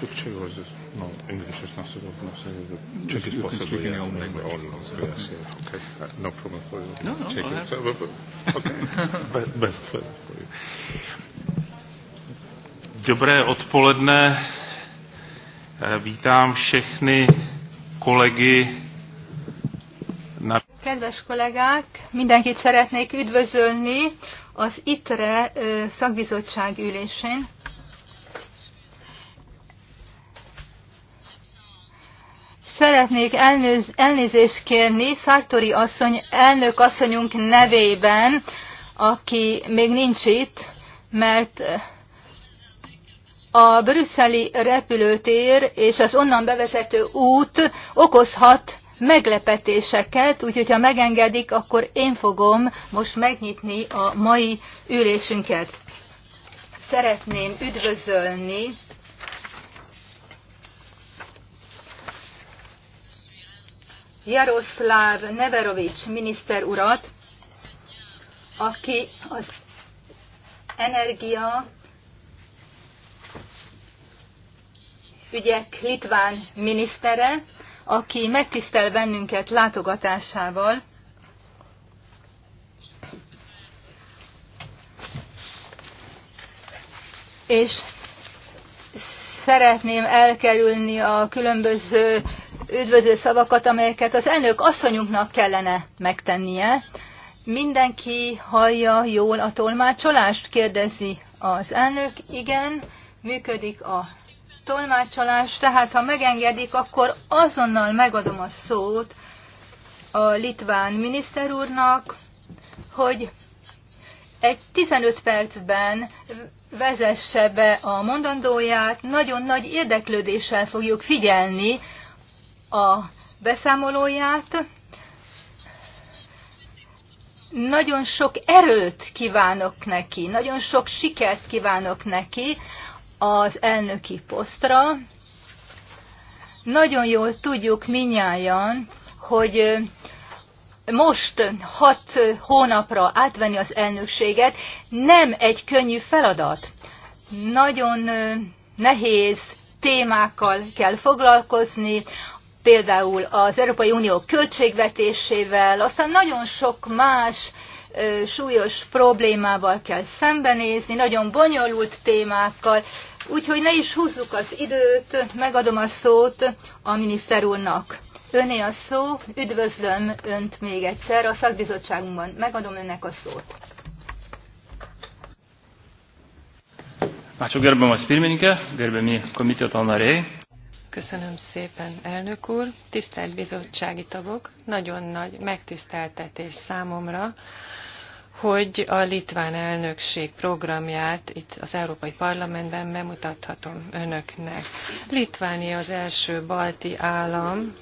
speak Czech or is this No, English is not so good no, so the Czech is possible. Yeah, own language. All language. Yes, yeah. Okay. Uh, no problem for you. No, no, Czech I'll is, have... uh, okay. Best for you. Dobré odpoledne. Eh, vítám všechny kolegy na... Kedves kollégák, mindenkit szeretnék üdvözölni az ITRE eh, szakbizottság ülésén. Szeretnék elnőz, elnézést kérni Szartori asszony, elnök asszonyunk nevében, aki még nincs itt, mert a brüsszeli repülőtér és az onnan bevezető út okozhat meglepetéseket, úgyhogy ha megengedik, akkor én fogom most megnyitni a mai ülésünket. Szeretném üdvözölni Jaroszláv Neverovics miniszter urat, aki az energia ügyek litván minisztere, aki megtisztel bennünket látogatásával. És szeretném elkerülni a különböző üdvözlő szavakat, amelyeket az elnök asszonyunknak kellene megtennie. Mindenki hallja jól a tolmácsolást? Kérdezi az elnök. Igen, működik a tolmácsolás, tehát ha megengedik, akkor azonnal megadom a szót a litván miniszter úrnak, hogy egy 15 percben vezesse be a mondandóját, nagyon nagy érdeklődéssel fogjuk figyelni a beszámolóját. Nagyon sok erőt kívánok neki, nagyon sok sikert kívánok neki az elnöki posztra. Nagyon jól tudjuk minnyáján, hogy most hat hónapra átvenni az elnökséget nem egy könnyű feladat. Nagyon nehéz témákkal kell foglalkozni, például az Európai Unió költségvetésével, aztán nagyon sok más súlyos problémával kell szembenézni, nagyon bonyolult témákkal, úgyhogy ne is húzzuk az időt, megadom a szót a miniszter úrnak. Öné a szó, üdvözlöm Önt még egyszer a szakbizottságunkban. Megadom Önnek a szót. Ačiū gerbiamas pirmininkė, gerbiami komiteto nariai. Köszönöm szépen, elnök úr. Tisztelt bizottsági tagok, nagyon nagy megtiszteltetés számomra, hogy a litván elnökség programját itt az Európai Parlamentben bemutathatom önöknek. Litvánia az első balti állam,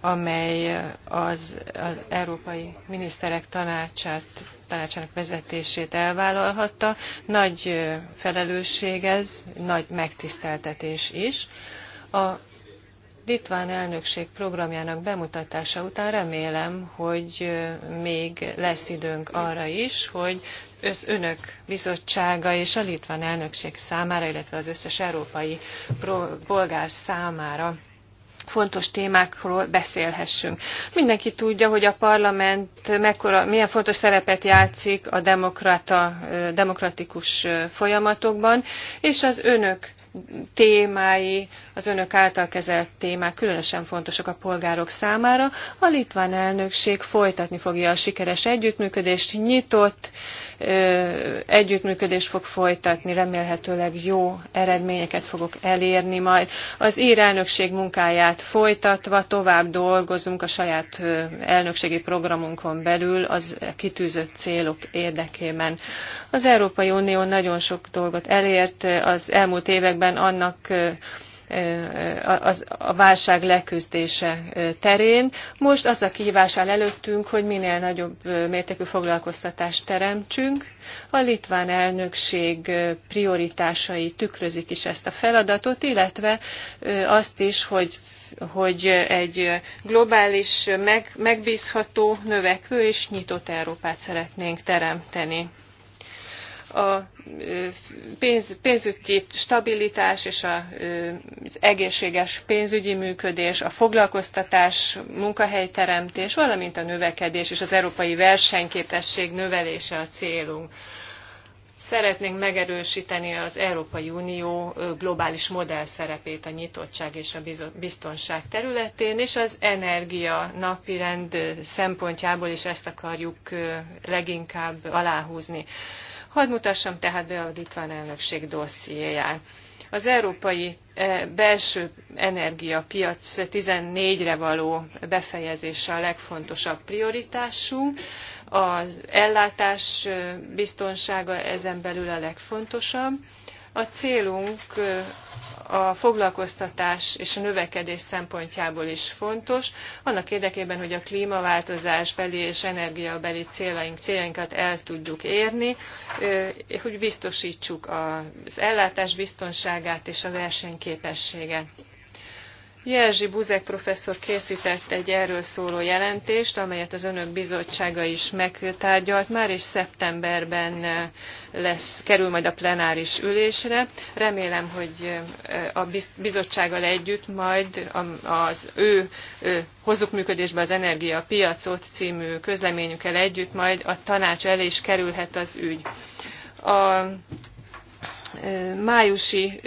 amely az, az Európai Miniszterek Tanácsát, Tanácsának vezetését elvállalhatta. Nagy felelősség ez, nagy megtiszteltetés is. A litván elnökség programjának bemutatása után remélem, hogy még lesz időnk arra is, hogy az önök bizottsága és a litván elnökség számára, illetve az összes európai polgár számára fontos témákról beszélhessünk. Mindenki tudja, hogy a parlament mekkora, milyen fontos szerepet játszik a demokrata, demokratikus folyamatokban, és az önök témái, az önök által kezelt témák különösen fontosak a polgárok számára. A litván elnökség folytatni fogja a sikeres együttműködést, nyitott, együttműködés fog folytatni, remélhetőleg jó eredményeket fogok elérni majd. Az ír elnökség munkáját folytatva tovább dolgozunk a saját elnökségi programunkon belül az kitűzött célok érdekében. Az Európai Unió nagyon sok dolgot elért, az elmúlt években annak a válság leküzdése terén. Most az a kihívás áll előttünk, hogy minél nagyobb mértékű foglalkoztatást teremtsünk. A litván elnökség prioritásai tükrözik is ezt a feladatot, illetve azt is, hogy hogy egy globális, meg, megbízható, növekvő és nyitott Európát szeretnénk teremteni a pénz, pénzügyi stabilitás és az egészséges pénzügyi működés, a foglalkoztatás, munkahelyteremtés, valamint a növekedés és az európai versenyképesség növelése a célunk. Szeretnénk megerősíteni az Európai Unió globális modell szerepét a nyitottság és a biztonság területén, és az energia napirend szempontjából is ezt akarjuk leginkább aláhúzni. Hadd mutassam tehát be a litván elnökség dossziéját. Az európai eh, belső energiapiac 14-re való befejezése a legfontosabb prioritásunk. Az ellátás eh, biztonsága ezen belül a legfontosabb. A célunk eh, a foglalkoztatás és a növekedés szempontjából is fontos, annak érdekében, hogy a klímaváltozás beli és energiabeli céljaink, céljainkat el tudjuk érni, hogy biztosítsuk az ellátás biztonságát és a versenyképességet. Jerzy Buzek professzor készített egy erről szóló jelentést, amelyet az önök bizottsága is megtárgyalt már, és szeptemberben eh, lesz, kerül majd a plenáris ülésre. Remélem, hogy eh, a bizottsággal együtt majd az ő, ő hozzuk működésbe az energiapiacot című közleményükkel együtt majd a tanács elé is kerülhet az ügy. A májusi,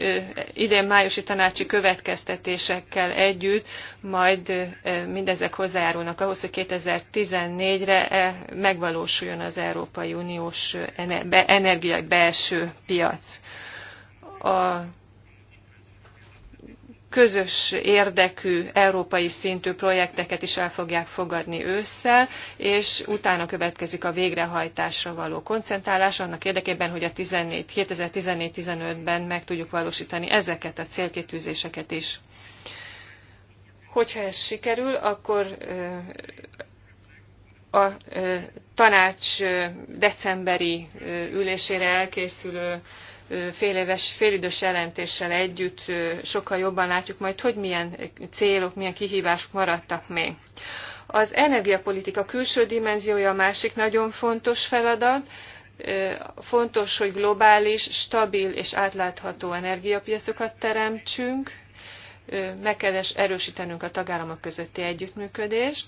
idén májusi tanácsi következtetésekkel együtt majd mindezek hozzájárulnak ahhoz, hogy 2014-re e, megvalósuljon az Európai Uniós energiai belső piac. A közös érdekű európai szintű projekteket is el fogják fogadni ősszel, és utána következik a végrehajtásra való koncentrálás annak érdekében, hogy a 2014-15-ben meg tudjuk valósítani ezeket a célkitűzéseket is. Hogyha ez sikerül, akkor a tanács decemberi ülésére elkészülő féléves, félidős jelentéssel együtt sokkal jobban látjuk majd, hogy milyen célok, milyen kihívások maradtak még. Az energiapolitika külső dimenziója a másik nagyon fontos feladat. Fontos, hogy globális, stabil és átlátható energiapiacokat teremtsünk. Meg kell erősítenünk a tagállamok közötti együttműködést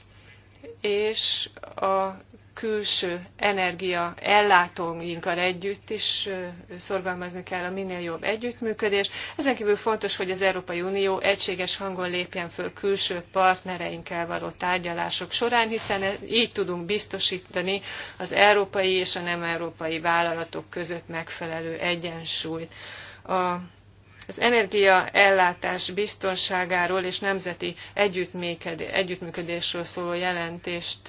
és a külső energia ellátóinkkal együtt is szorgalmazni kell a minél jobb együttműködést. Ezen kívül fontos, hogy az Európai Unió egységes hangon lépjen föl külső partnereinkkel való tárgyalások során, hiszen e- így tudunk biztosítani az európai és a nem európai vállalatok között megfelelő egyensúlyt. A az energiaellátás biztonságáról és nemzeti együttműködésről szóló jelentést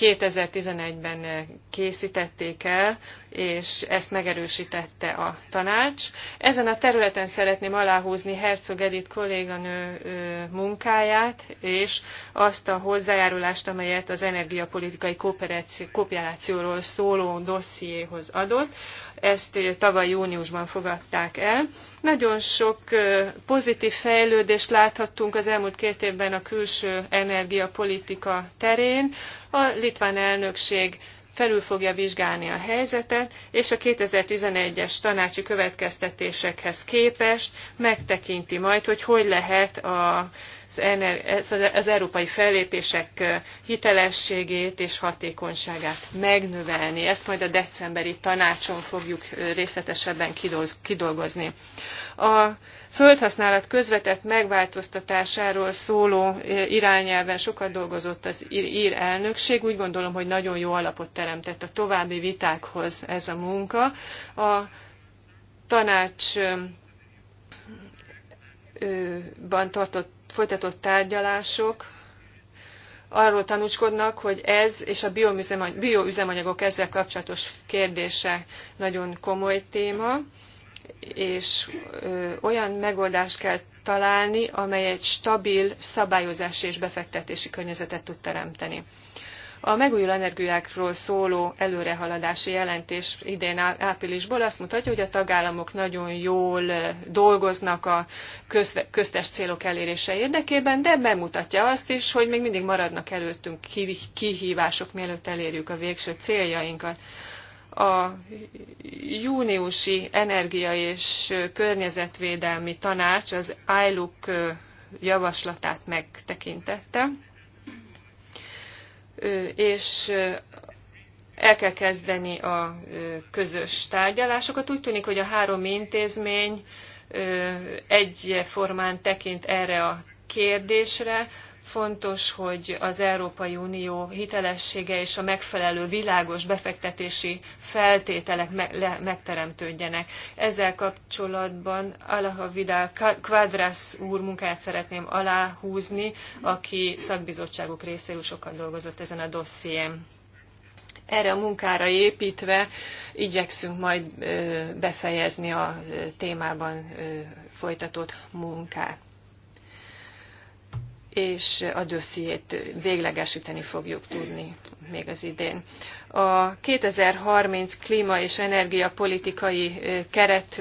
2011-ben készítették el, és ezt megerősítette a tanács. Ezen a területen szeretném aláhúzni Herzog Edith kolléganő munkáját, és azt a hozzájárulást, amelyet az energiapolitikai kooperációról szóló dossziéhoz adott ezt tavaly júniusban fogadták el. Nagyon sok pozitív fejlődést láthattunk az elmúlt két évben a külső energiapolitika terén. A litván elnökség felül fogja vizsgálni a helyzetet, és a 2011-es tanácsi következtetésekhez képest megtekinti majd, hogy hogy lehet a az európai fellépések hitelességét és hatékonyságát megnövelni. Ezt majd a decemberi tanácson fogjuk részletesebben kidolgozni. A földhasználat közvetett megváltoztatásáról szóló irányelven sokat dolgozott az ír elnökség. Úgy gondolom, hogy nagyon jó alapot teremtett a további vitákhoz ez a munka. A tanács ban tartott, folytatott tárgyalások arról tanúskodnak, hogy ez és a bioüzemanyagok ezzel kapcsolatos kérdése nagyon komoly téma és olyan megoldást kell találni, amely egy stabil szabályozási és befektetési környezetet tud teremteni. A megújuló energiákról szóló előrehaladási jelentés idén áprilisból azt mutatja, hogy a tagállamok nagyon jól dolgoznak a köztes célok elérése érdekében, de bemutatja azt is, hogy még mindig maradnak előttünk kihívások, mielőtt elérjük a végső céljainkat a júniusi energia és környezetvédelmi tanács az ILUC javaslatát megtekintette, és el kell kezdeni a közös tárgyalásokat. Úgy tűnik, hogy a három intézmény egyformán tekint erre a kérdésre, Fontos, hogy az Európai Unió hitelessége és a megfelelő világos befektetési feltételek megteremtődjenek. Ezzel kapcsolatban Alaha Vidal Quadras úr munkáját szeretném aláhúzni, aki szakbizottságok részéről sokat dolgozott ezen a dosszién erre a munkára építve igyekszünk majd befejezni a témában folytatott munkát és a dossziét véglegesíteni fogjuk tudni még az idén. A 2030 klíma és energiapolitikai keret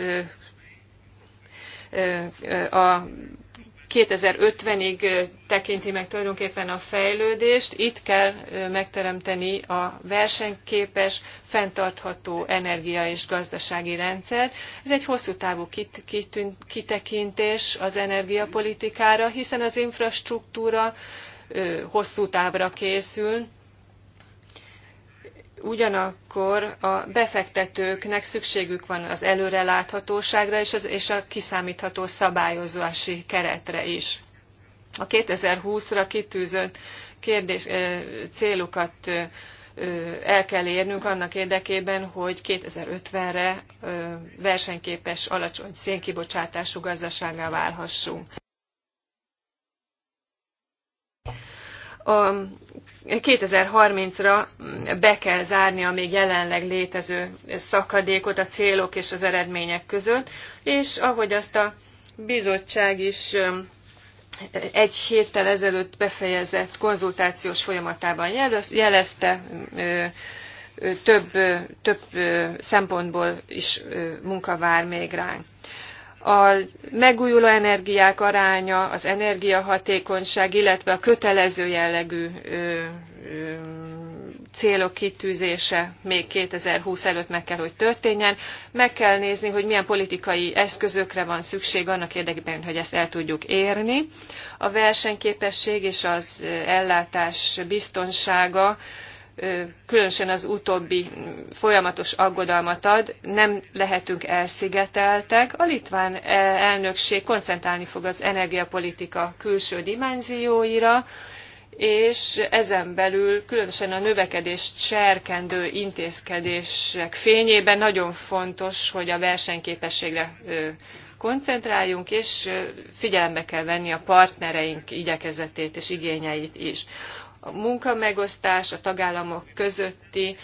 a 2050-ig tekinti meg tulajdonképpen a fejlődést. Itt kell megteremteni a versenyképes, fenntartható energia és gazdasági rendszert. Ez egy hosszú távú kitekintés az energiapolitikára, hiszen az infrastruktúra hosszú távra készül ugyanakkor a befektetőknek szükségük van az előreláthatóságra és, az, és a kiszámítható szabályozási keretre is. A 2020-ra kitűzött kérdés, célukat el kell érnünk annak érdekében, hogy 2050-re versenyképes alacsony szénkibocsátású gazdasággal válhassunk. a 2030-ra be kell zárni a még jelenleg létező szakadékot a célok és az eredmények között, és ahogy azt a bizottság is egy héttel ezelőtt befejezett konzultációs folyamatában jelezte, több, több szempontból is munka vár még ránk a megújuló energiák aránya, az energiahatékonyság, illetve a kötelező jellegű ö, ö, célok kitűzése még 2020 előtt meg kell, hogy történjen. Meg kell nézni, hogy milyen politikai eszközökre van szükség annak érdekében, hogy ezt el tudjuk érni. A versenyképesség és az ellátás biztonsága különösen az utóbbi folyamatos aggodalmat ad, nem lehetünk elszigeteltek. A litván e, elnökség koncentrálni fog az energiapolitika külső dimenzióira, és ezen belül különösen a növekedés serkendő intézkedések fényében nagyon fontos, hogy a versenyképességre koncentráljunk, és figyelembe kell venni a partnereink igyekezetét és igényeit is. A munkamegosztás, a tagállamok közötti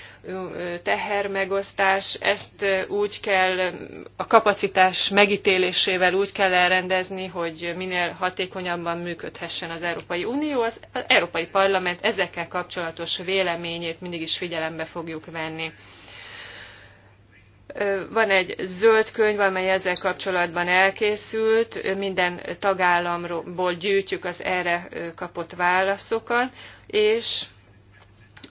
tehermegosztás, ezt úgy kell a kapacitás megítélésével úgy kell elrendezni, hogy minél hatékonyabban működhessen az Európai Unió. Az, Európai Parlament ezekkel kapcsolatos véleményét mindig is figyelembe fogjuk venni. Van egy zöld könyv, amely ezzel kapcsolatban elkészült, minden tagállamból gyűjtjük az erre kapott válaszokat, és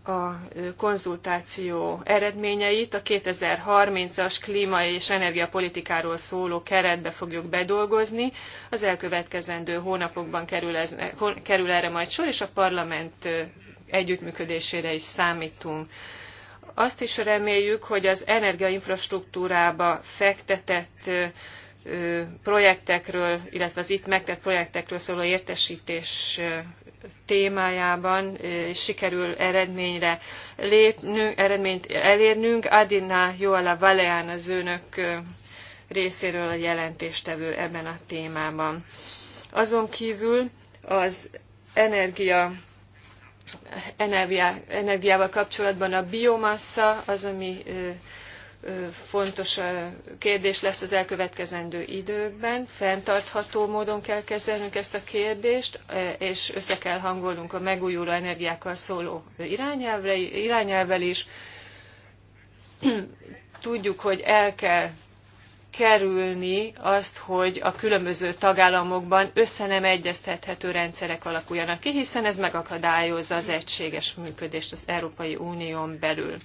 a konzultáció eredményeit a 2030-as klíma és energiapolitikáról szóló keretbe fogjuk bedolgozni. Az elkövetkezendő hónapokban kerül, ez, kerül erre majd sor, és a parlament együttműködésére is számítunk. Azt is reméljük, hogy az energiainfrastruktúrába fektetett projektekről, illetve az itt megtett projektekről szóló értesítés témájában sikerül eredményre lépnünk, eredményt elérnünk. Adina Joala Valean az önök részéről a jelentéstevő ebben a témában. Azon kívül az energia energiá, energiával kapcsolatban a biomassa az, ami fontos kérdés lesz az elkövetkezendő időkben. Fenntartható módon kell kezelnünk ezt a kérdést, és össze kell hangolnunk a megújuló energiákkal szóló irányelvvel is. Tudjuk, hogy el kell kerülni azt, hogy a különböző tagállamokban össze nem egyeztethető rendszerek alakuljanak ki, hiszen ez megakadályozza az egységes működést az Európai Unión belül.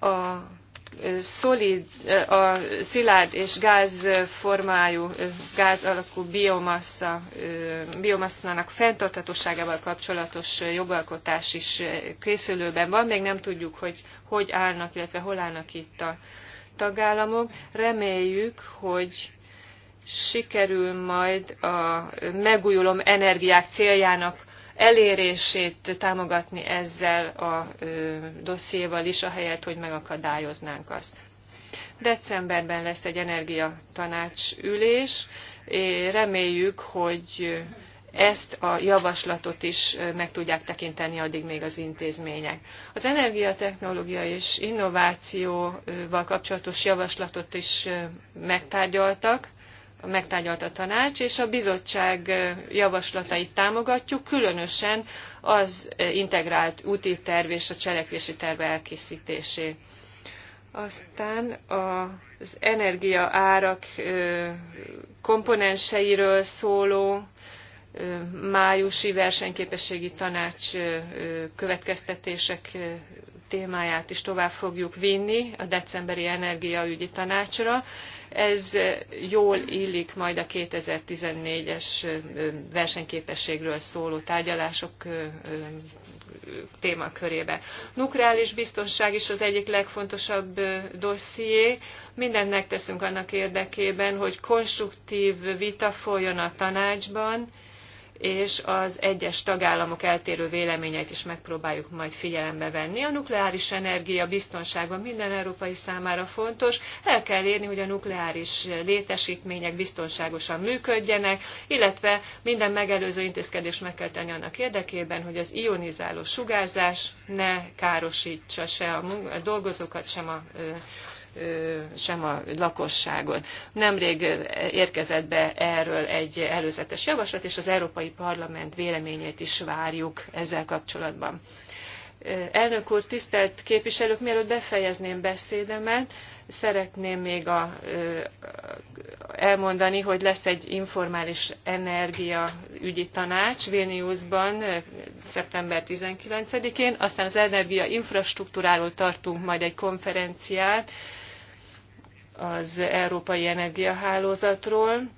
A szolid, a szilárd és gáz formájú, gáz alakú biomassa, biomasszának fenntarthatóságával kapcsolatos jogalkotás is készülőben van. Még nem tudjuk, hogy hogy állnak, illetve hol állnak itt a tagállamok. Reméljük, hogy sikerül majd a megújuló energiák céljának elérését támogatni ezzel a dossziéval is, ahelyett, hogy megakadályoznánk azt. Decemberben lesz egy energiatanács ülés, és reméljük, hogy ezt a javaslatot is meg tudják tekinteni addig még az intézmények. Az energiatechnológia és innovációval kapcsolatos javaslatot is megtárgyaltak, megtárgyalt a tanács, és a bizottság javaslatait támogatjuk, különösen az integrált úti terv és a cselekvési terve elkészítésé. Aztán az energia árak komponenseiről szóló májusi versenyképességi tanács következtetések témáját is tovább fogjuk vinni a decemberi energiaügyi tanácsra. Ez jól illik majd a 2014-es versenyképességről szóló tárgyalások témakörébe. Nukleális biztonság is az egyik legfontosabb dosszié. Mindent megteszünk annak érdekében, hogy konstruktív vita folyjon a tanácsban, és az egyes tagállamok eltérő véleményeit is megpróbáljuk majd figyelembe venni. A nukleáris energia biztonsága minden európai számára fontos. El kell érni, hogy a nukleáris létesítmények biztonságosan működjenek, illetve minden megelőző intézkedést meg kell tenni annak érdekében, hogy az ionizáló sugárzás ne károsítsa se a dolgozókat, sem a sem a lakosságon. Nemrég érkezett be erről egy előzetes javaslat, és az Európai Parlament véleményét is várjuk ezzel kapcsolatban. Elnök úr, tisztelt képviselők, mielőtt befejezném beszédemet, szeretném még a, elmondani, hogy lesz egy informális energiaügyi tanács Vilniusban szeptember 19-én, aztán az energia infrastruktúráról tartunk majd egy konferenciát, az Európai Energiahálózatról.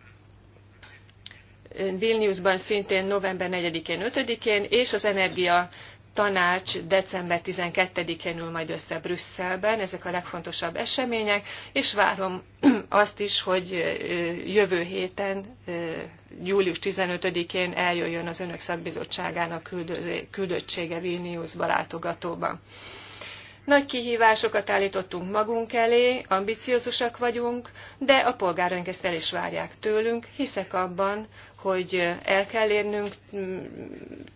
Vilniusban szintén november 4-én, 5-én, és az Energia Tanács december 12-én ül majd össze Brüsszelben, ezek a legfontosabb események, és várom azt is, hogy jövő héten, július 15-én eljöjjön az Önök szakbizottságának küldöttsége Vilniusba látogatóba. Nagy kihívásokat állítottunk magunk elé, ambiciózusak vagyunk, de a polgáraink ezt el is várják tőlünk. Hiszek abban, hogy el kell érnünk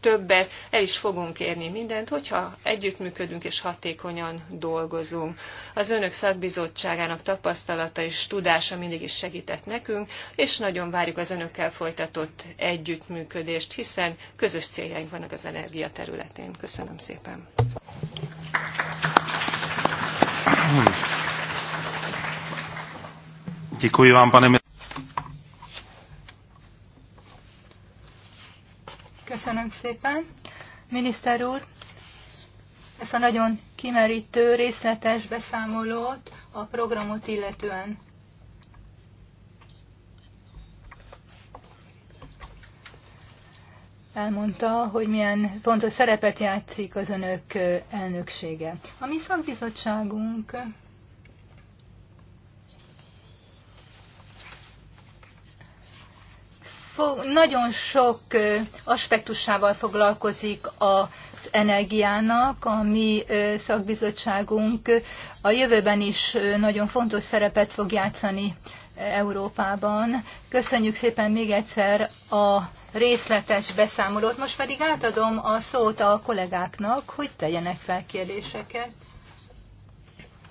többet, el is fogunk érni mindent, hogyha együttműködünk és hatékonyan dolgozunk. Az önök szakbizottságának tapasztalata és tudása mindig is segített nekünk, és nagyon várjuk az önökkel folytatott együttműködést, hiszen közös céljaink vannak az energia területén. Köszönöm szépen! Děkuji vám, pane Köszönöm szépen. Miniszter úr, ezt a nagyon kimerítő, részletes beszámolót a programot illetően. elmondta, hogy milyen fontos szerepet játszik az önök elnöksége. A mi szakbizottságunk nagyon sok aspektusával foglalkozik az energiának. A mi szakbizottságunk a jövőben is nagyon fontos szerepet fog játszani Európában. Köszönjük szépen még egyszer a részletes beszámolót. Most pedig átadom a szót a kollégáknak, hogy tegyenek fel kérdéseket.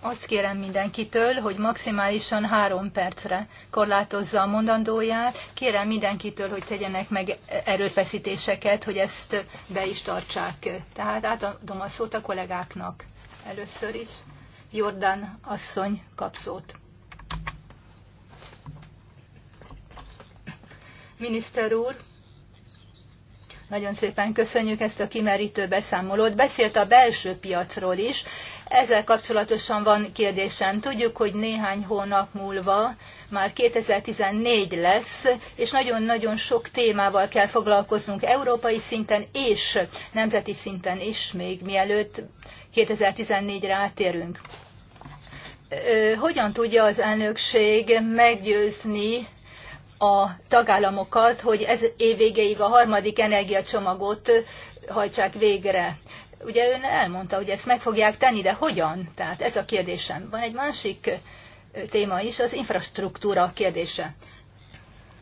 Azt kérem mindenkitől, hogy maximálisan három percre korlátozza a mondandóját. Kérem mindenkitől, hogy tegyenek meg erőfeszítéseket, hogy ezt be is tartsák. Tehát átadom a szót a kollégáknak először is. Jordan asszony kap szót. Miniszter úr, nagyon szépen köszönjük ezt a kimerítő beszámolót. Beszélt a belső piacról is. Ezzel kapcsolatosan van kérdésem. Tudjuk, hogy néhány hónap múlva már 2014 lesz, és nagyon-nagyon sok témával kell foglalkoznunk európai szinten és nemzeti szinten is, még mielőtt 2014-re átérünk. Hogyan tudja az elnökség meggyőzni a tagállamokat, hogy ez évvégéig a harmadik energiacsomagot hajtsák végre. Ugye ön elmondta, hogy ezt meg fogják tenni, de hogyan? Tehát ez a kérdésem. Van egy másik téma is, az infrastruktúra kérdése.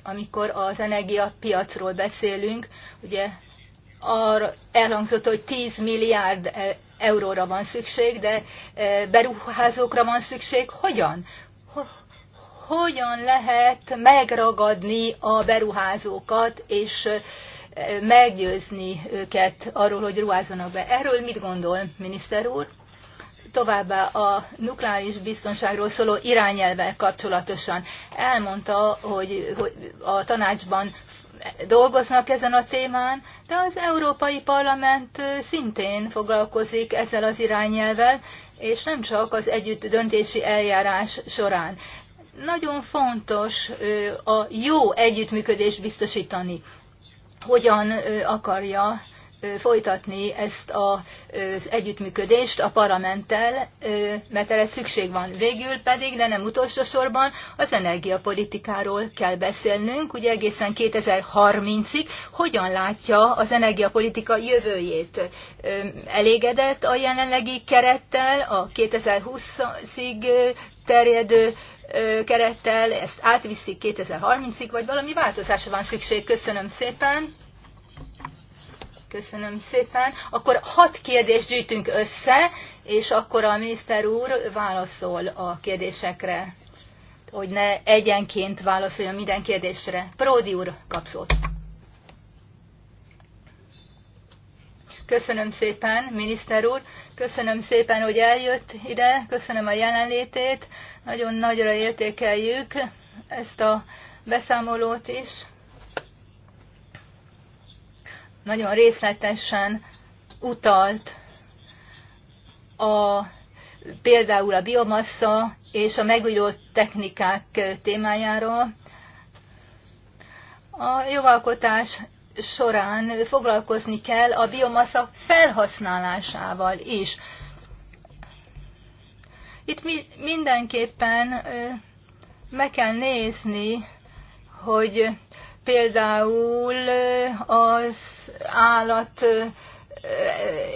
Amikor az energiapiacról beszélünk, ugye arra elhangzott, hogy 10 milliárd euróra van szükség, de beruházókra van szükség. Hogyan? hogyan lehet megragadni a beruházókat, és meggyőzni őket arról, hogy ruházzanak be. Erről mit gondol, miniszter úr? Továbbá a nukleáris biztonságról szóló irányelvvel kapcsolatosan elmondta, hogy, hogy a tanácsban dolgoznak ezen a témán, de az Európai Parlament szintén foglalkozik ezzel az irányelvel, és nem csak az együtt döntési eljárás során. Nagyon fontos a jó együttműködést biztosítani. Hogyan akarja folytatni ezt az együttműködést a parlamenttel, mert erre szükség van. Végül pedig, de nem utolsó sorban, az energiapolitikáról kell beszélnünk, ugye egészen 2030-ig, hogyan látja az energiapolitika jövőjét. Elégedett a jelenlegi kerettel, a 2020-ig terjedő kerettel, ezt átviszik 2030-ig, vagy valami változásra van szükség. Köszönöm szépen. Köszönöm szépen. Akkor hat kérdést gyűjtünk össze, és akkor a miniszter úr válaszol a kérdésekre, hogy ne egyenként válaszoljon minden kérdésre. Pródi úr kapszót. Köszönöm szépen, miniszter úr, köszönöm szépen, hogy eljött ide, köszönöm a jelenlétét, nagyon nagyra értékeljük ezt a beszámolót is. Nagyon részletesen utalt a például a biomassa és a megújuló technikák témájáról. A jogalkotás során foglalkozni kell a biomassa felhasználásával is. Itt mi mindenképpen meg kell nézni, hogy például az állat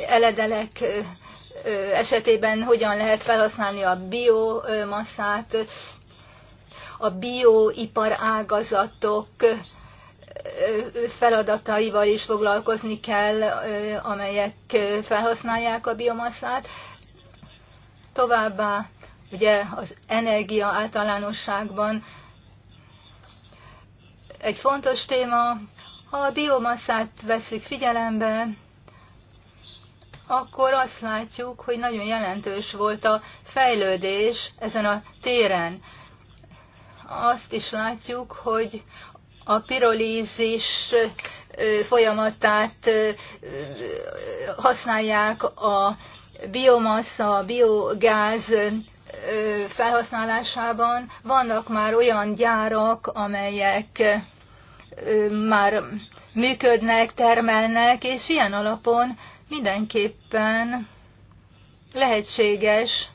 eledelek esetében hogyan lehet felhasználni a biomasszát, a bioipar ágazatok feladataival is foglalkozni kell, amelyek felhasználják a biomaszát. Továbbá ugye az energia általánosságban egy fontos téma, ha a biomaszát veszik figyelembe, akkor azt látjuk, hogy nagyon jelentős volt a fejlődés ezen a téren. Azt is látjuk, hogy a pirolízis folyamatát használják a biomassa, a biogáz felhasználásában. Vannak már olyan gyárak, amelyek már működnek, termelnek, és ilyen alapon mindenképpen lehetséges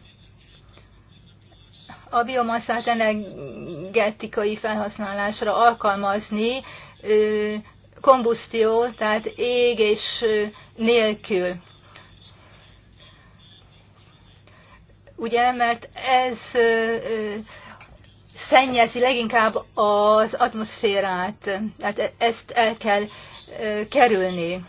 a biomasszát energetikai felhasználásra alkalmazni kombusztió, tehát égés nélkül. Ugye, mert ez szennyezi leginkább az atmoszférát, tehát e-, ezt el kell kerülni.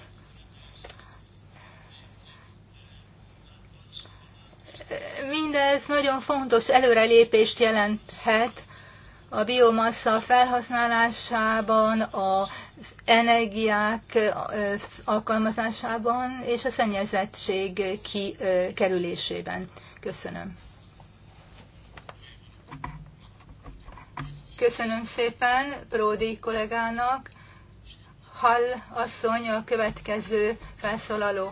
mindez nagyon fontos előrelépést jelenthet a biomassa felhasználásában, az energiák alkalmazásában és a szennyezettség kikerülésében. Köszönöm. Köszönöm szépen Pródi kollégának. Hall asszony a következő felszólaló.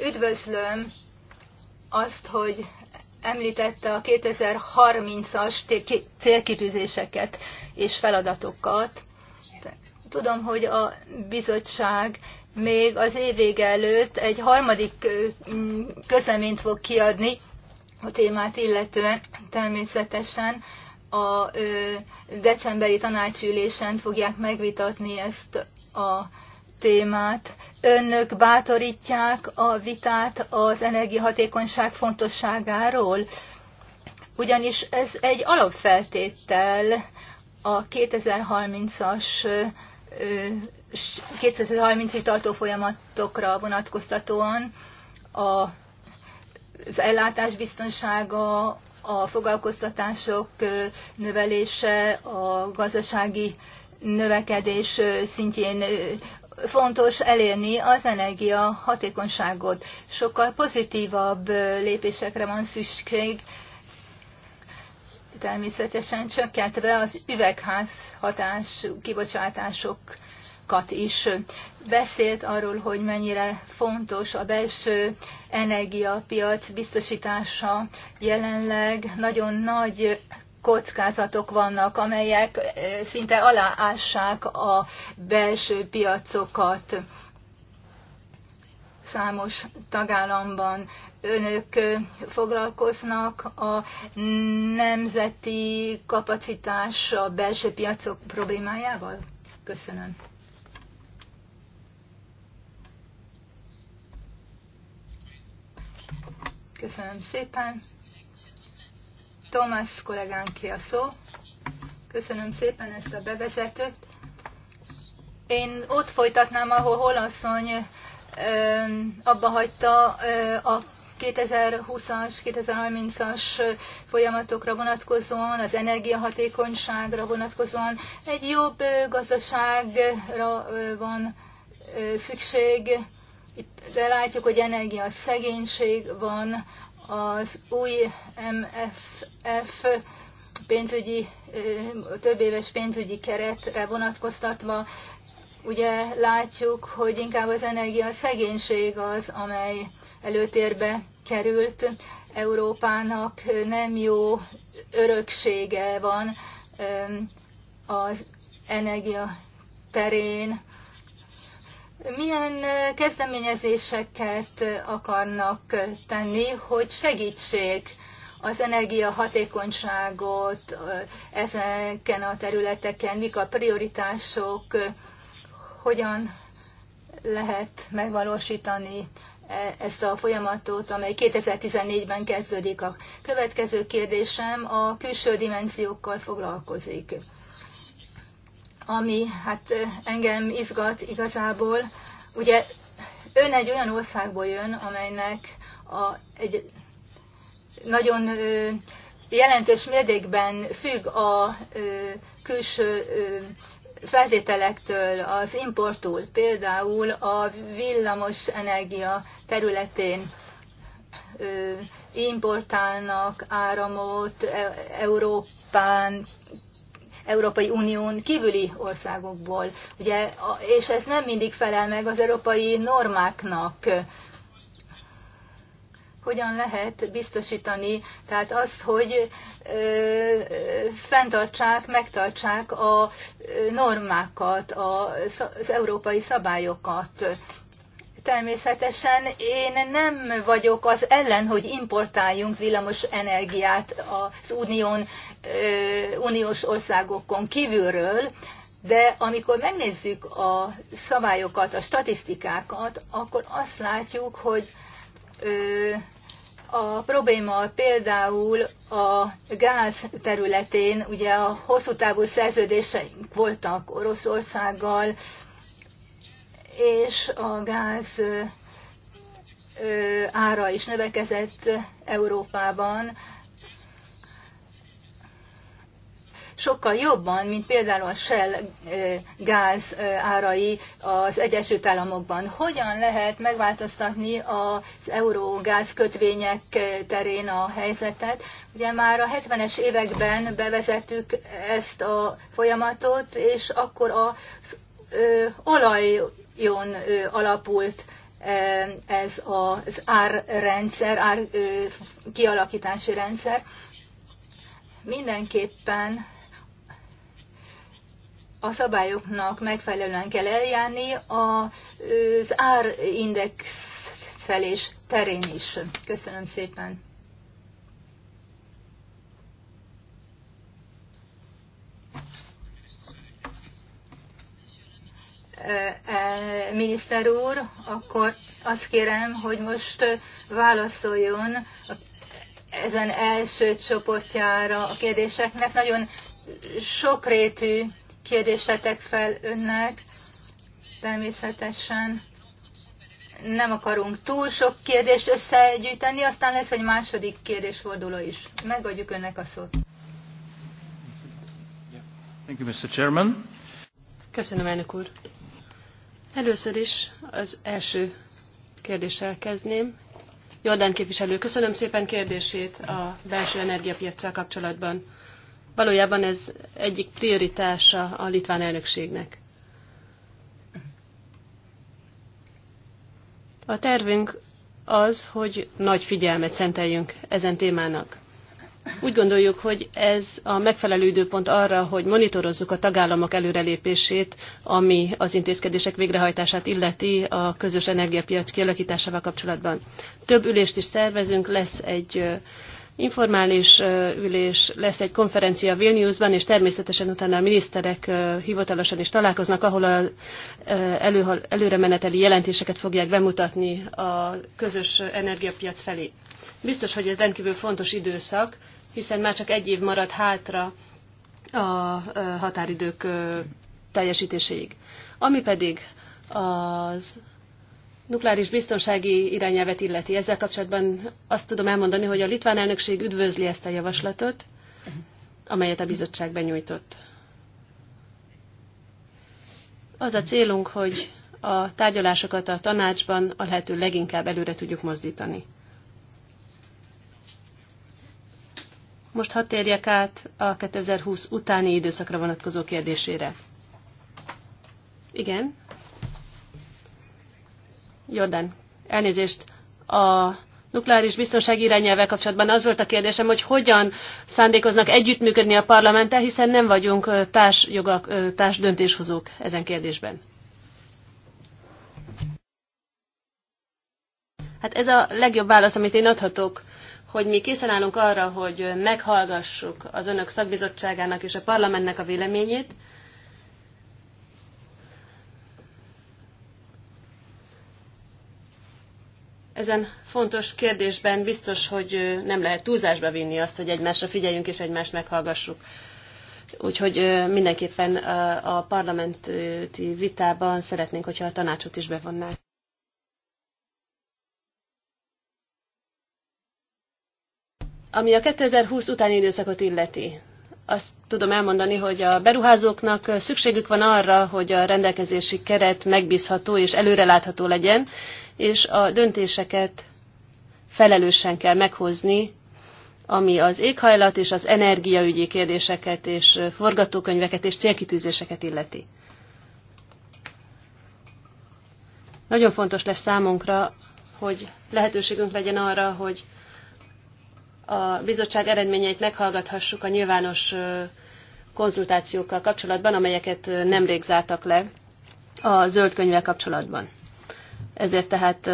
Üdvözlöm azt, hogy említette a 2030-as célkitűzéseket és feladatokat. Tudom, hogy a bizottság még az évvége előtt egy harmadik mm, közleményt fog kiadni a témát illetően természetesen a decemberi tanácsülésen fogják megvitatni ezt a témát. Önök bátorítják a vitát az energiahatékonyság fontosságáról, ugyanis ez egy alapfeltétel a 2030-as 2030-ig tartó folyamatokra vonatkoztatóan a az ellátás biztonsága, a foglalkoztatások növelése, a gazdasági növekedés szintjén fontos elérni az energia hatékonyságot. Sokkal pozitívabb lépésekre van szükség, természetesen csökkentve az üvegház hatás kibocsátásokat is. Beszélt arról, hogy mennyire fontos a belső energiapiac biztosítása jelenleg. Nagyon nagy kockázatok vannak, amelyek szinte aláássák a belső piacokat számos tagállamban. Önök foglalkoznak a nemzeti kapacitás a belső piacok problémájával? Köszönöm. Köszönöm szépen. Thomas kollégánk ki a szó. Köszönöm szépen ezt a bevezetőt. Én ott folytatnám, ahol Holasszony abba hagyta a 2020-as, 2030-as folyamatokra vonatkozóan, az energiahatékonyságra vonatkozóan egy jobb gazdaságra van szükség. Itt de látjuk, hogy energia szegénység van az új MFF pénzügyi, több éves pénzügyi keretre vonatkoztatva, ugye látjuk, hogy inkább az energia szegénység az, amely előtérbe került. Európának nem jó öröksége van az energia terén, milyen kezdeményezéseket akarnak tenni, hogy segítsék az energiahatékonyságot ezeken a területeken, mik a prioritások, hogyan lehet megvalósítani e, ezt a folyamatot, amely 2014-ben kezdődik. A következő kérdésem a külső dimenziókkal foglalkozik ami hát engem izgat igazából. Ugye ön egy olyan országból jön, amelynek a, egy nagyon ö, jelentős mértékben függ a ö, külső ö, feltételektől, az importól, például a villamos energia területén importálnak áramot e, Európán Európai Unión kívüli országokból. Ugye, és ez nem mindig felel meg az európai normáknak. Hogyan lehet biztosítani tehát azt, hogy ö, fenntartsák, megtartsák a normákat, az európai szabályokat Természetesen én nem vagyok az ellen, hogy importáljunk villamos energiát az unión, uniós országokon kívülről, de amikor megnézzük a szabályokat, a statisztikákat, akkor azt látjuk, hogy a probléma például a gáz területén, ugye a hosszú távú szerződéseink voltak Oroszországgal, és a gáz ára is növekezett Európában, sokkal jobban, mint például a Shell gáz árai az Egyesült Államokban. Hogyan lehet megváltoztatni az euró kötvények terén a helyzetet? Ugye már a 70-es években bevezettük ezt a folyamatot, és akkor az olaj jón alapult ez az árrendszer, ár kialakítási rendszer. Mindenképpen a szabályoknak megfelelően kell eljárni az árindexelés terén is. Köszönöm szépen. miniszter úr, akkor azt kérem, hogy most válaszoljon ezen első csoportjára a kérdéseknek. Nagyon sokrétű kérdést tettek fel önnek, természetesen nem akarunk túl sok kérdést összegyűjteni, aztán lesz egy második kérdésforduló is. Megadjuk önnek a szót. Thank you, Mr. Chairman. Köszönöm, elnök úr. Először is az első kérdéssel kezdném. Jordán képviselő, köszönöm szépen kérdését a belső energiapiacsal kapcsolatban. Valójában ez egyik prioritása a litván elnökségnek. A tervünk az, hogy nagy figyelmet szenteljünk ezen témának. Úgy gondoljuk, hogy ez a megfelelő időpont arra, hogy monitorozzuk a tagállamok előrelépését, ami az intézkedések végrehajtását illeti a közös energiapiac kialakításával kapcsolatban. Több ülést is szervezünk, lesz egy informális ülés, lesz egy konferencia Vilniusban, és természetesen utána a miniszterek hivatalosan is találkoznak, ahol az elő, előre meneteli jelentéseket fogják bemutatni a közös energiapiac felé. Biztos, hogy ez rendkívül fontos időszak, hiszen már csak egy év marad hátra a határidők teljesítéséig. Ami pedig az nukleáris biztonsági irányelvet illeti. Ezzel kapcsolatban azt tudom elmondani, hogy a litván elnökség üdvözli ezt a javaslatot, amelyet a bizottság benyújtott. Az a célunk, hogy a tárgyalásokat a tanácsban a lehető leginkább előre tudjuk mozdítani. Most hadd térjek át a 2020 utáni időszakra vonatkozó kérdésére. Igen. Jordan, elnézést, a nukleáris biztonsági irányelvvel kapcsolatban az volt a kérdésem, hogy hogyan szándékoznak együttműködni a parlamenttel, hiszen nem vagyunk társ, jogak, társ döntéshozók ezen kérdésben. Hát ez a legjobb válasz, amit én adhatok, hogy mi készen állunk arra, hogy meghallgassuk az önök szakbizottságának és a parlamentnek a véleményét, ezen fontos kérdésben biztos, hogy nem lehet túlzásba vinni azt, hogy egymásra figyeljünk és egymást meghallgassuk. Úgyhogy mindenképpen a parlamenti vitában szeretnénk, hogyha a tanácsot is bevonnák. Ami a 2020 utáni időszakot illeti, azt tudom elmondani, hogy a beruházóknak szükségük van arra, hogy a rendelkezési keret megbízható és előrelátható legyen, és a döntéseket felelősen kell meghozni, ami az éghajlat és az energiaügyi kérdéseket és forgatókönyveket és célkitűzéseket illeti. Nagyon fontos lesz számunkra, hogy lehetőségünk legyen arra, hogy a bizottság eredményeit meghallgathassuk a nyilvános konzultációkkal kapcsolatban, amelyeket nemrég zártak le a zöld könyvvel kapcsolatban. Ezért tehát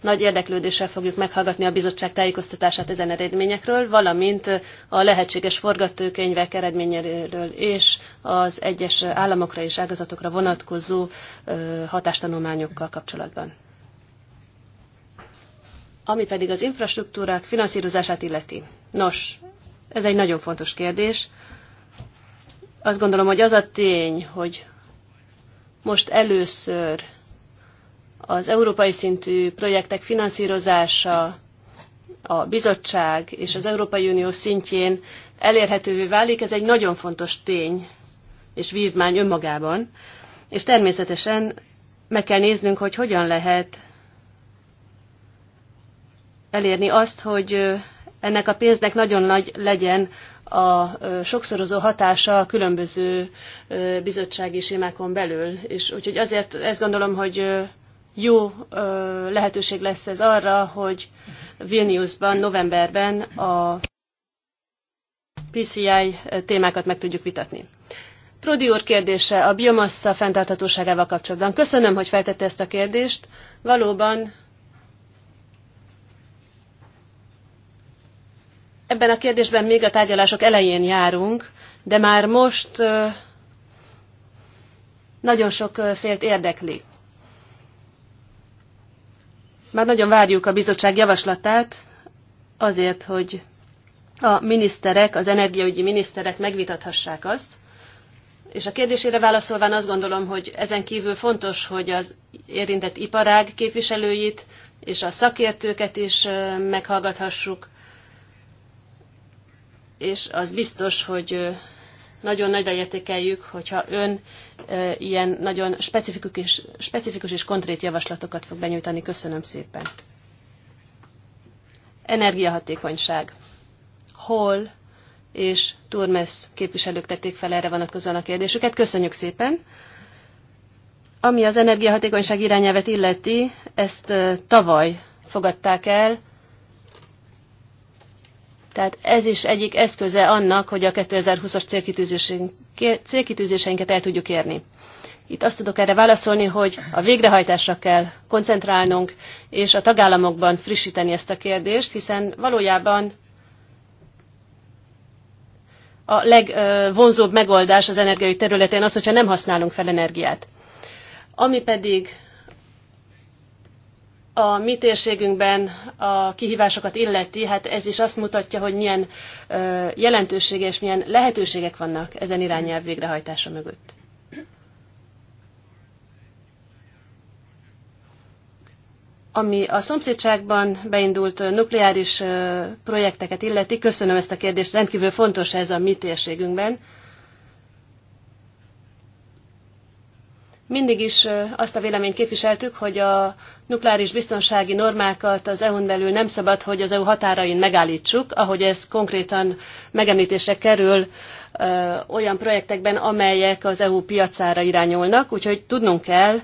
nagy érdeklődéssel fogjuk meghallgatni a bizottság tájékoztatását ezen eredményekről, valamint a lehetséges forgatókönyvek eredményéről és az egyes államokra és ágazatokra vonatkozó hatástanulmányokkal kapcsolatban. Ami pedig az infrastruktúrák finanszírozását illeti. Nos, ez egy nagyon fontos kérdés. Azt gondolom, hogy az a tény, hogy most először az európai szintű projektek finanszírozása, a bizottság és az Európai Unió szintjén elérhetővé válik, ez egy nagyon fontos tény és vívmány önmagában, és természetesen meg kell néznünk, hogy hogyan lehet elérni azt, hogy ennek a pénznek nagyon nagy legyen a sokszorozó hatása a különböző bizottsági sémákon belül. És úgyhogy azért ezt gondolom, hogy jó lehetőség lesz ez arra, hogy Vilniusban novemberben a PCI témákat meg tudjuk vitatni. Prodi úr kérdése a biomassa fenntarthatóságával kapcsolatban. Köszönöm, hogy feltette ezt a kérdést. Valóban ebben a kérdésben még a tárgyalások elején járunk, de már most nagyon sok félt érdekli. Már nagyon várjuk a bizottság javaslatát azért, hogy a miniszterek, az energiaügyi miniszterek megvitathassák azt. És a kérdésére válaszolván azt gondolom, hogy ezen kívül fontos, hogy az érintett iparág képviselőit és a szakértőket is meghallgathassuk, és az biztos, hogy nagyon nagyra értékeljük, hogyha ön e, ilyen nagyon specifikus és, specifikus és konkrét javaslatokat fog benyújtani. Köszönöm szépen. Energiahatékonyság. Hol és Turmes képviselők tették fel erre vonatkozóan a kérdésüket. Köszönjük szépen! Ami az energiahatékonyság irányelvet illeti, ezt tavaly fogadták el, tehát ez is egyik eszköze annak, hogy a 2020-as célkitűzéseinket el tudjuk érni. Itt azt tudok erre válaszolni, hogy a végrehajtásra kell koncentrálnunk, és a tagállamokban frissíteni ezt a kérdést, hiszen valójában a legvonzóbb megoldás az energiai területén az, hogyha nem használunk fel energiát. Ami pedig a mi térségünkben a kihívásokat illeti, hát ez is azt mutatja, hogy milyen jelentősége és milyen lehetőségek vannak ezen irányelv végrehajtása mögött. Ami a szomszédságban beindult nukleáris projekteket illeti, köszönöm ezt a kérdést, rendkívül fontos ez a mi térségünkben. Mindig is azt a véleményt képviseltük, hogy a nukleáris biztonsági normákat az EU-n belül nem szabad, hogy az EU határain megállítsuk, ahogy ez konkrétan megemlítésre kerül olyan projektekben, amelyek az EU piacára irányulnak, úgyhogy tudnunk kell,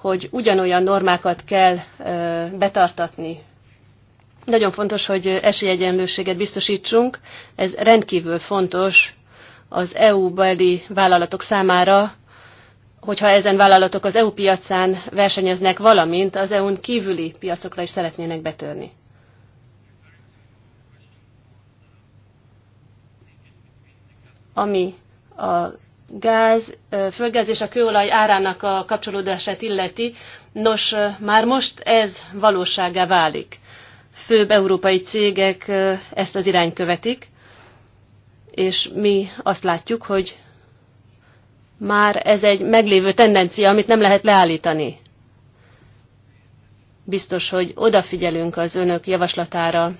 hogy ugyanolyan normákat kell betartatni. Nagyon fontos, hogy esélyegyenlőséget biztosítsunk, ez rendkívül fontos az EU-beli vállalatok számára, hogyha ezen vállalatok az EU piacán versenyeznek, valamint az EU-n kívüli piacokra is szeretnének betörni. Ami a gáz, földgáz és a kőolaj árának a kapcsolódását illeti, nos, már most ez valóságá válik. Főbb európai cégek ezt az irányt követik, és mi azt látjuk, hogy már ez egy meglévő tendencia, amit nem lehet leállítani. Biztos, hogy odafigyelünk az önök javaslatára,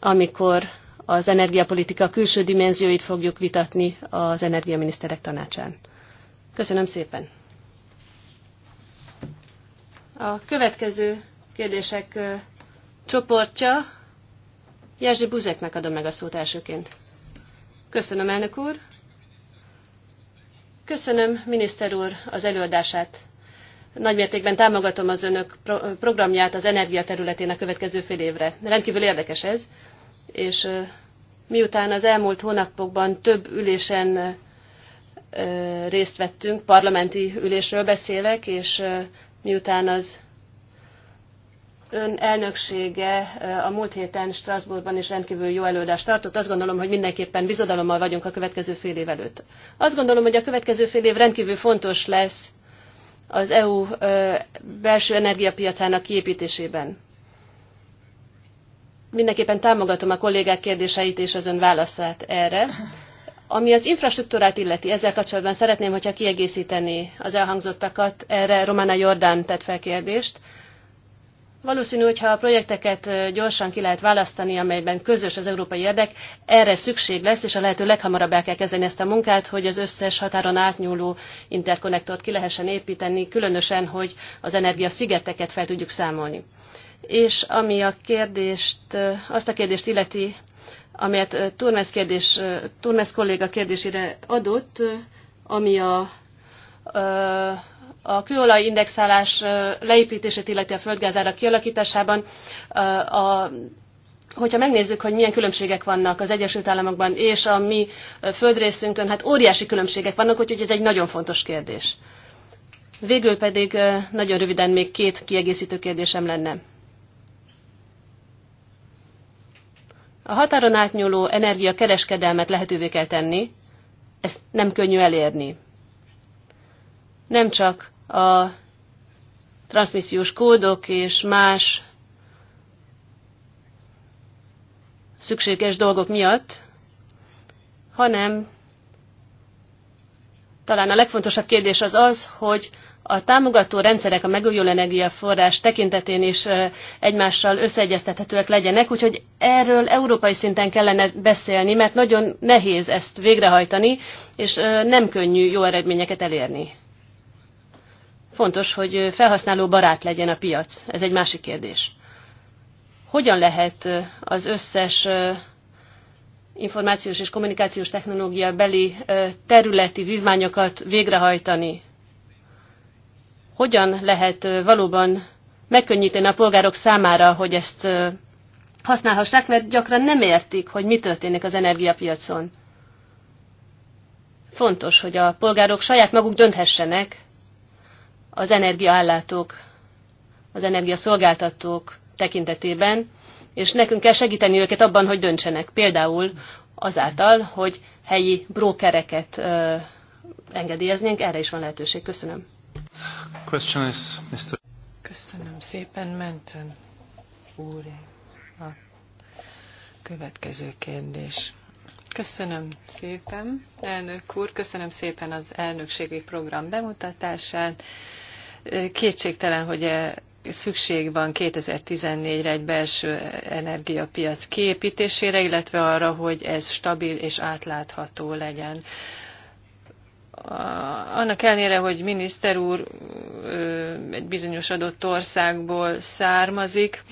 amikor az energiapolitika külső dimenzióit fogjuk vitatni az energiaminiszterek tanácsán. Köszönöm szépen! A következő kérdések csoportja. Jerzy Buzeknek adom meg a szót elsőként. Köszönöm, elnök úr! Köszönöm, miniszter úr, az előadását. Nagymértékben támogatom az önök programját az energia területén a következő fél évre. Rendkívül érdekes ez, és miután az elmúlt hónapokban több ülésen részt vettünk, parlamenti ülésről beszélek, és miután az ön elnöksége eh, a múlt héten Strasbourgban is rendkívül jó előadást tartott. Azt gondolom, hogy mindenképpen bizodalommal vagyunk a következő fél év előtt. Azt gondolom, hogy a következő fél év rendkívül fontos lesz az EU eh, belső energiapiacának kiépítésében. Mindenképpen támogatom a kollégák kérdéseit és az ön válaszát erre. Ami az infrastruktúrát illeti, ezzel kapcsolatban szeretném, hogyha kiegészíteni az elhangzottakat. Erre Romana Jordán tett fel kérdést. Valószínű, hogy ha a projekteket gyorsan ki lehet választani, amelyben közös az európai érdek, erre szükség lesz, és a lehető leghamarabb el kell kezdeni ezt a munkát, hogy az összes határon átnyúló interkonnektort ki lehessen építeni, különösen, hogy az energia szigeteket fel tudjuk számolni. És ami a kérdést, azt a kérdést illeti, amelyet Turmes, kérdés, Turmes kolléga kérdésére adott, ami a, a a kőolaj indexálás leépítését illeti a földgázára kialakításában, a hogyha megnézzük, hogy milyen különbségek vannak az Egyesült Államokban és a mi földrészünkön, hát óriási különbségek vannak, úgyhogy ez egy nagyon fontos kérdés. Végül pedig nagyon röviden még két kiegészítő kérdésem lenne. A határon átnyúló energia kereskedelmet lehetővé kell tenni, ezt nem könnyű elérni. Nem csak a transmissziós kódok és más szükséges dolgok miatt, hanem talán a legfontosabb kérdés az az, hogy a támogató rendszerek a megújuló energiaforrás tekintetén is egymással összeegyeztethetőek legyenek, úgyhogy erről európai szinten kellene beszélni, mert nagyon nehéz ezt végrehajtani, és nem könnyű jó eredményeket elérni. Fontos, hogy felhasználó barát legyen a piac. Ez egy másik kérdés. Hogyan lehet az összes információs és kommunikációs technológia beli területi vívmányokat végrehajtani? Hogyan lehet valóban megkönnyíteni a polgárok számára, hogy ezt használhassák, mert gyakran nem értik, hogy mi történik az energiapiacon. Fontos, hogy a polgárok saját maguk dönthessenek, az energiaállátók, az energiaszolgáltatók tekintetében, és nekünk kell segíteni őket abban, hogy döntsenek. Például azáltal, hogy helyi brókereket ö, engedélyeznénk, erre is van lehetőség. Köszönöm. Question is, Mr. Köszönöm szépen, Menten úr. A következő kérdés. Köszönöm szépen, elnök úr, köszönöm szépen az elnökségi program bemutatását. Kétségtelen, hogy e szükség van 2014-re egy belső energiapiac kiépítésére, illetve arra, hogy ez stabil és átlátható legyen. Annak ellenére, hogy miniszter úr egy bizonyos adott országból származik,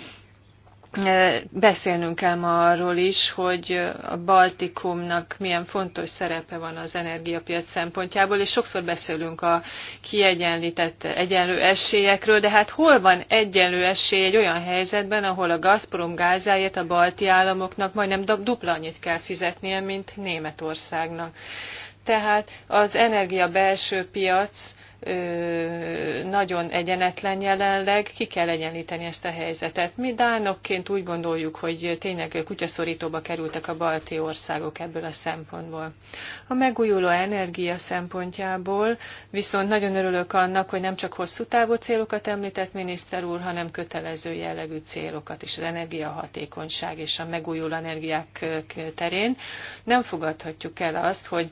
Beszélnünk kell ma arról is, hogy a Baltikumnak milyen fontos szerepe van az energiapiac szempontjából, és sokszor beszélünk a kiegyenlített egyenlő esélyekről, de hát hol van egyenlő esély egy olyan helyzetben, ahol a Gazprom gázáért a balti államoknak majdnem dupla annyit kell fizetnie, mint Németországnak. Tehát az energia belső piac nagyon egyenetlen jelenleg, ki kell egyenlíteni ezt a helyzetet. Mi dánokként úgy gondoljuk, hogy tényleg kutyaszorítóba kerültek a balti országok ebből a szempontból. A megújuló energia szempontjából viszont nagyon örülök annak, hogy nem csak hosszú távú célokat említett miniszter úr, hanem kötelező jellegű célokat is az energiahatékonyság és a megújuló energiák terén. Nem fogadhatjuk el azt, hogy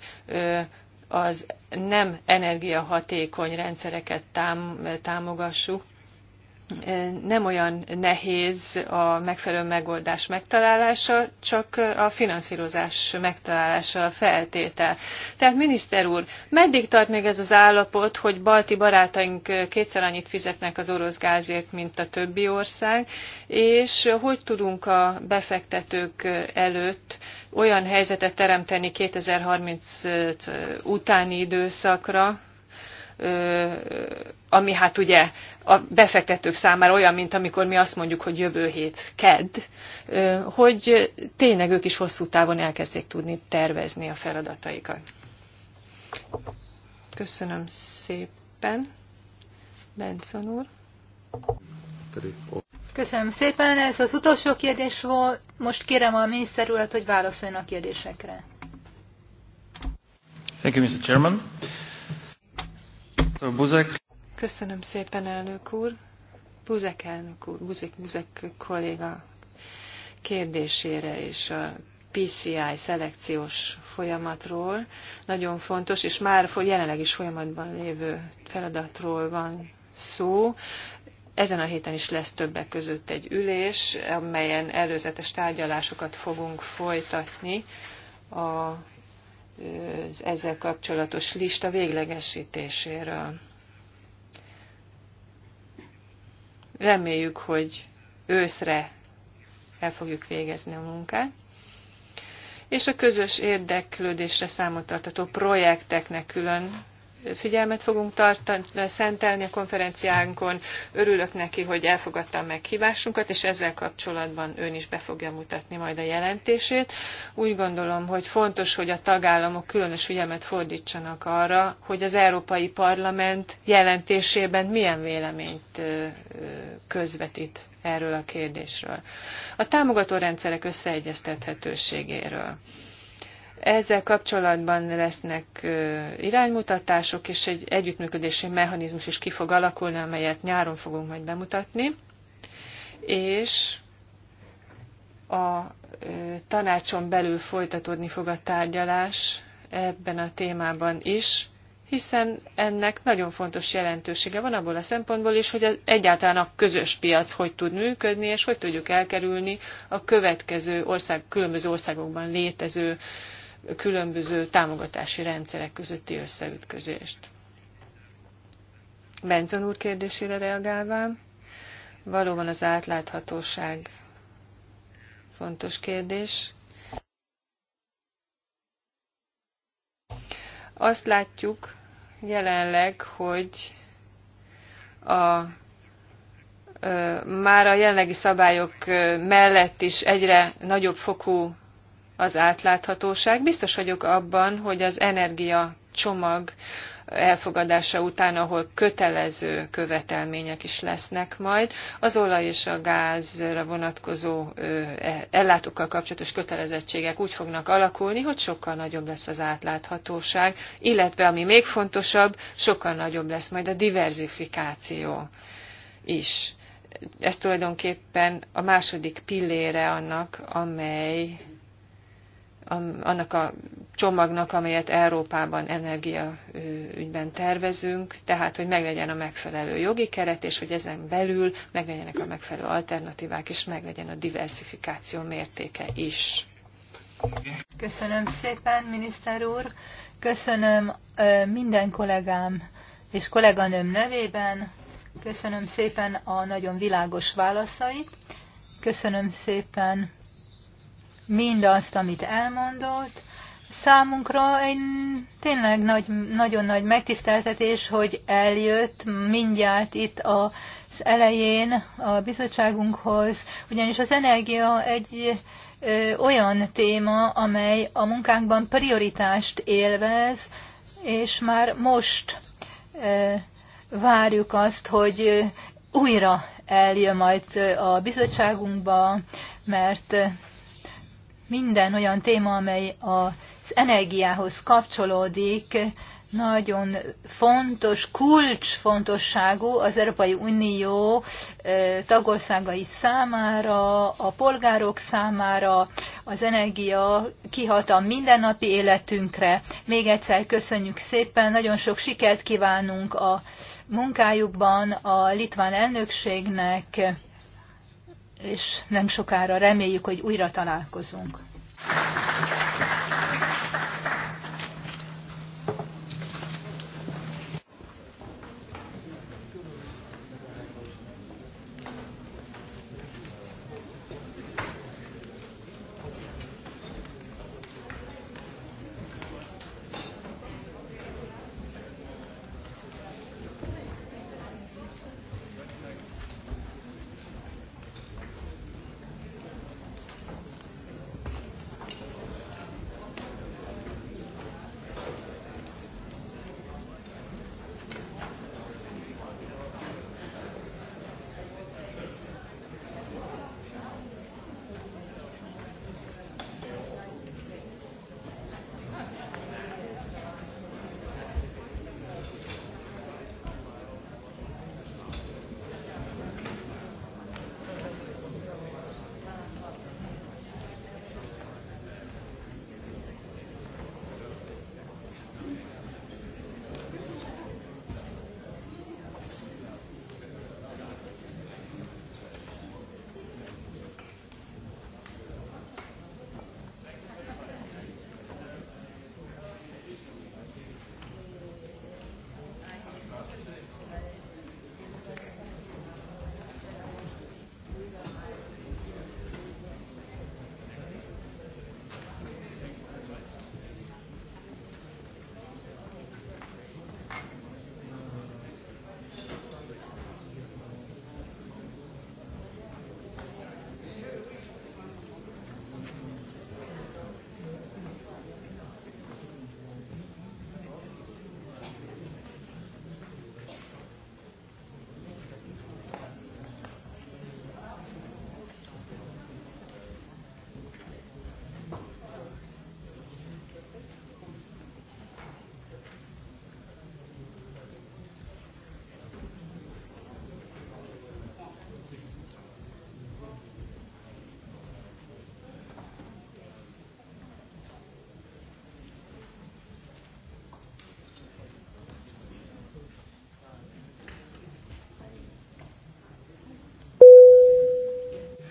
az nem energiahatékony rendszereket tám, támogassuk. Nem olyan nehéz a megfelelő megoldás megtalálása, csak a finanszírozás megtalálása a feltétel. Tehát miniszter úr, meddig tart még ez az állapot, hogy balti barátaink kétszer annyit fizetnek az orosz gázért, mint a többi ország, és hogy tudunk a befektetők előtt olyan helyzetet teremteni 2030 utáni időszakra, ami hát ugye a befektetők számára olyan, mint amikor mi azt mondjuk, hogy jövő hét kedd, hogy tényleg ők is hosszú távon elkezdjék tudni tervezni a feladataikat. Köszönöm szépen, Benson úr. Köszönöm szépen, ez az utolsó kérdés volt. Most kérem a miniszter urat, hogy válaszoljon a kérdésekre. Thank you, Mr. Chairman. Buzek. Köszönöm szépen, elnök úr. Buzek elnök úr, Buzek, Buzek kolléga kérdésére és a PCI szelekciós folyamatról. Nagyon fontos, és már jelenleg is folyamatban lévő feladatról van szó. Ezen a héten is lesz többek között egy ülés, amelyen előzetes tárgyalásokat fogunk folytatni a, az ezzel kapcsolatos lista véglegesítéséről. Reméljük, hogy őszre el fogjuk végezni a munkát és a közös érdeklődésre számot tartató projekteknek külön figyelmet fogunk tartani, szentelni a konferenciánkon. Örülök neki, hogy elfogadta a meghívásunkat, és ezzel kapcsolatban ön is be fogja mutatni majd a jelentését. Úgy gondolom, hogy fontos, hogy a tagállamok különös figyelmet fordítsanak arra, hogy az Európai Parlament jelentésében milyen véleményt közvetít erről a kérdésről. A támogató rendszerek összeegyeztethetőségéről. Ezzel kapcsolatban lesznek iránymutatások, és egy együttműködési mechanizmus is ki fog alakulni, amelyet nyáron fogunk majd bemutatni. És a tanácson belül folytatódni fog a tárgyalás ebben a témában is, hiszen ennek nagyon fontos jelentősége van abból a szempontból is, hogy egyáltalán a közös piac hogy tud működni, és hogy tudjuk elkerülni a következő ország, különböző országokban létező különböző támogatási rendszerek közötti összeütközést. Benzon úr kérdésére reagálván, valóban az átláthatóság fontos kérdés. Azt látjuk jelenleg, hogy a már a jelenlegi szabályok mellett is egyre nagyobb fokú az átláthatóság. Biztos vagyok abban, hogy az energia csomag elfogadása után, ahol kötelező követelmények is lesznek majd, az olaj és a gázra vonatkozó e, ellátókkal kapcsolatos kötelezettségek úgy fognak alakulni, hogy sokkal nagyobb lesz az átláthatóság, illetve ami még fontosabb, sokkal nagyobb lesz majd a diversifikáció is. Ez tulajdonképpen a második pillére annak, amely annak a csomagnak, amelyet Európában energiaügyben tervezünk, tehát hogy meglegyen a megfelelő jogi keret, és hogy ezen belül meglegyenek a megfelelő alternatívák, és meglegyen a diversifikáció mértéke is. Köszönöm szépen, miniszter úr. Köszönöm minden kollégám és kolléganőm nevében. Köszönöm szépen a nagyon világos válaszait. Köszönöm szépen mindazt, amit elmondott. Számunkra egy tényleg nagy, nagyon nagy megtiszteltetés, hogy eljött mindjárt itt az elején a bizottságunkhoz, ugyanis az energia egy ö, olyan téma, amely a munkánkban prioritást élvez, és már most ö, várjuk azt, hogy újra eljön majd a bizottságunkba, mert minden olyan téma, amely az energiához kapcsolódik, nagyon fontos, kulcsfontosságú az Európai Unió tagországai számára, a polgárok számára, az energia kihat a mindennapi életünkre. Még egyszer köszönjük szépen, nagyon sok sikert kívánunk a munkájukban a litván elnökségnek és nem sokára reméljük, hogy újra találkozunk.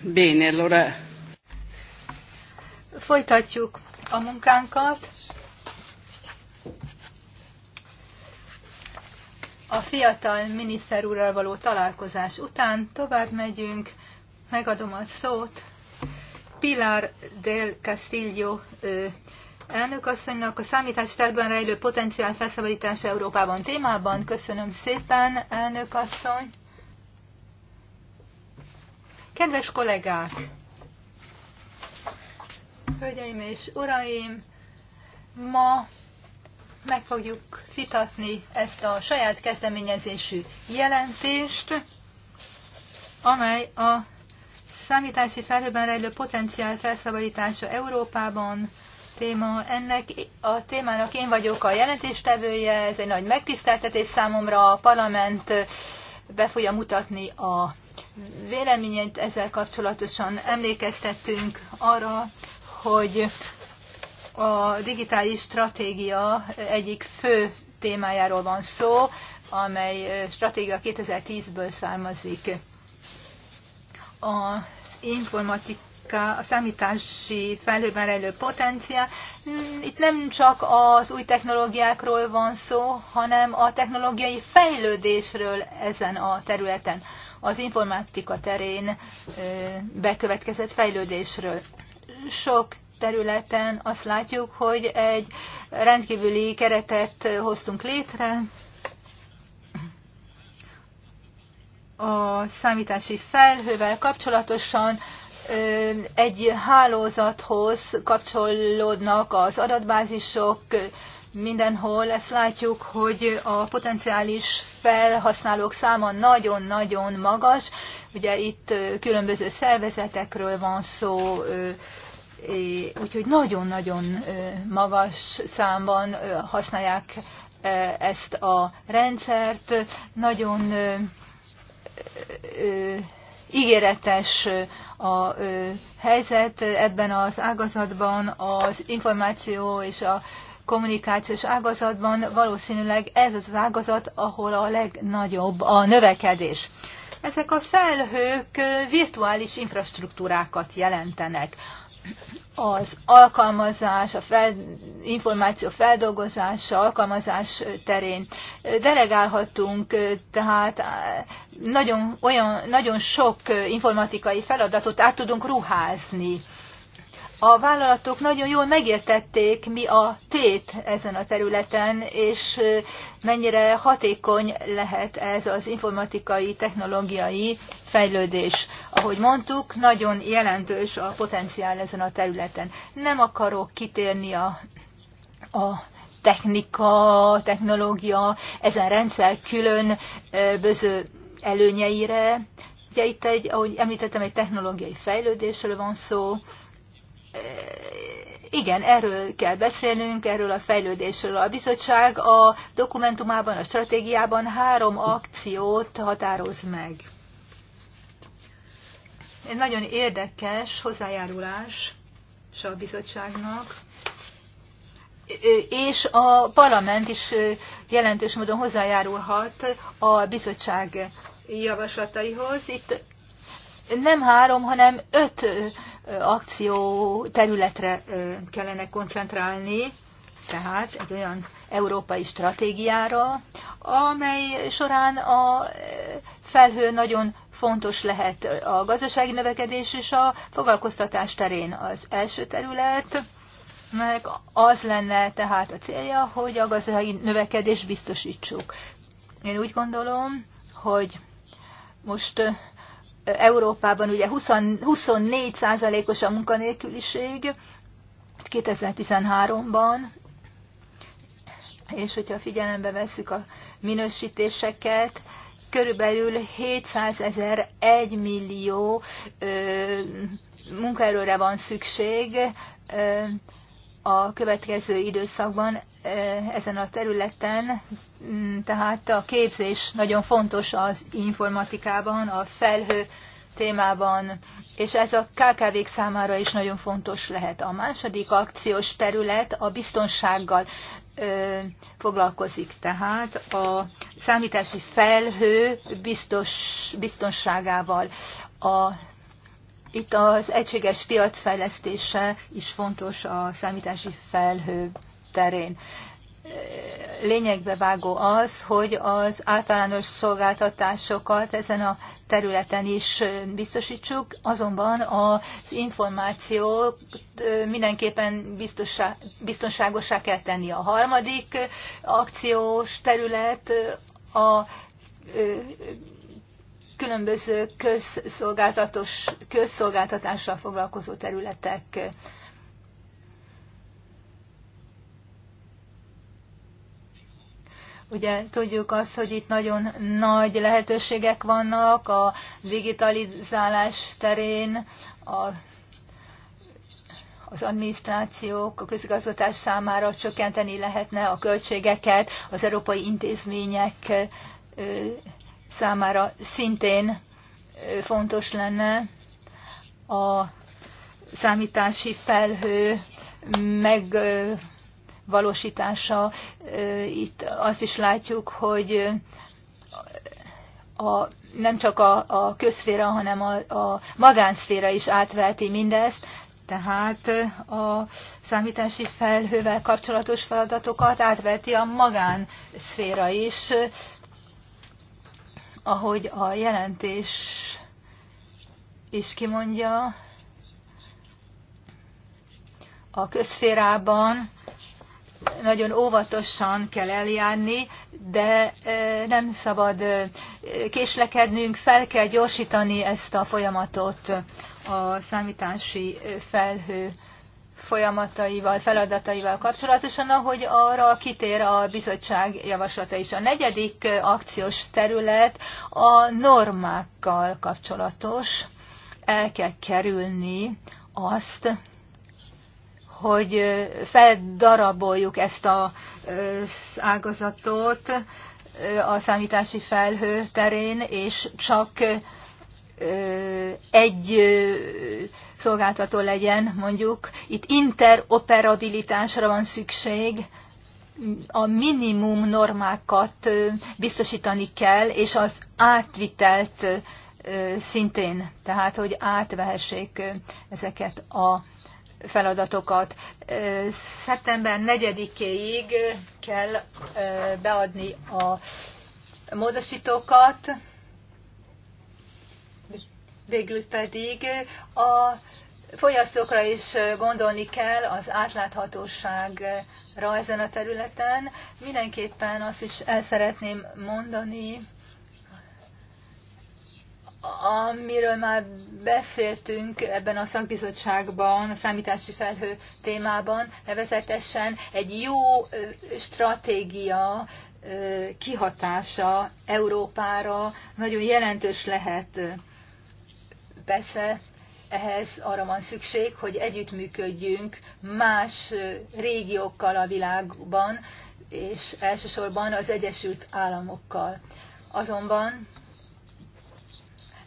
Bene, allora. Folytatjuk a munkánkat. A fiatal miniszter úrral való találkozás után tovább megyünk, megadom a szót Pilar del Castillo elnökasszonynak a számításterben rejlő potenciál felszabadítása Európában témában. Köszönöm szépen, elnökasszony! Kedves kollégák! Hölgyeim és uraim! Ma meg fogjuk vitatni ezt a saját kezdeményezésű jelentést, amely a számítási felhőben rejlő potenciál felszabadítása Európában téma. Ennek a témának én vagyok a jelentéstevője, ez egy nagy megtiszteltetés számomra, a parlament be fogja mutatni a véleményét ezzel kapcsolatosan emlékeztettünk arra, hogy a digitális stratégia egyik fő témájáról van szó, amely stratégia 2010-ből származik. Az informatika, a számítási felhőben rejlő potenciál, itt nem csak az új technológiákról van szó, hanem a technológiai fejlődésről ezen a területen az informatika terén bekövetkezett fejlődésről. Sok területen azt látjuk, hogy egy rendkívüli keretet hoztunk létre, a számítási felhővel kapcsolatosan egy hálózathoz kapcsolódnak az adatbázisok, mindenhol ezt látjuk, hogy a potenciális felhasználók száma nagyon-nagyon magas. Ugye itt különböző szervezetekről van szó, úgyhogy nagyon-nagyon magas számban használják ezt a rendszert. Nagyon ígéretes a helyzet ebben az ágazatban az információ és a kommunikációs ágazatban valószínűleg ez az ágazat, ahol a legnagyobb a növekedés. Ezek a felhők virtuális infrastruktúrákat jelentenek. Az alkalmazás, a fel, információ feldolgozása, alkalmazás terén delegálhatunk, tehát nagyon, olyan, nagyon sok informatikai feladatot át tudunk ruházni a vállalatok nagyon jól megértették, mi a tét ezen a területen, és mennyire hatékony lehet ez az informatikai, technológiai fejlődés. Ahogy mondtuk, nagyon jelentős a potenciál ezen a területen. Nem akarok kitérni a, a technika, technológia, ezen rendszer külön böző előnyeire. Ugye itt egy, ahogy említettem, egy technológiai fejlődésről van szó, igen, erről kell beszélnünk, erről a fejlődésről. A bizottság a dokumentumában, a stratégiában három akciót határoz meg. Egy nagyon érdekes hozzájárulás a bizottságnak, és a parlament is jelentős módon hozzájárulhat a bizottság javaslataihoz. Itt nem három, hanem öt akció területre kellene koncentrálni, tehát egy olyan európai stratégiára, amely során a felhő nagyon fontos lehet a gazdasági növekedés és a foglalkoztatás terén. Az első terület meg az lenne tehát a célja, hogy a gazdasági növekedést biztosítsuk. Én úgy gondolom, hogy most Európában ugye 20, 24 százalékos a munkanélküliség 2013-ban, és hogyha figyelembe vesszük a minősítéseket, körülbelül 700 ezer 1 millió ö, munkaerőre van szükség, ö, a következő időszakban e, ezen a területen, tehát a képzés nagyon fontos az informatikában, a felhő témában, és ez a kkv számára is nagyon fontos lehet. A második akciós terület a biztonsággal ö, e, foglalkozik, tehát a számítási felhő biztos, biztonságával, a itt az egységes piac fejlesztése is fontos a számítási felhő terén. Lényegbe vágó az, hogy az általános szolgáltatásokat ezen a területen is biztosítsuk, azonban az információt mindenképpen biztonságosá kell tenni. A harmadik akciós terület a különböző közszolgáltatos, közszolgáltatással foglalkozó területek Ugye tudjuk azt, hogy itt nagyon nagy lehetőségek vannak a digitalizálás terén, a, az adminisztrációk, a közigazgatás számára csökkenteni lehetne a költségeket, az európai intézmények számára szintén fontos lenne a számítási felhő megvalósítása. Itt azt is látjuk, hogy a, nem csak a, a közszféra, hanem a, a magánszféra is átveheti mindezt, tehát a számítási felhővel kapcsolatos feladatokat átveti a magánszféra is, ahogy a jelentés is kimondja, a közférában nagyon óvatosan kell eljárni, de e, nem szabad e, késlekednünk, fel kell gyorsítani ezt a folyamatot a számítási felhő folyamataival, feladataival kapcsolatosan, ahogy arra kitér a bizottság javaslata is. A negyedik akciós terület a normákkal kapcsolatos. El kell kerülni azt, hogy feldaraboljuk ezt az ágazatot a számítási felhő terén, és csak egy szolgáltató legyen, mondjuk. Itt interoperabilitásra van szükség, a minimum normákat biztosítani kell, és az átvitelt szintén, tehát hogy átvehessék ezeket a feladatokat. Szeptember 4-éig kell beadni a módosítókat, Végül pedig a fogyasztókra is gondolni kell az átláthatóságra ezen a területen. Mindenképpen azt is el szeretném mondani, amiről már beszéltünk ebben a szakbizottságban, a számítási felhő témában, nevezetesen egy jó stratégia kihatása Európára nagyon jelentős lehet Persze ehhez arra van szükség, hogy együttműködjünk más régiókkal a világban, és elsősorban az Egyesült Államokkal. Azonban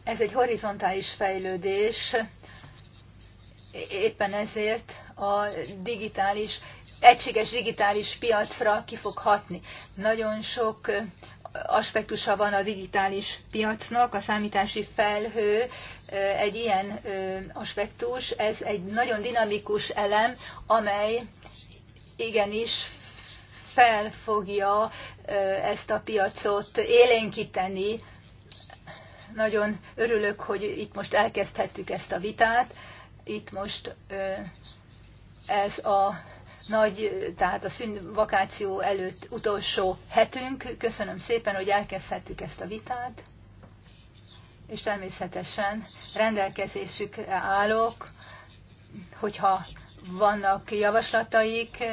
ez egy horizontális fejlődés, éppen ezért a digitális, egységes digitális piacra ki fog hatni. Nagyon sok aspektusa van a digitális piacnak, a számítási felhő egy ilyen aspektus, ez egy nagyon dinamikus elem, amely igenis fel fogja ezt a piacot élénkíteni. Nagyon örülök, hogy itt most elkezdhettük ezt a vitát. Itt most ez a nagy, tehát a szűn vakáció előtt utolsó hetünk. Köszönöm szépen, hogy elkezdhettük ezt a vitát, és természetesen rendelkezésük állok, hogyha vannak javaslataik,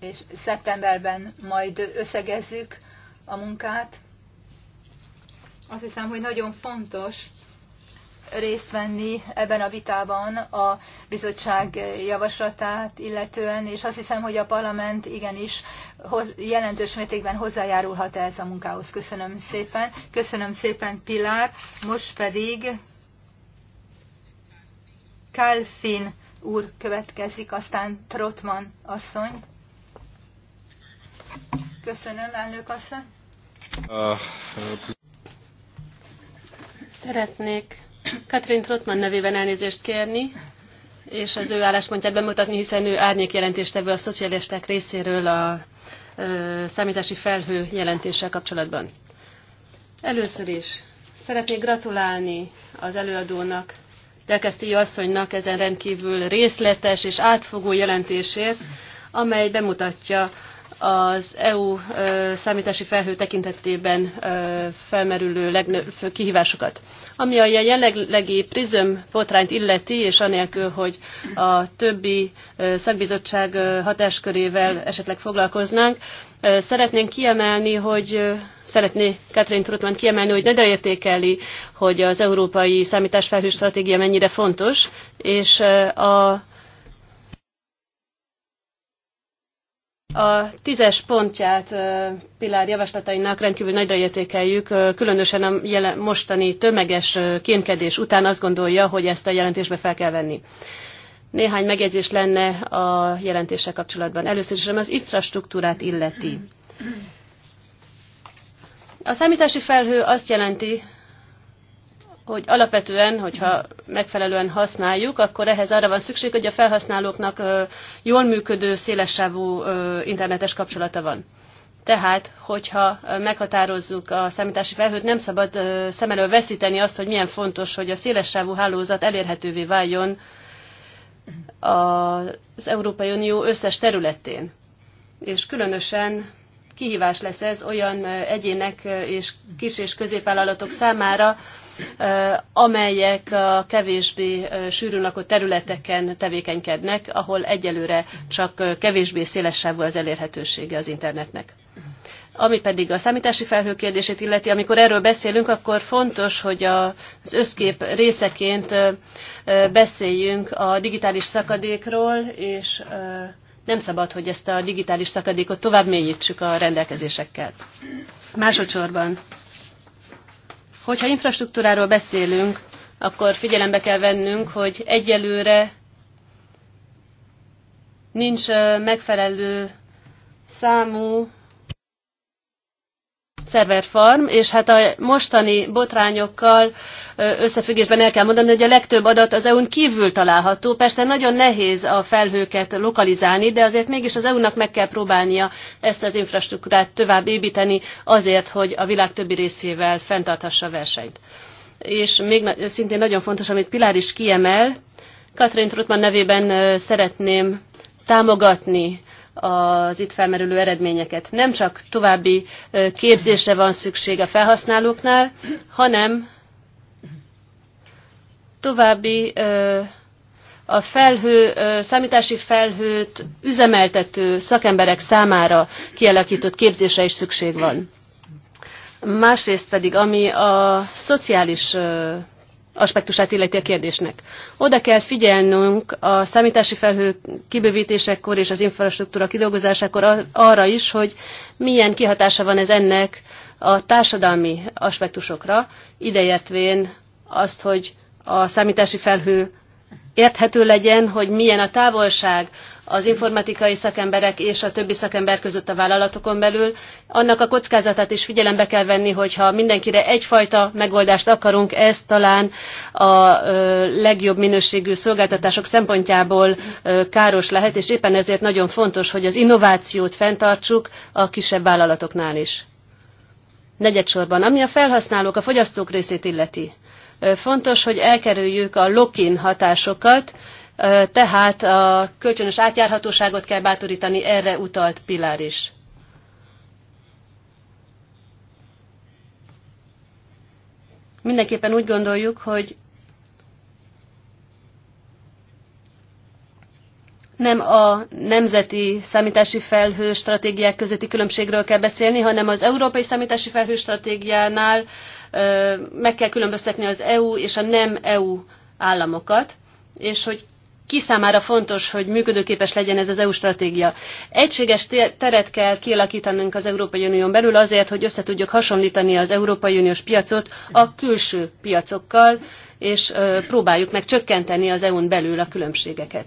és szeptemberben majd összegezzük a munkát. Azt hiszem, hogy nagyon fontos, részt venni ebben a vitában a bizottság javaslatát illetően, és azt hiszem, hogy a parlament igenis jelentős mértékben hozzájárulhat ehhez a munkához. Köszönöm szépen. Köszönöm szépen, Pilár. Most pedig Kálfin úr következik, aztán Trotman asszony. Köszönöm, elnök asszony. Ah, hát- Szeretnék Katrin Trotman nevében elnézést kérni, és az ő álláspontját bemutatni, hiszen ő árnyék jelentéstevő a szocialisták részéről a ö, számítási felhő jelentéssel kapcsolatban. Először is szeretnék gratulálni az előadónak, Delkeszti asszonynak ezen rendkívül részletes és átfogó jelentésért, amely bemutatja az EU számítási felhő tekintetében felmerülő legnagyobb kihívásokat. Ami a jelenlegi PRISM potrányt illeti, és anélkül, hogy a többi szakbizottság hatáskörével esetleg foglalkoznánk, szeretnénk kiemelni, hogy szeretné Katrin Trutman kiemelni, hogy nagyra értékeli, hogy az európai számításfelhő stratégia mennyire fontos, és a A tízes pontját Pilár javaslatainak rendkívül nagyra értékeljük, különösen a jelen, mostani tömeges kémkedés után azt gondolja, hogy ezt a jelentésbe fel kell venni. Néhány megjegyzés lenne a jelentése kapcsolatban. Először is az infrastruktúrát illeti. A számítási felhő azt jelenti, hogy alapvetően, hogyha megfelelően használjuk, akkor ehhez arra van szükség, hogy a felhasználóknak jól működő, szélessávú internetes kapcsolata van. Tehát, hogyha meghatározzuk a számítási felhőt, nem szabad szem elől veszíteni azt, hogy milyen fontos, hogy a szélessávú hálózat elérhetővé váljon az Európai Unió összes területén. És különösen kihívás lesz ez olyan egyének és kis és középvállalatok számára, amelyek a kevésbé sűrűn lakott területeken tevékenykednek, ahol egyelőre csak kevésbé széles sávú az elérhetősége az internetnek. Ami pedig a számítási felhő kérdését illeti, amikor erről beszélünk, akkor fontos, hogy az összkép részeként beszéljünk a digitális szakadékról és nem szabad, hogy ezt a digitális szakadékot tovább mélyítsük a rendelkezésekkel. Másodszorban, hogyha infrastruktúráról beszélünk, akkor figyelembe kell vennünk, hogy egyelőre nincs megfelelő számú szerverfarm, és hát a mostani botrányokkal összefüggésben el kell mondani, hogy a legtöbb adat az EU-n kívül található. Persze nagyon nehéz a felhőket lokalizálni, de azért mégis az EU-nak meg kell próbálnia ezt az infrastruktúrát tovább építeni azért, hogy a világ többi részével fenntarthassa a versenyt. És még szintén nagyon fontos, amit Pilár is kiemel, Katrin Trutman nevében szeretném támogatni az itt felmerülő eredményeket. Nem csak további képzésre van szükség a felhasználóknál, hanem további a felhő, számítási felhőt üzemeltető szakemberek számára kialakított képzésre is szükség van. Másrészt pedig, ami a szociális aspektusát illeti a kérdésnek. Oda kell figyelnünk a számítási felhő kibővítésekor és az infrastruktúra kidolgozásakor arra is, hogy milyen kihatása van ez ennek a társadalmi aspektusokra, idejetvén azt, hogy a számítási felhő érthető legyen, hogy milyen a távolság, az informatikai szakemberek és a többi szakember között a vállalatokon belül. Annak a kockázatát is figyelembe kell venni, hogyha mindenkire egyfajta megoldást akarunk, ez talán a legjobb minőségű szolgáltatások szempontjából káros lehet, és éppen ezért nagyon fontos, hogy az innovációt fenntartsuk a kisebb vállalatoknál is. Negyedsorban, ami a felhasználók, a fogyasztók részét illeti. Fontos, hogy elkerüljük a lock-in hatásokat, tehát a kölcsönös átjárhatóságot kell bátorítani, erre utalt Pilár is. Mindenképpen úgy gondoljuk, hogy nem a nemzeti számítási felhő stratégiák közötti különbségről kell beszélni, hanem az európai számítási felhő stratégiánál meg kell különböztetni az EU és a nem EU államokat, és hogy ki számára fontos, hogy működőképes legyen ez az EU stratégia. Egységes teret kell kialakítanunk az Európai Unión belül azért, hogy össze tudjuk hasonlítani az Európai Uniós piacot a külső piacokkal, és próbáljuk meg csökkenteni az EU-n belül a különbségeket.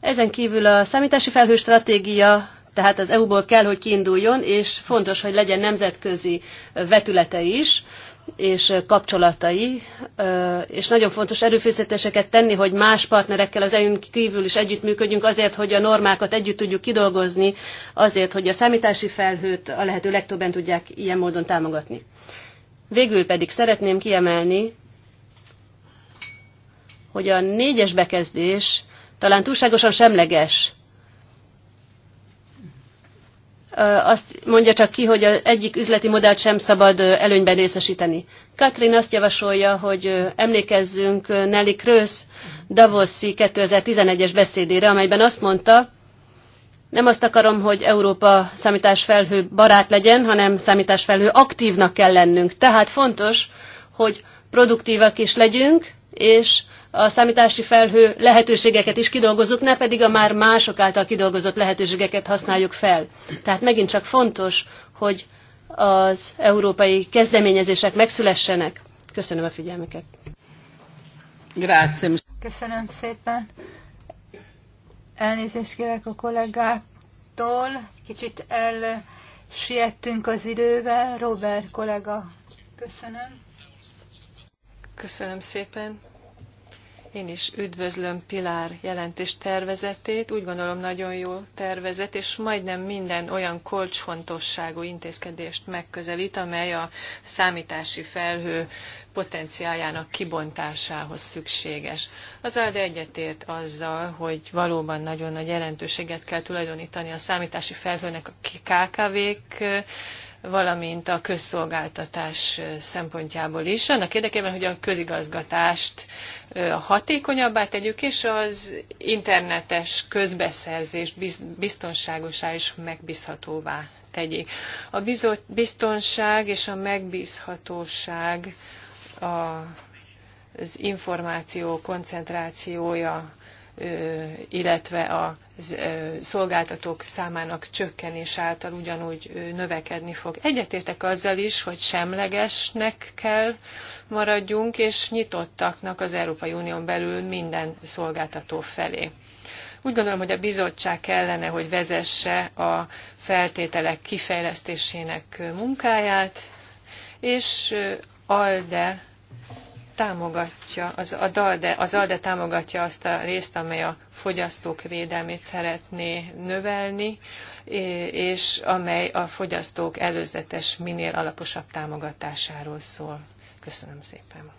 Ezen kívül a számítási felhő stratégia, tehát az EU-ból kell, hogy kiinduljon, és fontos, hogy legyen nemzetközi vetülete is és kapcsolatai, és nagyon fontos erőfeszítéseket tenni, hogy más partnerekkel az EU-n kívül is együttműködjünk azért, hogy a normákat együtt tudjuk kidolgozni, azért, hogy a számítási felhőt a lehető legtöbben tudják ilyen módon támogatni. Végül pedig szeretném kiemelni, hogy a négyes bekezdés talán túlságosan semleges azt mondja csak ki, hogy az egyik üzleti modellt sem szabad előnyben részesíteni. Katrin azt javasolja, hogy emlékezzünk Nelly Krősz Davoszi 2011-es beszédére, amelyben azt mondta, nem azt akarom, hogy Európa számításfelhő barát legyen, hanem számításfelhő aktívnak kell lennünk. Tehát fontos, hogy produktívak is legyünk, és a számítási felhő lehetőségeket is kidolgozzuk, ne pedig a már mások által kidolgozott lehetőségeket használjuk fel. Tehát megint csak fontos, hogy az európai kezdeményezések megszülessenek. Köszönöm a figyelmüket. Grazie. Köszönöm szépen. Elnézést kérek a kollégától. Kicsit elsiettünk az idővel. Robert kollega, köszönöm. Köszönöm szépen. Én is üdvözlöm Pilár jelentés tervezetét. Úgy gondolom nagyon jó tervezet, és majdnem minden olyan kulcsfontosságú intézkedést megközelít, amely a számítási felhő potenciáljának kibontásához szükséges. Az ALDE egyetért azzal, hogy valóban nagyon nagy jelentőséget kell tulajdonítani a számítási felhőnek a KKV-k valamint a közszolgáltatás szempontjából is, annak érdekében, hogy a közigazgatást hatékonyabbá tegyük, és az internetes közbeszerzést biztonságosá és megbízhatóvá tegyék. A biztonság és a megbízhatóság a, az információ koncentrációja illetve a szolgáltatók számának csökkenés által ugyanúgy növekedni fog. Egyetértek azzal is, hogy semlegesnek kell maradjunk, és nyitottaknak az Európai Unión belül minden szolgáltató felé. Úgy gondolom, hogy a bizottság kellene, hogy vezesse a feltételek kifejlesztésének munkáját, és ALDE támogatja, az, a DALDE, az ALDE támogatja azt a részt, amely a fogyasztók védelmét szeretné növelni, és amely a fogyasztók előzetes, minél alaposabb támogatásáról szól. Köszönöm szépen.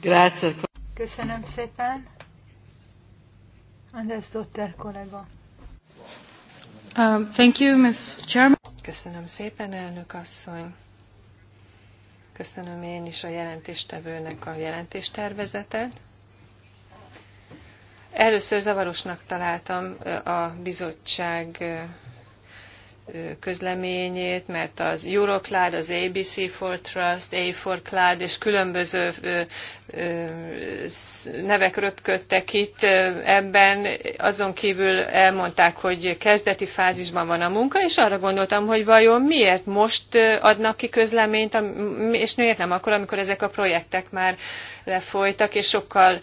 Grazie. Köszönöm szépen. András Dotter kollega. Um, thank you, Ms. Chairman. Köszönöm szépen, elnök asszony. Köszönöm én is a jelentéstevőnek a jelentéstervezetet. Először zavarosnak találtam a bizottság közleményét, mert az Euroclad, az ABC for Trust, A for Clad, és különböző nevek röpködtek itt ebben. Azon kívül elmondták, hogy kezdeti fázisban van a munka, és arra gondoltam, hogy vajon miért most adnak ki közleményt, és miért nem akkor, amikor ezek a projektek már lefolytak, és sokkal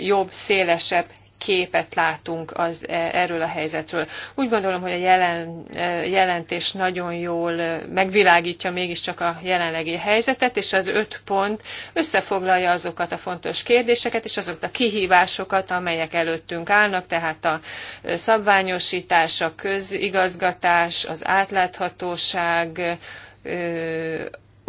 jobb, szélesebb képet látunk az, e, erről a helyzetről. Úgy gondolom, hogy a jelen, e, jelentés nagyon jól e, megvilágítja mégiscsak a jelenlegi helyzetet, és az öt pont összefoglalja azokat a fontos kérdéseket, és azokat a kihívásokat, amelyek előttünk állnak, tehát a szabványosítás, a közigazgatás, az átláthatóság,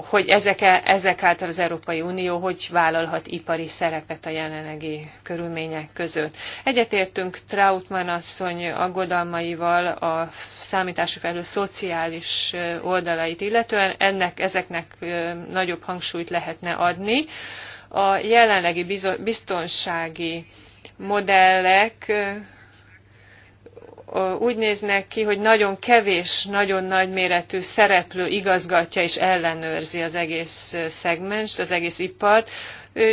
hogy ezek, ezek által az Európai Unió hogy vállalhat ipari szerepet a jelenlegi körülmények között. Egyetértünk Trautmann asszony aggodalmaival a számítási felül szociális oldalait illetően, ennek, ezeknek nagyobb hangsúlyt lehetne adni. A jelenlegi biztonsági modellek úgy néznek ki, hogy nagyon kevés, nagyon nagyméretű szereplő igazgatja és ellenőrzi az egész szegmenst, az egész ipart.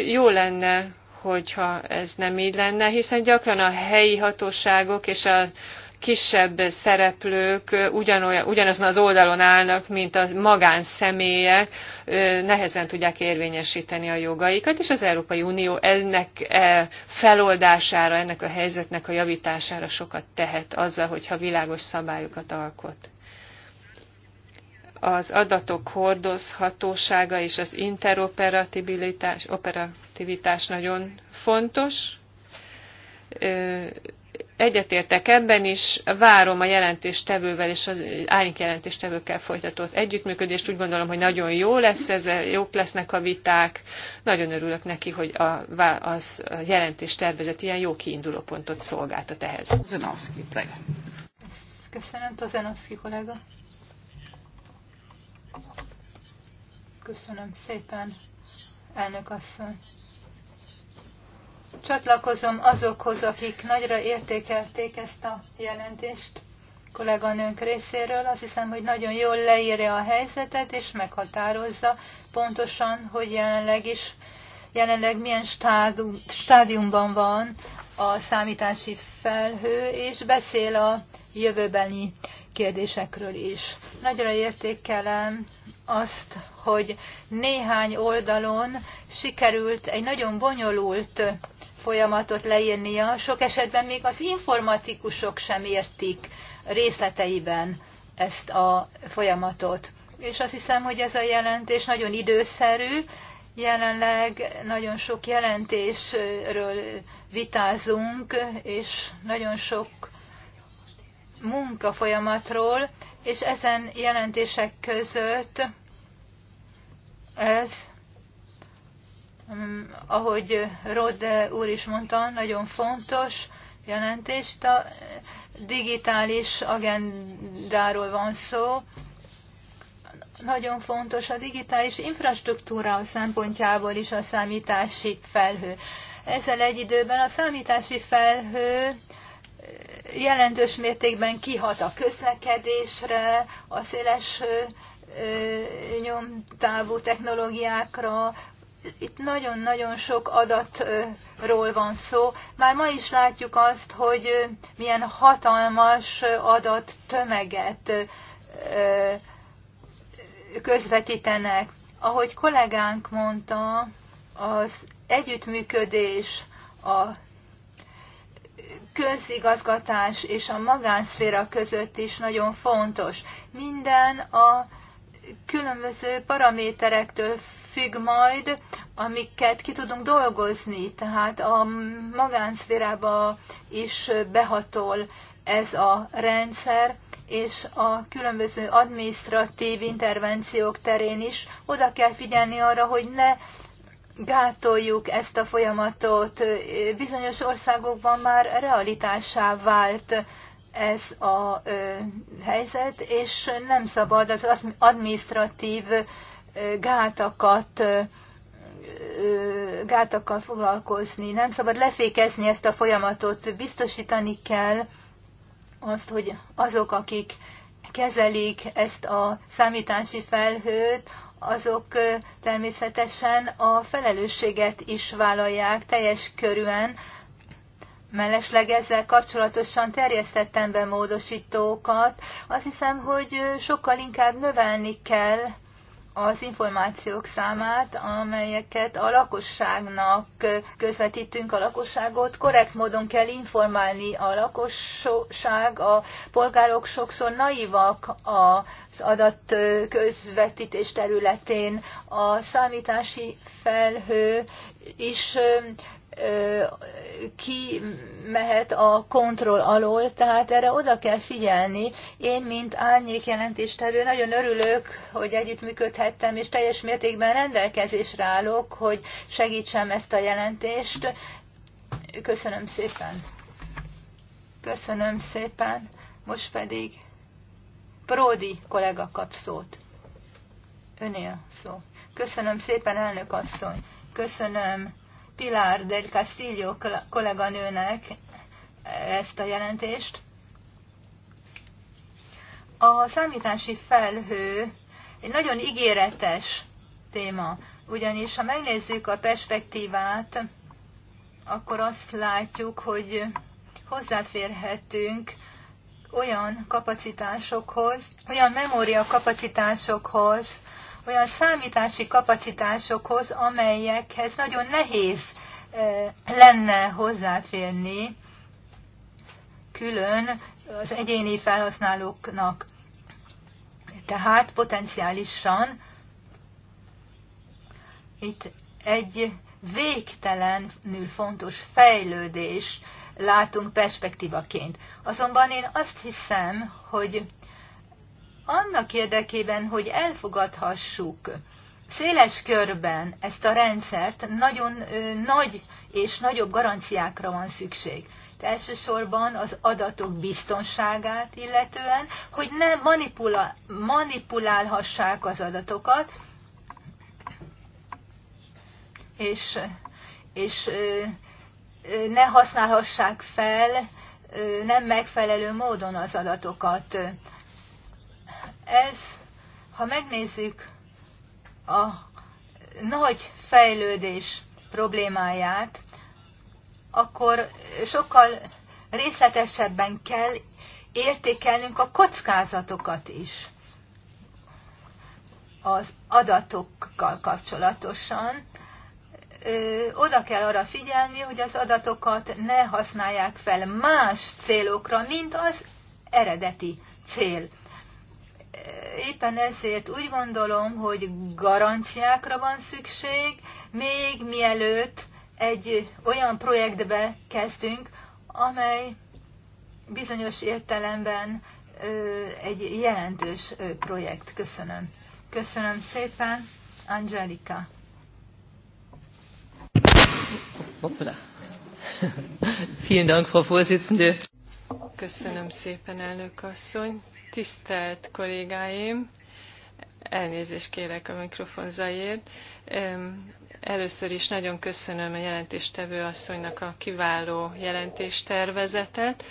Jó lenne, hogyha ez nem így lenne, hiszen gyakran a helyi hatóságok és a kisebb szereplők ugyanazon az oldalon állnak, mint a magánszemélyek, nehezen tudják érvényesíteni a jogaikat, és az Európai Unió ennek e feloldására, ennek a helyzetnek a javítására sokat tehet azzal, hogyha világos szabályokat alkot az adatok hordozhatósága és az interoperativitás operativitás nagyon fontos egyetértek ebben is, várom a jelentéstevővel és az árnyék jelentéstevőkkel folytatott együttműködést. Úgy gondolom, hogy nagyon jó lesz ez, jók lesznek a viták. Nagyon örülök neki, hogy a, az a jelentéstervezet ilyen jó kiinduló pontot szolgáltat ehhez. Zenovszki, Köszönöm, Tazenovszki kollega. Köszönöm szépen, elnök asszony. Csatlakozom azokhoz, akik nagyra értékelték ezt a jelentést kolléganőnk részéről. Azt hiszem, hogy nagyon jól leírja a helyzetet, és meghatározza pontosan, hogy jelenleg is, jelenleg milyen stádium, stádiumban van a számítási felhő, és beszél a jövőbeni kérdésekről is. Nagyra értékelem azt, hogy néhány oldalon sikerült egy nagyon bonyolult folyamatot leírnia, sok esetben még az informatikusok sem értik részleteiben ezt a folyamatot. És azt hiszem, hogy ez a jelentés nagyon időszerű, jelenleg nagyon sok jelentésről vitázunk, és nagyon sok munkafolyamatról, és ezen jelentések között ez Mm, ahogy Rod úr is mondta, nagyon fontos jelentés A digitális agendáról van szó. Nagyon fontos a digitális infrastruktúra a szempontjából is a számítási felhő. Ezzel egy időben a számítási felhő jelentős mértékben kihat a közlekedésre, a széles nyomtávú technológiákra, itt nagyon-nagyon sok adatról van szó. Már ma is látjuk azt, hogy milyen hatalmas adat tömeget közvetítenek. Ahogy kollégánk mondta, az együttműködés a közigazgatás és a magánszféra között is nagyon fontos. Minden a különböző paraméterektől függ majd, amiket ki tudunk dolgozni, tehát a magánszférába is behatol ez a rendszer, és a különböző administratív intervenciók terén is oda kell figyelni arra, hogy ne gátoljuk ezt a folyamatot. Bizonyos országokban már realitássá vált ez a helyzet, és nem szabad az administratív gátakat gátakkal foglalkozni, nem szabad lefékezni ezt a folyamatot, biztosítani kell azt, hogy azok, akik kezelik ezt a számítási felhőt, azok természetesen a felelősséget is vállalják teljes körűen, Mellesleg ezzel kapcsolatosan terjesztettem be módosítókat. Azt hiszem, hogy sokkal inkább növelni kell az információk számát, amelyeket a lakosságnak közvetítünk a lakosságot. Korrekt módon kell informálni a lakosság, a polgárok sokszor naivak az adat közvetítés területén. A számítási felhő is ki mehet a kontroll alól, tehát erre oda kell figyelni. Én, mint árnyék jelentéstevő, nagyon örülök, hogy együttműködhettem, és teljes mértékben rendelkezésre állok, hogy segítsem ezt a jelentést. Köszönöm szépen. Köszönöm szépen. Most pedig Pródi kollega kap szót. Önél szó. Köszönöm szépen, elnök asszony. Köszönöm Pilar del Castillo kolléganőnek ezt a jelentést. A számítási felhő egy nagyon ígéretes téma, ugyanis ha megnézzük a perspektívát, akkor azt látjuk, hogy hozzáférhetünk olyan kapacitásokhoz, olyan memória kapacitásokhoz, olyan számítási kapacitásokhoz, amelyekhez nagyon nehéz lenne hozzáférni külön az egyéni felhasználóknak. Tehát potenciálisan itt egy végtelenül fontos fejlődés látunk perspektívaként. Azonban én azt hiszem, hogy annak érdekében, hogy elfogadhassuk széles körben ezt a rendszert, nagyon nagy és nagyobb garanciákra van szükség. elsősorban az adatok biztonságát illetően, hogy ne manipula- manipulálhassák az adatokat, és, és ne használhassák fel nem megfelelő módon az adatokat. Ez, ha megnézzük a nagy fejlődés problémáját, akkor sokkal részletesebben kell értékelnünk a kockázatokat is az adatokkal kapcsolatosan. oda kell arra figyelni, hogy az adatokat ne használják fel más célokra, mint az eredeti cél éppen ezért úgy gondolom, hogy garanciákra van szükség, még mielőtt egy olyan projektbe kezdünk, amely bizonyos értelemben egy jelentős projekt. Köszönöm. Köszönöm szépen, Angelika. Vielen Dank, Frau Vorsitzende. Köszönöm szépen, elnök asszony. Tisztelt kollégáim, elnézést kérek a mikrofon zajért. Először is nagyon köszönöm a jelentéstevő asszonynak a kiváló jelentéstervezetet.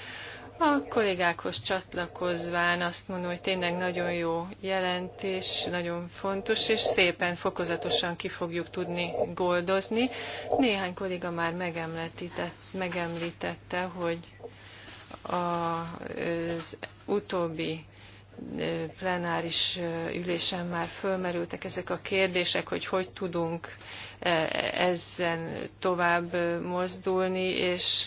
A kollégákhoz csatlakozván azt mondom, hogy tényleg nagyon jó jelentés, nagyon fontos, és szépen fokozatosan ki fogjuk tudni goldozni. Néhány kolléga már megemlítette, hogy az utóbbi plenáris ülésen már fölmerültek ezek a kérdések, hogy hogy tudunk ezen tovább mozdulni, és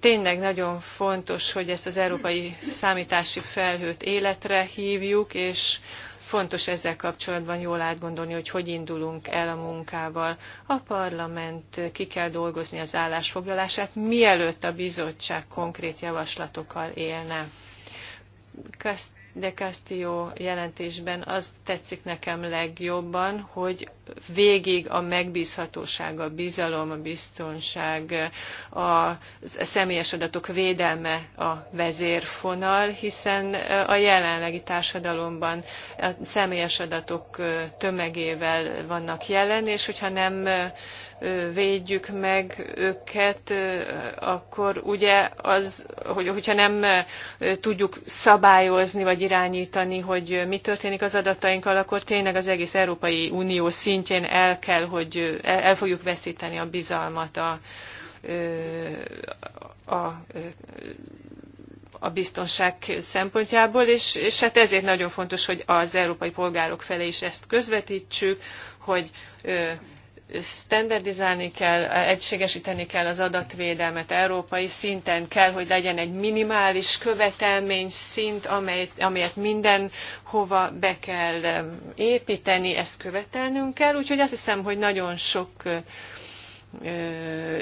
tényleg nagyon fontos, hogy ezt az európai számítási felhőt életre hívjuk, és fontos ezzel kapcsolatban jól átgondolni, hogy hogy indulunk el a munkával. A parlament ki kell dolgozni az állásfoglalását, mielőtt a bizottság konkrét javaslatokkal élne. Köszönöm de Castillo jelentésben az tetszik nekem legjobban, hogy végig a megbízhatóság, a bizalom, a biztonság, a személyes adatok védelme a vezérfonal, hiszen a jelenlegi társadalomban a személyes adatok tömegével vannak jelen, és hogyha nem védjük meg őket, akkor ugye az, hogy, hogyha nem tudjuk szabályozni vagy irányítani, hogy mi történik az adatainkkal, akkor tényleg az egész Európai Unió szintjén el kell, hogy el fogjuk veszíteni a bizalmat a, a, a a biztonság szempontjából, és, és hát ezért nagyon fontos, hogy az európai polgárok felé is ezt közvetítsük, hogy standardizálni kell, egységesíteni kell az adatvédelmet európai szinten, kell, hogy legyen egy minimális követelmény szint, amelyet, amelyet mindenhova be kell építeni, ezt követelnünk kell, úgyhogy azt hiszem, hogy nagyon sok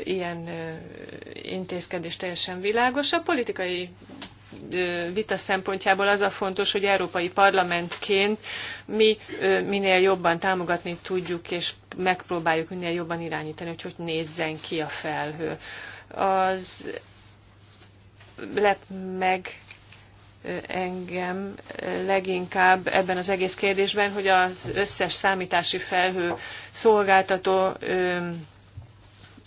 ilyen intézkedés teljesen világos. A politikai vita szempontjából az a fontos, hogy Európai Parlamentként mi minél jobban támogatni tudjuk, és megpróbáljuk minél jobban irányítani, hogy hogy nézzen ki a felhő. Az lep meg engem leginkább ebben az egész kérdésben, hogy az összes számítási felhő szolgáltató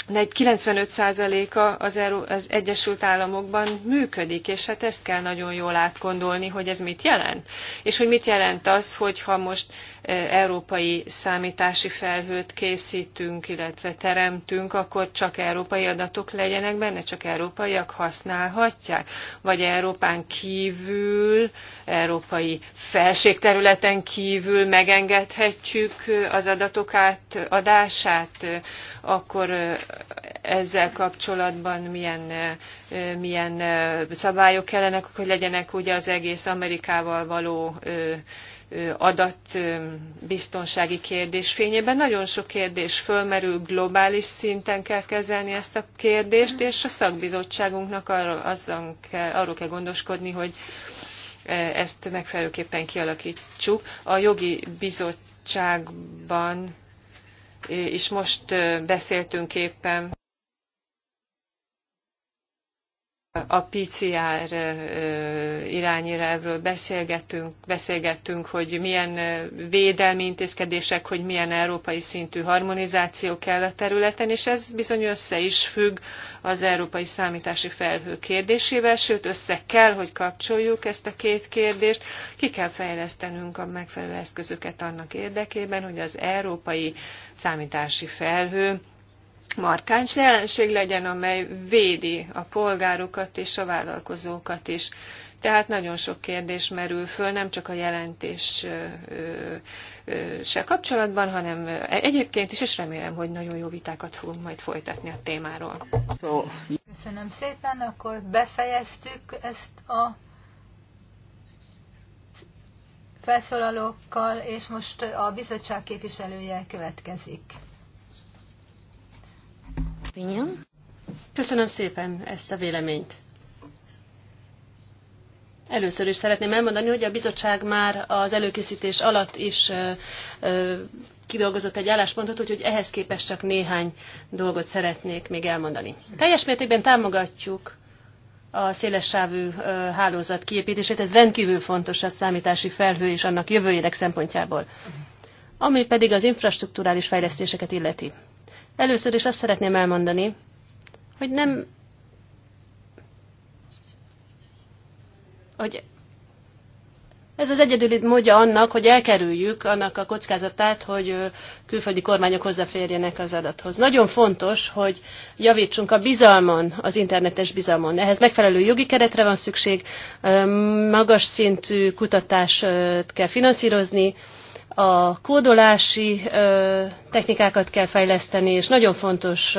95%-a az, az Egyesült Államokban működik, és hát ezt kell nagyon jól átgondolni, hogy ez mit jelent. És hogy mit jelent az, hogyha most európai számítási felhőt készítünk, illetve teremtünk, akkor csak európai adatok legyenek benne, csak európaiak használhatják, vagy Európán kívül, európai felségterületen kívül megengedhetjük az adatok átadását, akkor ezzel kapcsolatban milyen, milyen szabályok kellenek, hogy legyenek ugye az egész Amerikával való adatbiztonsági kérdés fényében. Nagyon sok kérdés fölmerül, globális szinten kell kezelni ezt a kérdést, és a szakbizottságunknak arról, kell, arról kell gondoskodni, hogy ezt megfelelőképpen kialakítsuk. A jogi bizottságban is most beszéltünk éppen a PCR irányirelvről beszélgettünk, beszélgettünk, hogy milyen védelmi intézkedések, hogy milyen európai szintű harmonizáció kell a területen, és ez bizony össze is függ az európai számítási felhő kérdésével, sőt össze kell, hogy kapcsoljuk ezt a két kérdést. Ki kell fejlesztenünk a megfelelő eszközöket annak érdekében, hogy az európai számítási felhő markáns jelenség legyen, amely védi a polgárokat és a vállalkozókat is. Tehát nagyon sok kérdés merül föl, nem csak a jelentés se kapcsolatban, hanem egyébként is, és remélem, hogy nagyon jó vitákat fogunk majd folytatni a témáról. Köszönöm szépen, akkor befejeztük ezt a felszólalókkal, és most a bizottság képviselője következik opinion. Köszönöm szépen ezt a véleményt. Először is szeretném elmondani, hogy a bizottság már az előkészítés alatt is kidolgozott egy álláspontot, úgyhogy ehhez képest csak néhány dolgot szeretnék még elmondani. Teljes mértékben támogatjuk a szélessávú hálózat kiépítését, ez rendkívül fontos a számítási felhő és annak jövőjének szempontjából. Ami pedig az infrastruktúrális fejlesztéseket illeti. Először is azt szeretném elmondani, hogy nem hogy ez az egyedüli módja annak, hogy elkerüljük annak a kockázatát, hogy külföldi kormányok hozzáférjenek az adathoz. Nagyon fontos, hogy javítsunk a bizalmon, az internetes bizalmon. Ehhez megfelelő jogi keretre van szükség, magas szintű kutatást kell finanszírozni, a kódolási technikákat kell fejleszteni, és nagyon fontos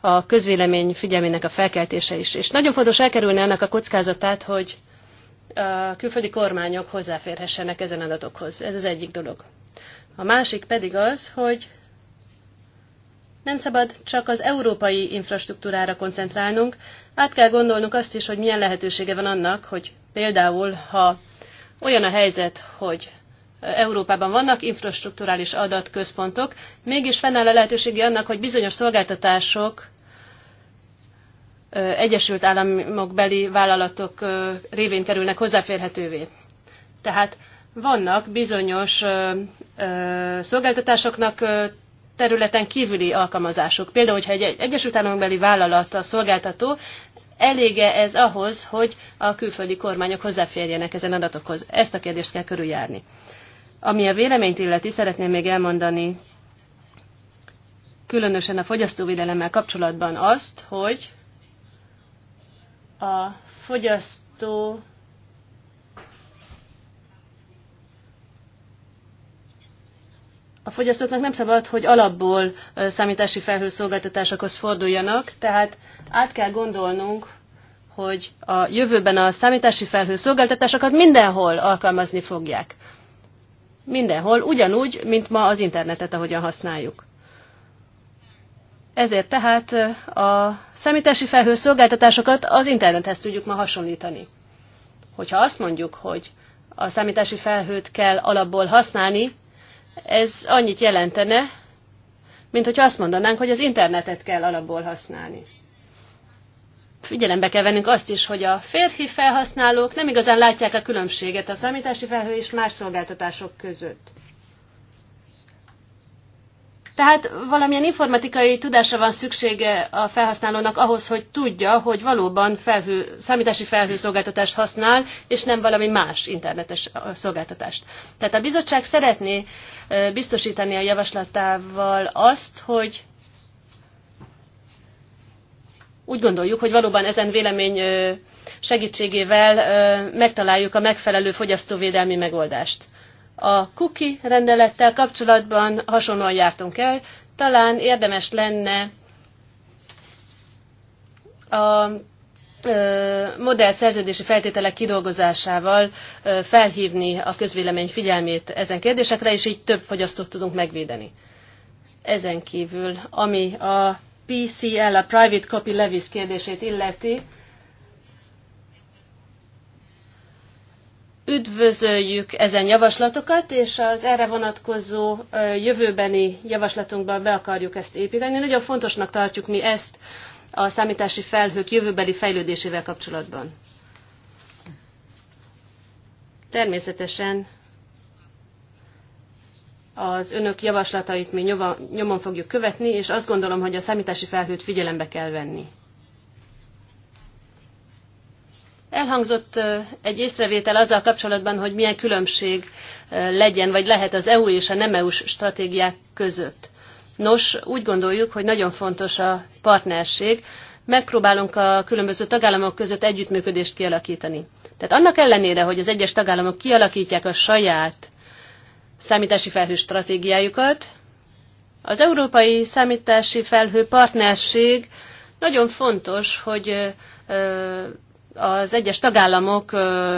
a közvélemény figyelmének a felkeltése is. És nagyon fontos elkerülni annak a kockázatát, hogy a külföldi kormányok hozzáférhessenek ezen adatokhoz. Ez az egyik dolog. A másik pedig az, hogy nem szabad csak az európai infrastruktúrára koncentrálnunk, át kell gondolnunk azt is, hogy milyen lehetősége van annak, hogy például, ha olyan a helyzet, hogy Európában vannak infrastruktúrális adatközpontok, mégis fennáll a lehetősége annak, hogy bizonyos szolgáltatások Egyesült Államok beli vállalatok révén kerülnek hozzáférhetővé. Tehát vannak bizonyos szolgáltatásoknak területen kívüli alkalmazások. Például, hogyha egy Egyesült államok beli vállalat a szolgáltató, elége ez ahhoz, hogy a külföldi kormányok hozzáférjenek ezen adatokhoz? Ezt a kérdést kell körüljárni. Ami a véleményt illeti, szeretném még elmondani, különösen a fogyasztóvédelemmel kapcsolatban azt, hogy a fogyasztó a fogyasztóknak nem szabad, hogy alapból számítási felhőszolgáltatásokhoz forduljanak, tehát át kell gondolnunk, hogy a jövőben a számítási felhőszolgáltatásokat mindenhol alkalmazni fogják mindenhol, ugyanúgy, mint ma az internetet, ahogyan használjuk. Ezért tehát eh, a számítási felhőszolgáltatásokat az internethez tudjuk ma hasonlítani. Hogyha azt mondjuk, hogy a számítási felhőt kell alapból használni, ez annyit jelentene, mint hogyha azt mondanánk, hogy az internetet kell alapból használni figyelembe kell vennünk azt is, hogy a férfi felhasználók nem igazán látják a különbséget a számítási felhő és más szolgáltatások között. Tehát valamilyen informatikai tudásra van szüksége a felhasználónak ahhoz, hogy tudja, hogy valóban felhő, számítási felhőszolgáltatást használ, és nem valami más internetes szolgáltatást. Tehát a bizottság szeretné biztosítani a javaslatával azt, hogy úgy gondoljuk, hogy valóban ezen vélemény segítségével megtaláljuk a megfelelő fogyasztóvédelmi megoldást. A cookie rendelettel kapcsolatban hasonlóan jártunk el, talán érdemes lenne a modell szerződési feltételek kidolgozásával felhívni a közvélemény figyelmét ezen kérdésekre, és így több fogyasztót tudunk megvédeni. Ezen kívül, ami a PCL, a Private Copy Levis kérdését illeti, üdvözöljük ezen javaslatokat, és az erre vonatkozó jövőbeni javaslatunkban be akarjuk ezt építeni. Nagyon fontosnak tartjuk mi ezt a számítási felhők jövőbeli fejlődésével kapcsolatban. Természetesen az önök javaslatait mi nyoma, nyomon fogjuk követni, és azt gondolom, hogy a számítási felhőt figyelembe kell venni. Elhangzott egy észrevétel azzal kapcsolatban, hogy milyen különbség legyen, vagy lehet az EU és a nem EU-s stratégiák között. Nos, úgy gondoljuk, hogy nagyon fontos a partnerség. Megpróbálunk a különböző tagállamok között együttműködést kialakítani. Tehát annak ellenére, hogy az egyes tagállamok kialakítják a saját számítási felhő stratégiájukat. Az Európai Számítási Felhő Partnerség nagyon fontos, hogy az egyes tagállamok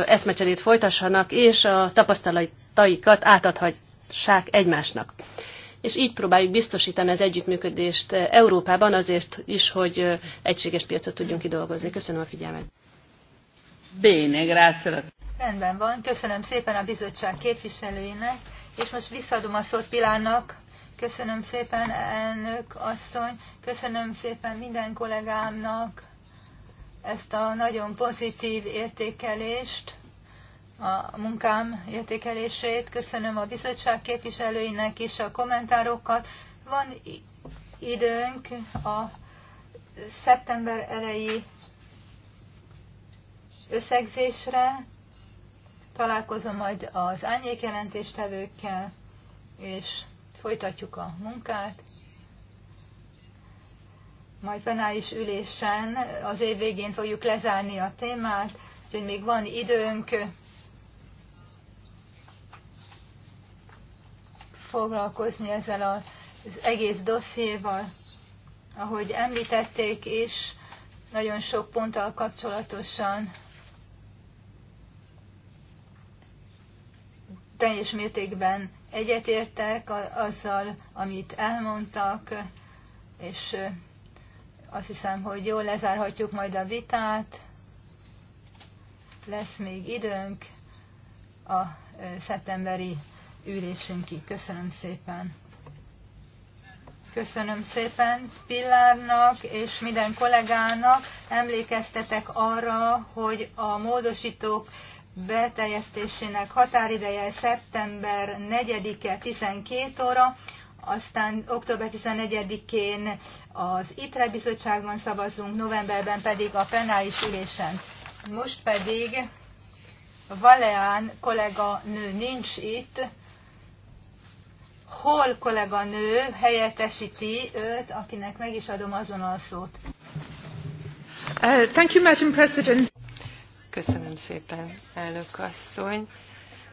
eszmecserét folytassanak, és a tapasztalataikat átadhassák egymásnak. És így próbáljuk biztosítani az együttműködést Európában azért is, hogy egységes piacot tudjunk kidolgozni. Köszönöm a figyelmet. Béne, grazie. Rendben van. Köszönöm szépen a bizottság képviselőinek. És most visszaadom a szót Pilánnak. Köszönöm szépen, elnök asszony, köszönöm szépen minden kollégámnak ezt a nagyon pozitív értékelést, a munkám értékelését. Köszönöm a bizottság képviselőinek is a kommentárokat. Van időnk a szeptember elejé összegzésre, találkozom majd az jelentéstevőkkel, és folytatjuk a munkát. Majd is ülésen az év végén fogjuk lezárni a témát, úgyhogy még van időnk foglalkozni ezzel az egész dossziéval. Ahogy említették is, nagyon sok ponttal kapcsolatosan teljes mértékben egyetértek azzal, amit elmondtak, és azt hiszem, hogy jól lezárhatjuk majd a vitát. Lesz még időnk a szeptemberi ülésünkig. Köszönöm szépen! Köszönöm szépen Pillárnak és minden kollégának. Emlékeztetek arra, hogy a módosítók beteljesztésének határideje szeptember 4-e 12 óra, aztán október 14-én az ITRE bizottságban szavazunk, novemberben pedig a penális ülésen. Most pedig Valeán kollega nő nincs itt, Hol kollega nő helyettesíti őt, akinek meg is adom azon a szót. Uh, thank you, Madam President. Köszönöm szépen, elnök asszony.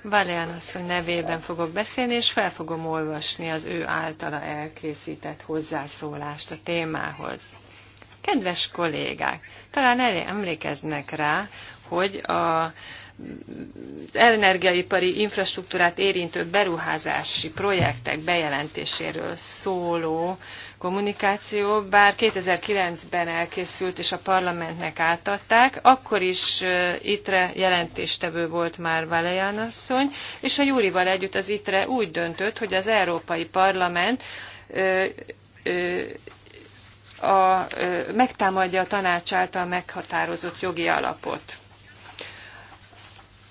Valéan asszony nevében fogok beszélni, és fel fogom olvasni az ő általa elkészített hozzászólást a témához. Kedves kollégák, talán emlékeznek rá, hogy a az energiaipari infrastruktúrát érintő beruházási projektek bejelentéséről szóló kommunikáció, bár 2009-ben elkészült és a parlamentnek átadták, akkor is ITRE jelentéstevő volt már Valeján asszony, és a Júrival együtt az ITRE úgy döntött, hogy az Európai Parlament a, a, a, megtámadja a tanács által meghatározott jogi alapot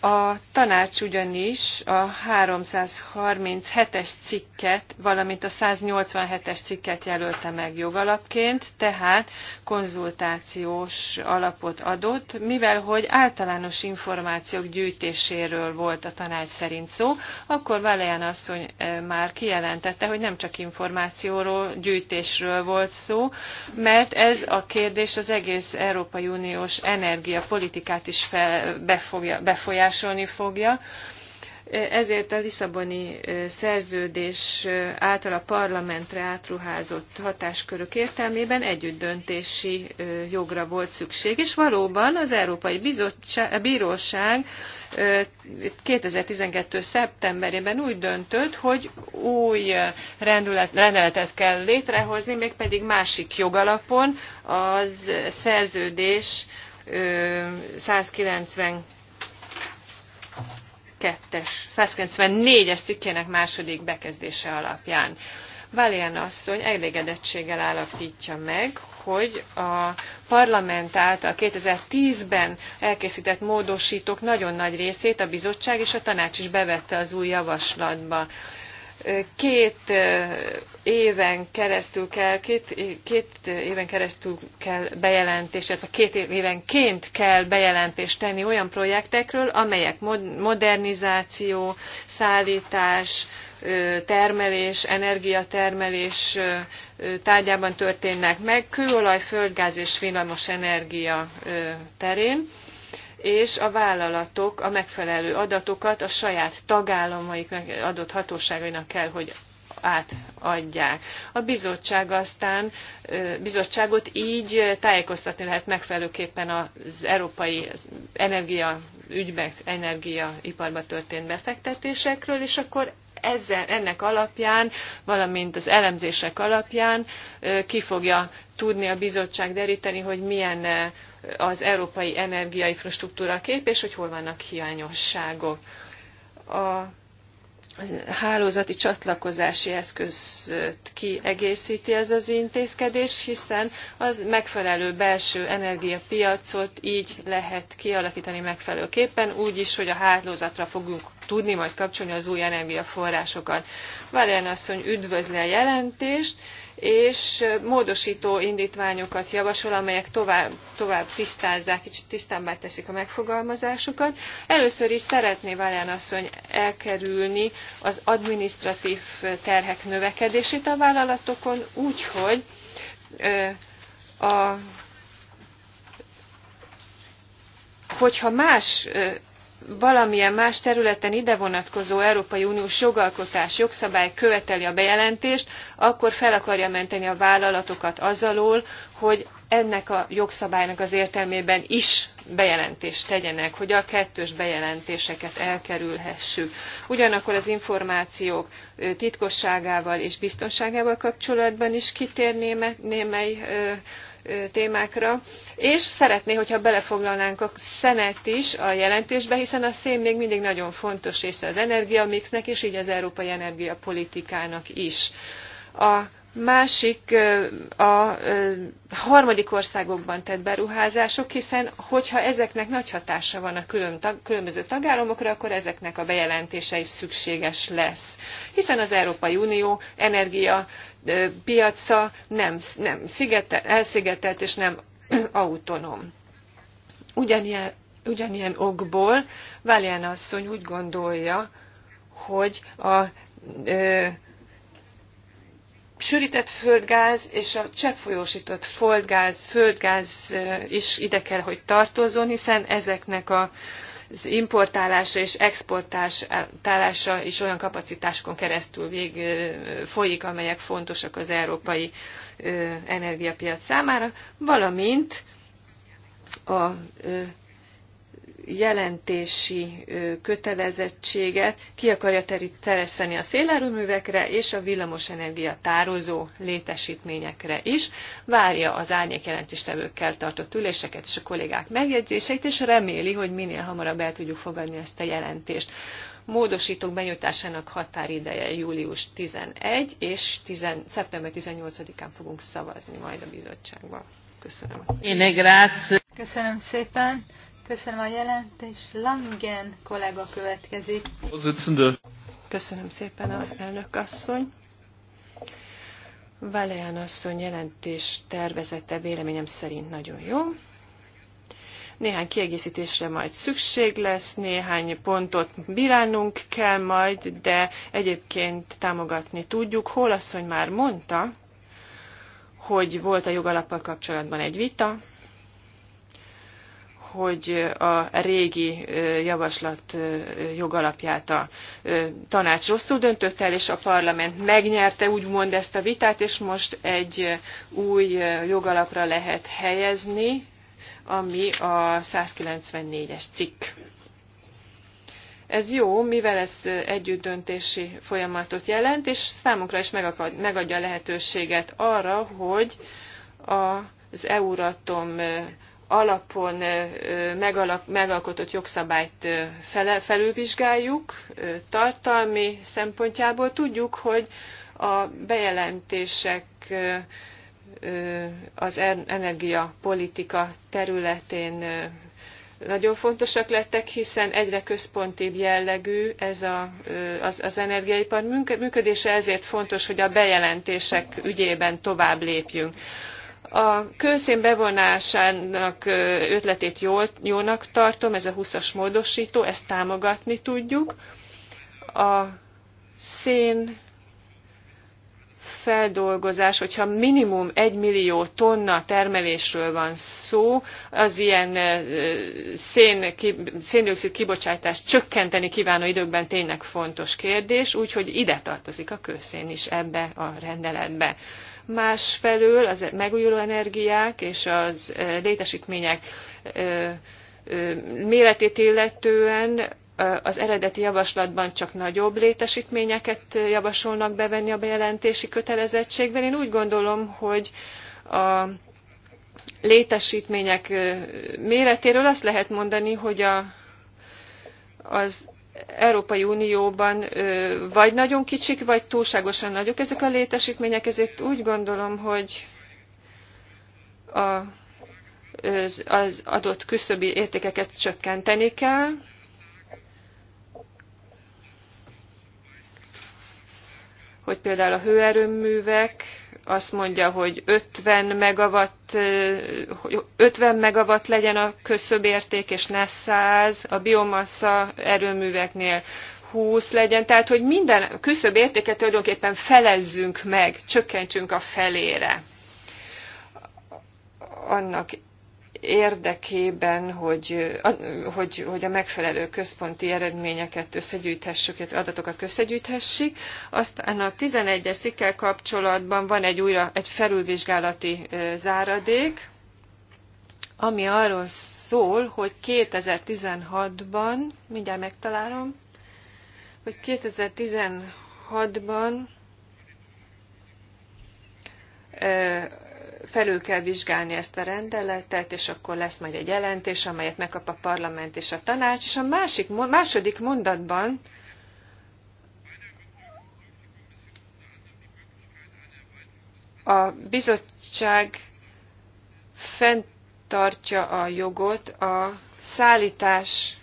a tanács ugyanis a 337-es cikket, valamint a 187-es cikket jelölte meg jogalapként, tehát konzultációs alapot adott, mivel hogy általános információk gyűjtéséről volt a tanács szerint szó, akkor Valéján asszony eh, már kijelentette, hogy nem csak információról, gyűjtésről volt szó, mert ez a kérdés az egész Európai Uniós energiapolitikát is fel, befolyásolja befolyásolni fogja. Ezért a Lisszaboni szerződés által a parlamentre átruházott hatáskörök értelmében együttdöntési jogra volt szükség, és valóban az Európai Bizottság, Bíróság 2012. szeptemberében úgy döntött, hogy új rendeletet kell létrehozni, mégpedig másik jogalapon az szerződés 190 192-es, 194-es cikkének második bekezdése alapján. Valéan asszony elégedettséggel állapítja meg, hogy a parlament által 2010-ben elkészített módosítók nagyon nagy részét a bizottság és a tanács is bevette az új javaslatba két éven keresztül kell, két, két éven keresztül kell bejelentés, tehát két évenként kell bejelentést tenni olyan projektekről, amelyek modernizáció, szállítás, termelés, energiatermelés tárgyában történnek meg, kőolaj, földgáz és villamos energia terén és a vállalatok a megfelelő adatokat a saját tagállamaik adott hatóságainak kell, hogy átadják. A bizottság aztán, bizottságot így tájékoztatni lehet megfelelőképpen az európai energia ügyben, energiaiparba történt befektetésekről, és akkor ezzel, ennek alapján, valamint az elemzések alapján ki fogja tudni a bizottság deríteni, hogy milyen az európai energiainfrastruktúra kép, és hogy hol vannak hiányosságok. A hálózati csatlakozási eszközt kiegészíti ez az intézkedés, hiszen az megfelelő belső energiapiacot így lehet kialakítani megfelelőképpen, úgy is, hogy a hálózatra fogunk tudni majd kapcsolni az új energiaforrásokat. Várján asszony üdvözli a jelentést, és módostó indítványokat javasol, amelyek tovább, tovább tisztázzák, kicsit tisztábbá teszik a megfogalmazásukat. Először is szeretné Válján asszony elkerülni az administratív terhek növekedését a vállalatokon, úgyhogy a hogyha más valamilyen más területen ide vonatkozó Európai Uniós jogalkotás, jogszabály követeli a bejelentést, akkor fel akarja menteni a vállalatokat az alól, hogy ennek a jogszabálynak az értelmében is bejelentést tegyenek, hogy a kettős bejelentéseket elkerülhessük. Ugyanakkor az információk titkosságával és biztonságával kapcsolatban is kitérnék némely témákra, és szeretné, hogyha belefoglalnánk a szenet is a jelentésbe, hiszen a szén még mindig nagyon fontos része az energiamixnek, és így az európai energiapolitikának is. A másik a harmadik országokban tett beruházások, hiszen hogyha ezeknek nagy hatása van a külön, különböző tagállamokra, akkor ezeknek a bejelentése is szükséges lesz. Hiszen az Európai Unió energia piaca nem, nem szigetelt, elszigetelt és nem autonóm. Ugyanilyen, ugyanilyen okból Váliana asszony úgy gondolja, hogy a sűrített földgáz és a cseppfolyósított földgáz, földgáz is ide kell, hogy tartozzon, hiszen ezeknek a az importálása és exportálása is olyan kapacitáskon keresztül vég, folyik, amelyek fontosak az európai energiapiac számára, valamint a jelentési kötelezettséget ki akarja terjeszteni a szélerőművekre és a villamosenergia tározó létesítményekre is. Várja az árnyék jelentéstevőkkel tartott üléseket és a kollégák megjegyzéseit, és reméli, hogy minél hamarabb el tudjuk fogadni ezt a jelentést. Módosítók benyújtásának határideje július 11, és 10, szeptember 18-án fogunk szavazni majd a bizottságban. Köszönöm. Köszönöm szépen. Köszönöm a jelentés. Langen kollega következik. Köszönöm szépen a elnök asszony. Valéán asszony jelentés tervezete véleményem szerint nagyon jó. Néhány kiegészítésre majd szükség lesz, néhány pontot bírálnunk kell majd, de egyébként támogatni tudjuk. Hol asszony már mondta, hogy volt a jogalappal kapcsolatban egy vita, hogy a régi javaslat jogalapját a tanács rosszul döntött el, és a parlament megnyerte úgymond ezt a vitát, és most egy új jogalapra lehet helyezni, ami a 194-es cikk. Ez jó, mivel ez együttdöntési folyamatot jelent, és számunkra is megadja a lehetőséget arra, hogy az Euratom alapon megalkotott jogszabályt felülvizsgáljuk tartalmi szempontjából. Tudjuk, hogy a bejelentések az energiapolitika területén nagyon fontosak lettek, hiszen egyre központibb jellegű ez a, az, az energiaipar működése, ezért fontos, hogy a bejelentések ügyében tovább lépjünk. A kőszén bevonásának ötletét jól, jónak tartom, ez a 20-as módosító, ezt támogatni tudjuk. A szén feldolgozás, hogyha minimum 1 millió tonna termelésről van szó, az ilyen szén, széndiokszid kibocsátást csökkenteni kívánó időkben tényleg fontos kérdés, úgyhogy ide tartozik a kőszén is ebbe a rendeletbe másfelől a megújuló energiák és az eh, létesítmények eh, eh, méretét illetően az eredeti javaslatban csak nagyobb létesítményeket javasolnak bevenni a bejelentési kötelezettségben. Én úgy gondolom, hogy a létesítmények méretéről azt lehet mondani, hogy a, az Európai Unióban vagy nagyon kicsik, vagy túlságosan nagyok ezek a létesítmények, ezért úgy gondolom, hogy az adott küszöbi értékeket csökkenteni kell, hogy például a hőerőművek azt mondja, hogy 50 megawatt, 50 megawatt legyen a küszöbérték, és ne 100, a biomassa erőműveknél 20 legyen, tehát hogy minden köszöbértéket tulajdonképpen felezzünk meg, csökkentsünk a felére annak érdekében, hogy, hogy, hogy a megfelelő központi eredményeket összegyűjthessük, illetve adatokat összegyűjthessük. Aztán a 11-es cikkel kapcsolatban van egy, újra, egy felülvizsgálati záradék, ami arról szól, hogy 2016-ban, mindjárt megtalálom, hogy 2016-ban felül kell vizsgálni ezt a rendeletet, és akkor lesz majd egy jelentés, amelyet megkap a parlament és a tanács, és a másik, második mondatban a bizottság fenntartja a jogot a szállítás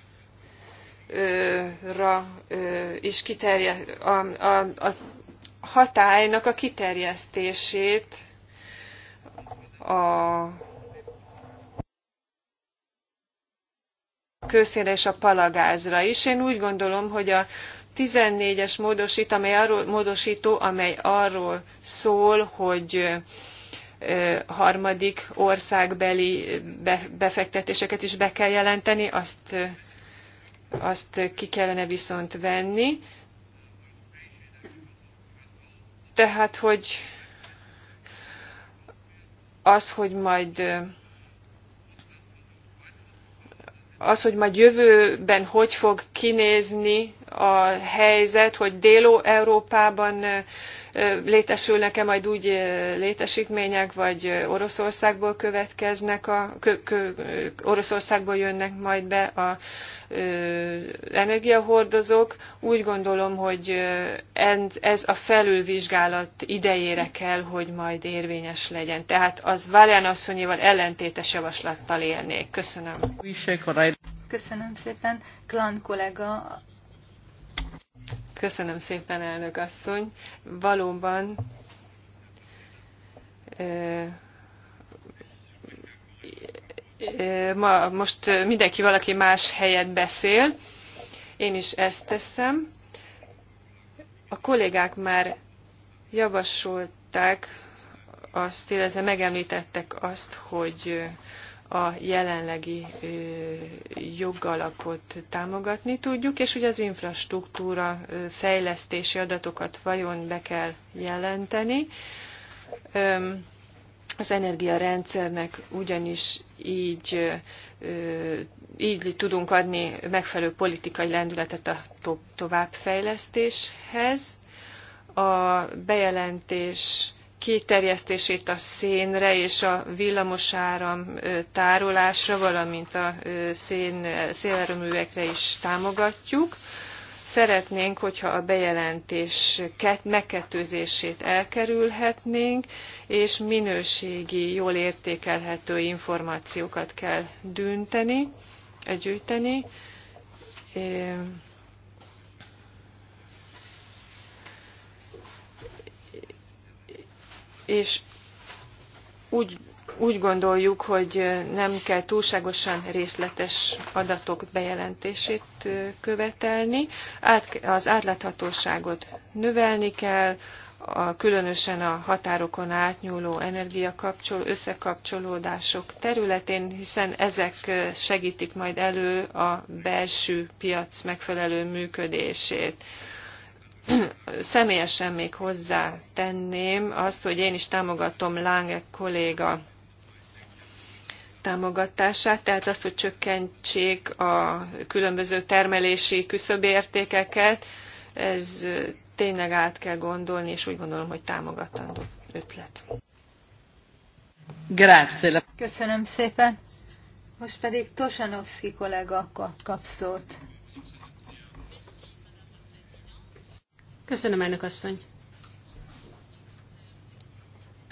ra is kiterje, a, a, a hatálynak a kiterjesztését a kőszínre és a palagázra is. Én úgy gondolom, hogy a 14-es módosít, amely arról, módosító, amely arról szól, hogy harmadik országbeli befektetéseket is be kell jelenteni, azt, azt ki kellene viszont venni. Tehát, hogy az, hogy majd az, hogy majd jövőben hogy fog kinézni a helyzet, hogy Dél-Európában létesülnek-e majd úgy létesítmények, vagy Oroszországból következnek, a, kö, kö, Oroszországból jönnek majd be a energiahordozók. Úgy gondolom, hogy ez a felülvizsgálat idejére kell, hogy majd érvényes legyen. Tehát az Valján asszonyival ellentétes javaslattal élnék. Köszönöm. Köszönöm szépen. Klan kollega. Köszönöm szépen, elnök asszony. Valóban ma, most mindenki valaki más helyet beszél. Én is ezt teszem. A kollégák már javasolták azt, illetve megemlítettek azt, hogy a jelenlegi jogalapot támogatni tudjuk, és hogy az infrastruktúra fejlesztési adatokat vajon be kell jelenteni. Az energiarendszernek ugyanis így, így tudunk adni megfelelő politikai lendületet a továbbfejlesztéshez. A bejelentés kiterjesztését a szénre és a villamosáram tárolásra, valamint a szén, szélerőművekre is támogatjuk. Szeretnénk, hogyha a bejelentés megkettőzését elkerülhetnénk, és minőségi, jól értékelhető információkat kell dünteni, gyűjteni. És úgy úgy gondoljuk, hogy nem kell túlságosan részletes adatok bejelentését követelni. Az átláthatóságot növelni kell, a, különösen a határokon átnyúló energiakapcsoló, összekapcsolódások területén, hiszen ezek segítik majd elő a belső piac megfelelő működését. Személyesen még hozzá tenném azt, hogy én is támogatom Lange kolléga támogatását, tehát azt, hogy csökkentsék a különböző termelési küszöbértékeket, ez tényleg át kell gondolni, és úgy gondolom, hogy támogatandó ötlet. Grazie. Köszönöm szépen. Most pedig Tosanovszki kollega kap szót. Köszönöm, elnök asszony.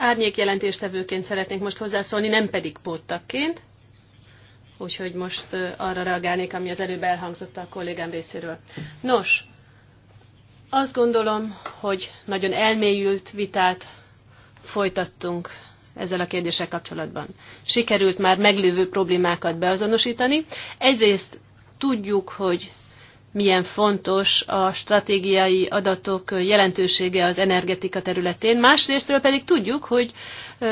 Árnyék jelentéstevőként szeretnék most hozzászólni, nem pedig póttakként. Úgyhogy most arra reagálnék, ami az előbb elhangzott a kollégám részéről. Nos, azt gondolom, hogy nagyon elmélyült vitát folytattunk ezzel a kérdéssel kapcsolatban. Sikerült már meglévő problémákat beazonosítani. Egyrészt tudjuk, hogy milyen fontos a stratégiai adatok jelentősége az energetika területén. Másrésztről pedig tudjuk, hogy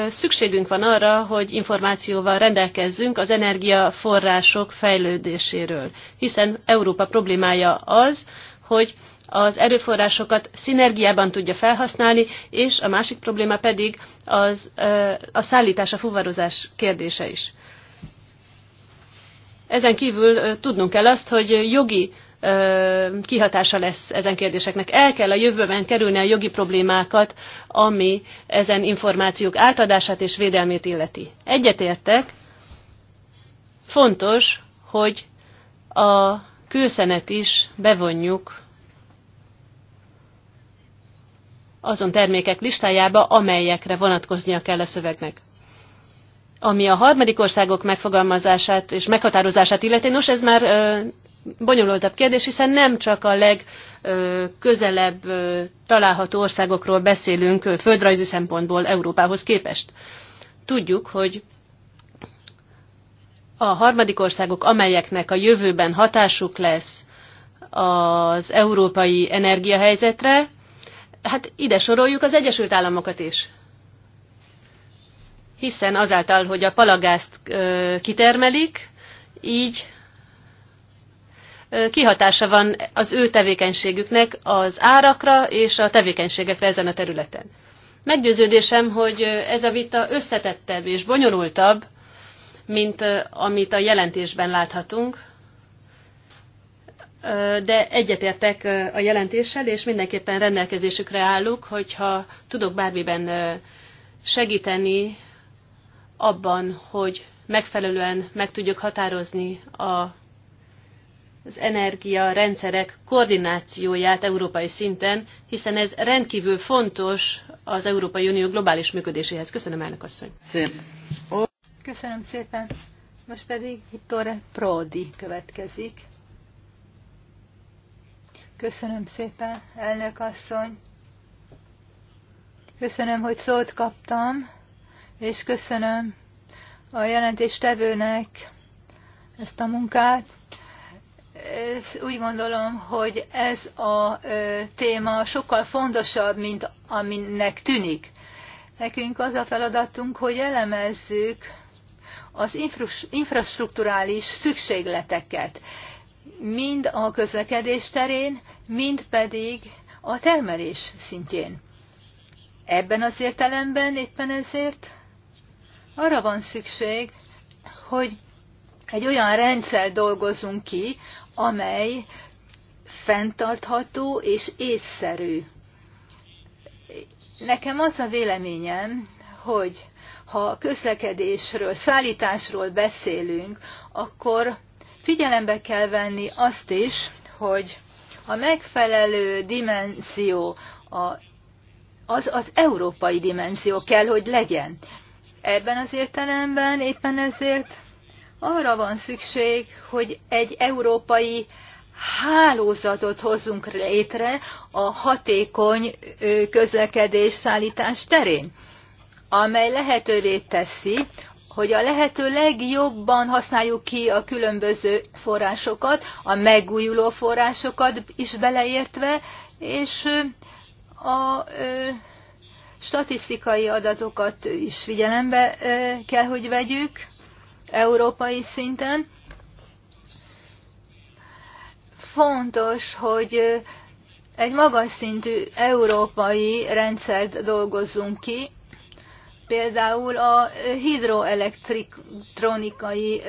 szükségünk van arra, hogy információval rendelkezzünk az energiaforrások fejlődéséről, hiszen Európa problémája az, hogy az erőforrásokat szinergiában tudja felhasználni, és a másik probléma pedig az, a szállítás, a fuvarozás kérdése is. Ezen kívül tudnunk kell azt, hogy jogi kihatása lesz ezen kérdéseknek. El kell a jövőben kerülni a jogi problémákat, ami ezen információk átadását és védelmét illeti. Egyetértek, fontos, hogy a külszenet is bevonjuk azon termékek listájába, amelyekre vonatkoznia kell a szövegnek. Ami a harmadik országok megfogalmazását és meghatározását illeti, nos, ez már bonyolultabb kérdés, hiszen nem csak a legközelebb található országokról beszélünk földrajzi szempontból Európához képest. Tudjuk, hogy a harmadik országok, amelyeknek a jövőben hatásuk lesz az európai energiahelyzetre, hát ide soroljuk az Egyesült Államokat is. Hiszen azáltal, hogy a palagázt kitermelik, így kihatása van az ő tevékenységüknek az árakra és a tevékenységekre ezen a területen. Meggyőződésem, hogy ez a vita összetettebb és bonyolultabb, mint amit a jelentésben láthatunk, de egyetértek a jelentéssel, és mindenképpen rendelkezésükre állok, hogyha tudok bármiben segíteni abban, hogy megfelelően meg tudjuk határozni a az energiarendszerek koordinációját európai szinten, hiszen ez rendkívül fontos az Európai Unió globális működéséhez. Köszönöm, elnök asszony. Köszönöm szépen. Most pedig Vittore Prodi következik. Köszönöm szépen, elnök asszony. Köszönöm, hogy szót kaptam, és köszönöm a jelentéstevőnek ezt a munkát úgy gondolom, hogy ez a téma sokkal fontosabb, mint aminek tűnik. Nekünk az a feladatunk, hogy elemezzük az infrastruktúrális szükségleteket, mind a közlekedés terén, mind pedig a termelés szintjén. Ebben az értelemben éppen ezért arra van szükség, hogy egy olyan rendszer dolgozunk ki, amely fenntartható és észszerű. Nekem az a véleményem, hogy ha közlekedésről, szállításról beszélünk, akkor figyelembe kell venni azt is, hogy a megfelelő dimenzió, a, az az európai dimenzió kell, hogy legyen. Ebben az értelemben éppen ezért arra van szükség, hogy egy európai hálózatot hozzunk létre a hatékony közlekedés szállítás terén, amely lehetővé teszi, hogy a lehető legjobban használjuk ki a különböző forrásokat, a megújuló forrásokat is beleértve, és a statisztikai adatokat is figyelembe kell, hogy vegyük európai szinten. Fontos, hogy egy magas szintű európai rendszert dolgozzunk ki, például a hidroelektronikai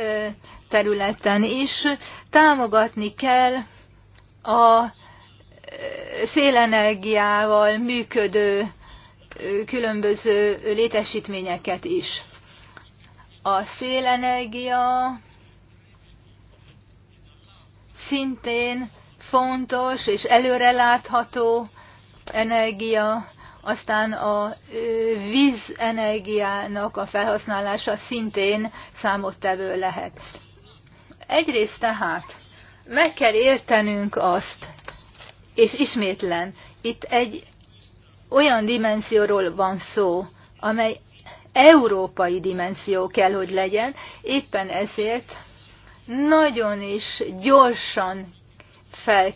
területen is támogatni kell a szélenergiával működő különböző létesítményeket is. A szélenergia szintén fontos és előrelátható energia, aztán a víz energiának a felhasználása szintén számottevő lehet. Egyrészt tehát meg kell értenünk azt, és ismétlen, itt egy olyan dimenzióról van szó, amely európai dimenzió kell, hogy legyen. Éppen ezért nagyon is gyorsan fel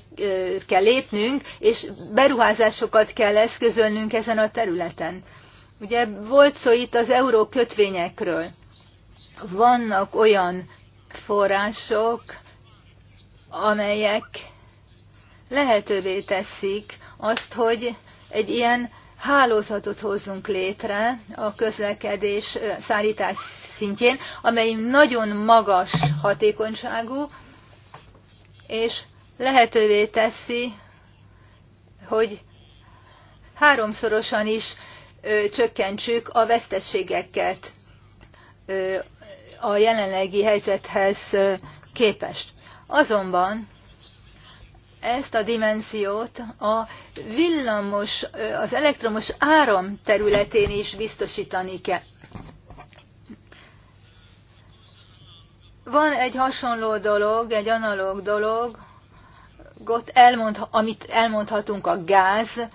kell lépnünk, és beruházásokat kell eszközölnünk ezen a területen. Ugye volt szó itt az euró kötvényekről. Vannak olyan források, amelyek lehetővé teszik azt, hogy egy ilyen hálózatot hozzunk létre a közlekedés szállítás szintjén, amely nagyon magas hatékonyságú, és lehetővé teszi, hogy háromszorosan is ö, csökkentsük a vesztességeket ö, a jelenlegi helyzethez ö, képest. Azonban ezt a dimenziót a villamos, az elektromos áram területén is biztosítani kell. Van egy hasonló dolog, egy analóg dolog, elmond, amit elmondhatunk a gáz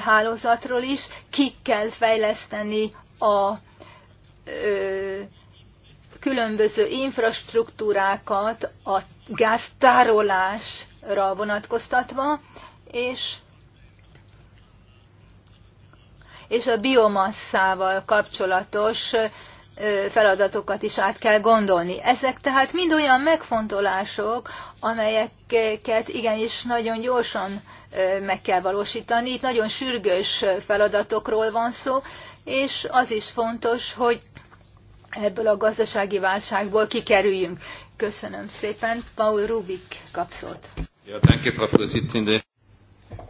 hálózatról is, ki kell fejleszteni a különböző infrastruktúrákat a gáztárolásra vonatkoztatva, és és a biomasszával kapcsolatos feladatokat is át kell gondolni. Ezek tehát mind olyan megfontolások, amelyeket igenis nagyon gyorsan meg kell valósítani. Itt nagyon sürgős feladatokról van szó, és az is fontos, hogy ebből a gazdasági válságból kikerüljünk. Köszönöm szépen. Paul Rubik kapszott.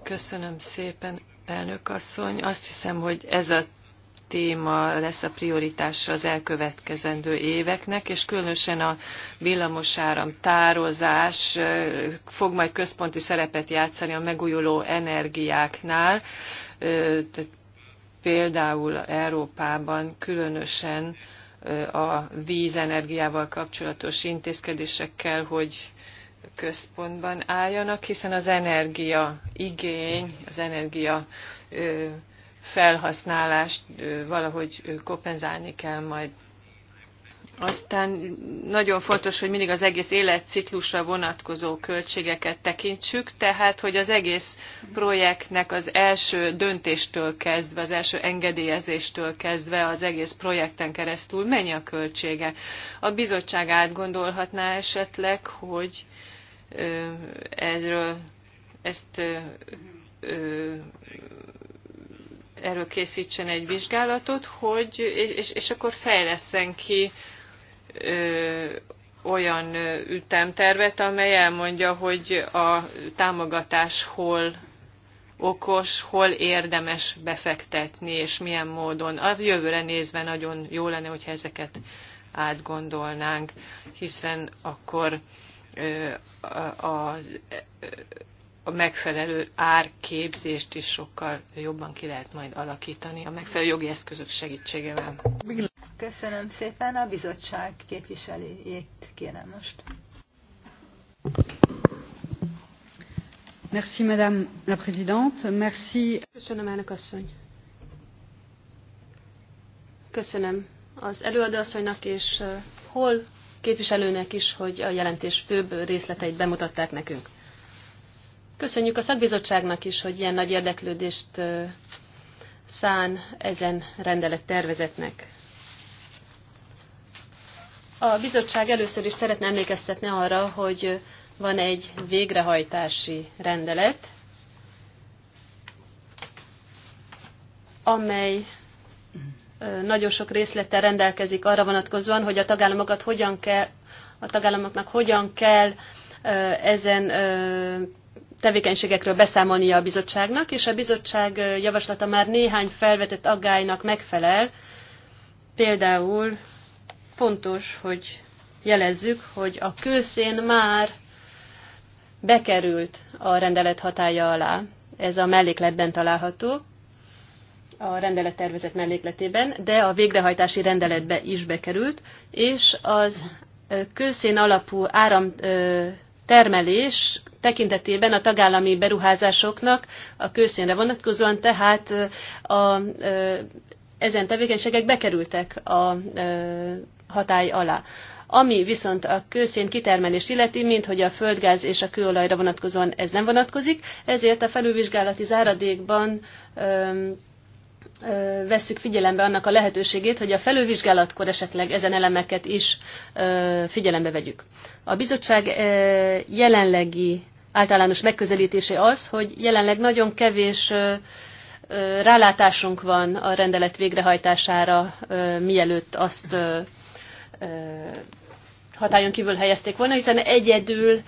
Köszönöm szépen, elnök asszony. Azt hiszem, hogy ez a téma lesz a prioritása az elkövetkezendő éveknek, és különösen a villamosáram tározás eh, fog majd központi szerepet játszani a megújuló energiáknál. Eh, például Európában különösen a vízenergiával kapcsolatos intézkedésekkel, hogy központban álljanak, hiszen az energia igény, az energia felhasználást valahogy kompenzálni kell majd aztán nagyon fontos, hogy mindig az egész életciklusra vonatkozó költségeket tekintsük, tehát hogy az egész projektnek az első döntéstől kezdve, az első engedélyezéstől kezdve az egész projekten keresztül mennyi a költsége. A bizottság átgondolhatná esetleg, hogy erről ezt erről készítsen egy vizsgálatot, hogy, és, és akkor fejleszen ki olyan ütemtervet, amely elmondja, hogy a támogatás hol okos, hol érdemes befektetni, és milyen módon. A jövőre nézve nagyon jó lenne, hogyha ezeket átgondolnánk, hiszen akkor az a megfelelő árképzést is sokkal jobban ki lehet majd alakítani a megfelelő jogi eszközök segítségével. Köszönöm szépen. A bizottság képviselőjét kérem most. Merci, Madame la Présidente. Merci. Köszönöm, elnök asszony. Köszönöm az előadóasszonynak és uh, hol képviselőnek is, hogy a jelentés főbb részleteit bemutatták nekünk. Köszönjük a szakbizottságnak is, hogy ilyen nagy érdeklődést szán ezen rendelet tervezetnek. A bizottság először is szeretne emlékeztetni arra, hogy van egy végrehajtási rendelet, amely nagyon sok részlettel rendelkezik arra vonatkozóan, hogy a tagállamokat hogyan kell, a tagállamoknak hogyan kell ezen tevékenységekről beszámolnia a bizottságnak, és a bizottság javaslata már néhány felvetett aggálynak megfelel. Például fontos, hogy jelezzük, hogy a külszén már bekerült a rendelet hatája alá. Ez a mellékletben található, a rendelettervezet mellékletében, de a végrehajtási rendeletbe is bekerült, és az kőszén alapú áramtermelés tekintetében a tagállami beruházásoknak a kőszínre vonatkozóan, tehát a, ezen tevékenységek bekerültek a hatály alá. Ami viszont a kőszén kitermelést illeti, mint hogy a földgáz és a kőolajra vonatkozóan ez nem vonatkozik, ezért a felülvizsgálati záradékban ö, vesszük figyelembe annak a lehetőségét, hogy a felülvizsgálatkor esetleg ezen elemeket is ö, figyelembe vegyük. A bizottság ö, jelenlegi általános megközelítése az, hogy jelenleg nagyon kevés rálátásunk van a rendelet végrehajtására, mielőtt azt hatályon kívül helyezték volna, hiszen egyedül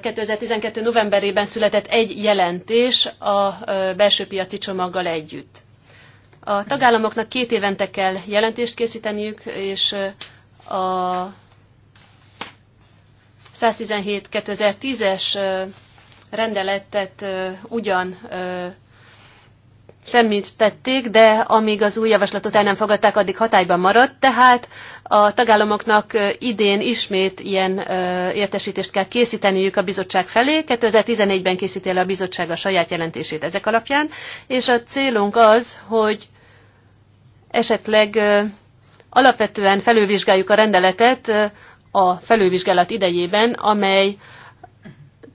2012. novemberében született egy jelentés a belső piaci csomaggal együtt. A tagállamoknak két évente kell jelentést készíteniük, és a 117-2010-es rendeletet ugyan semmit tették, de amíg az új javaslatot el nem fogadták, addig hatályban maradt, tehát a tagállamoknak idén ismét ilyen értesítést kell készíteniük a bizottság felé. 2014-ben készíti el a bizottság a saját jelentését ezek alapján, és a célunk az, hogy esetleg alapvetően felülvizsgáljuk a rendeletet, a felülvizsgálat idejében, amely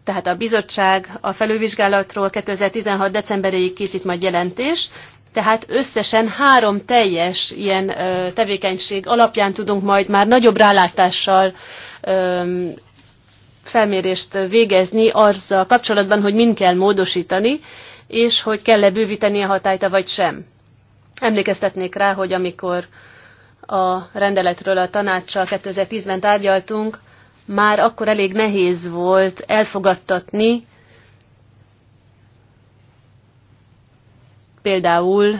tehát a bizottság a felülvizsgálatról 2016. decemberéig készít majd jelentés, tehát összesen három teljes ilyen tevékenység alapján tudunk majd már nagyobb rálátással felmérést végezni azzal kapcsolatban, hogy min kell módosítani, és hogy kell-e bővíteni a hatályt, vagy sem. Emlékeztetnék rá, hogy amikor a rendeletről a tanácssal 2010-ben tárgyaltunk, már akkor elég nehéz volt elfogadtatni például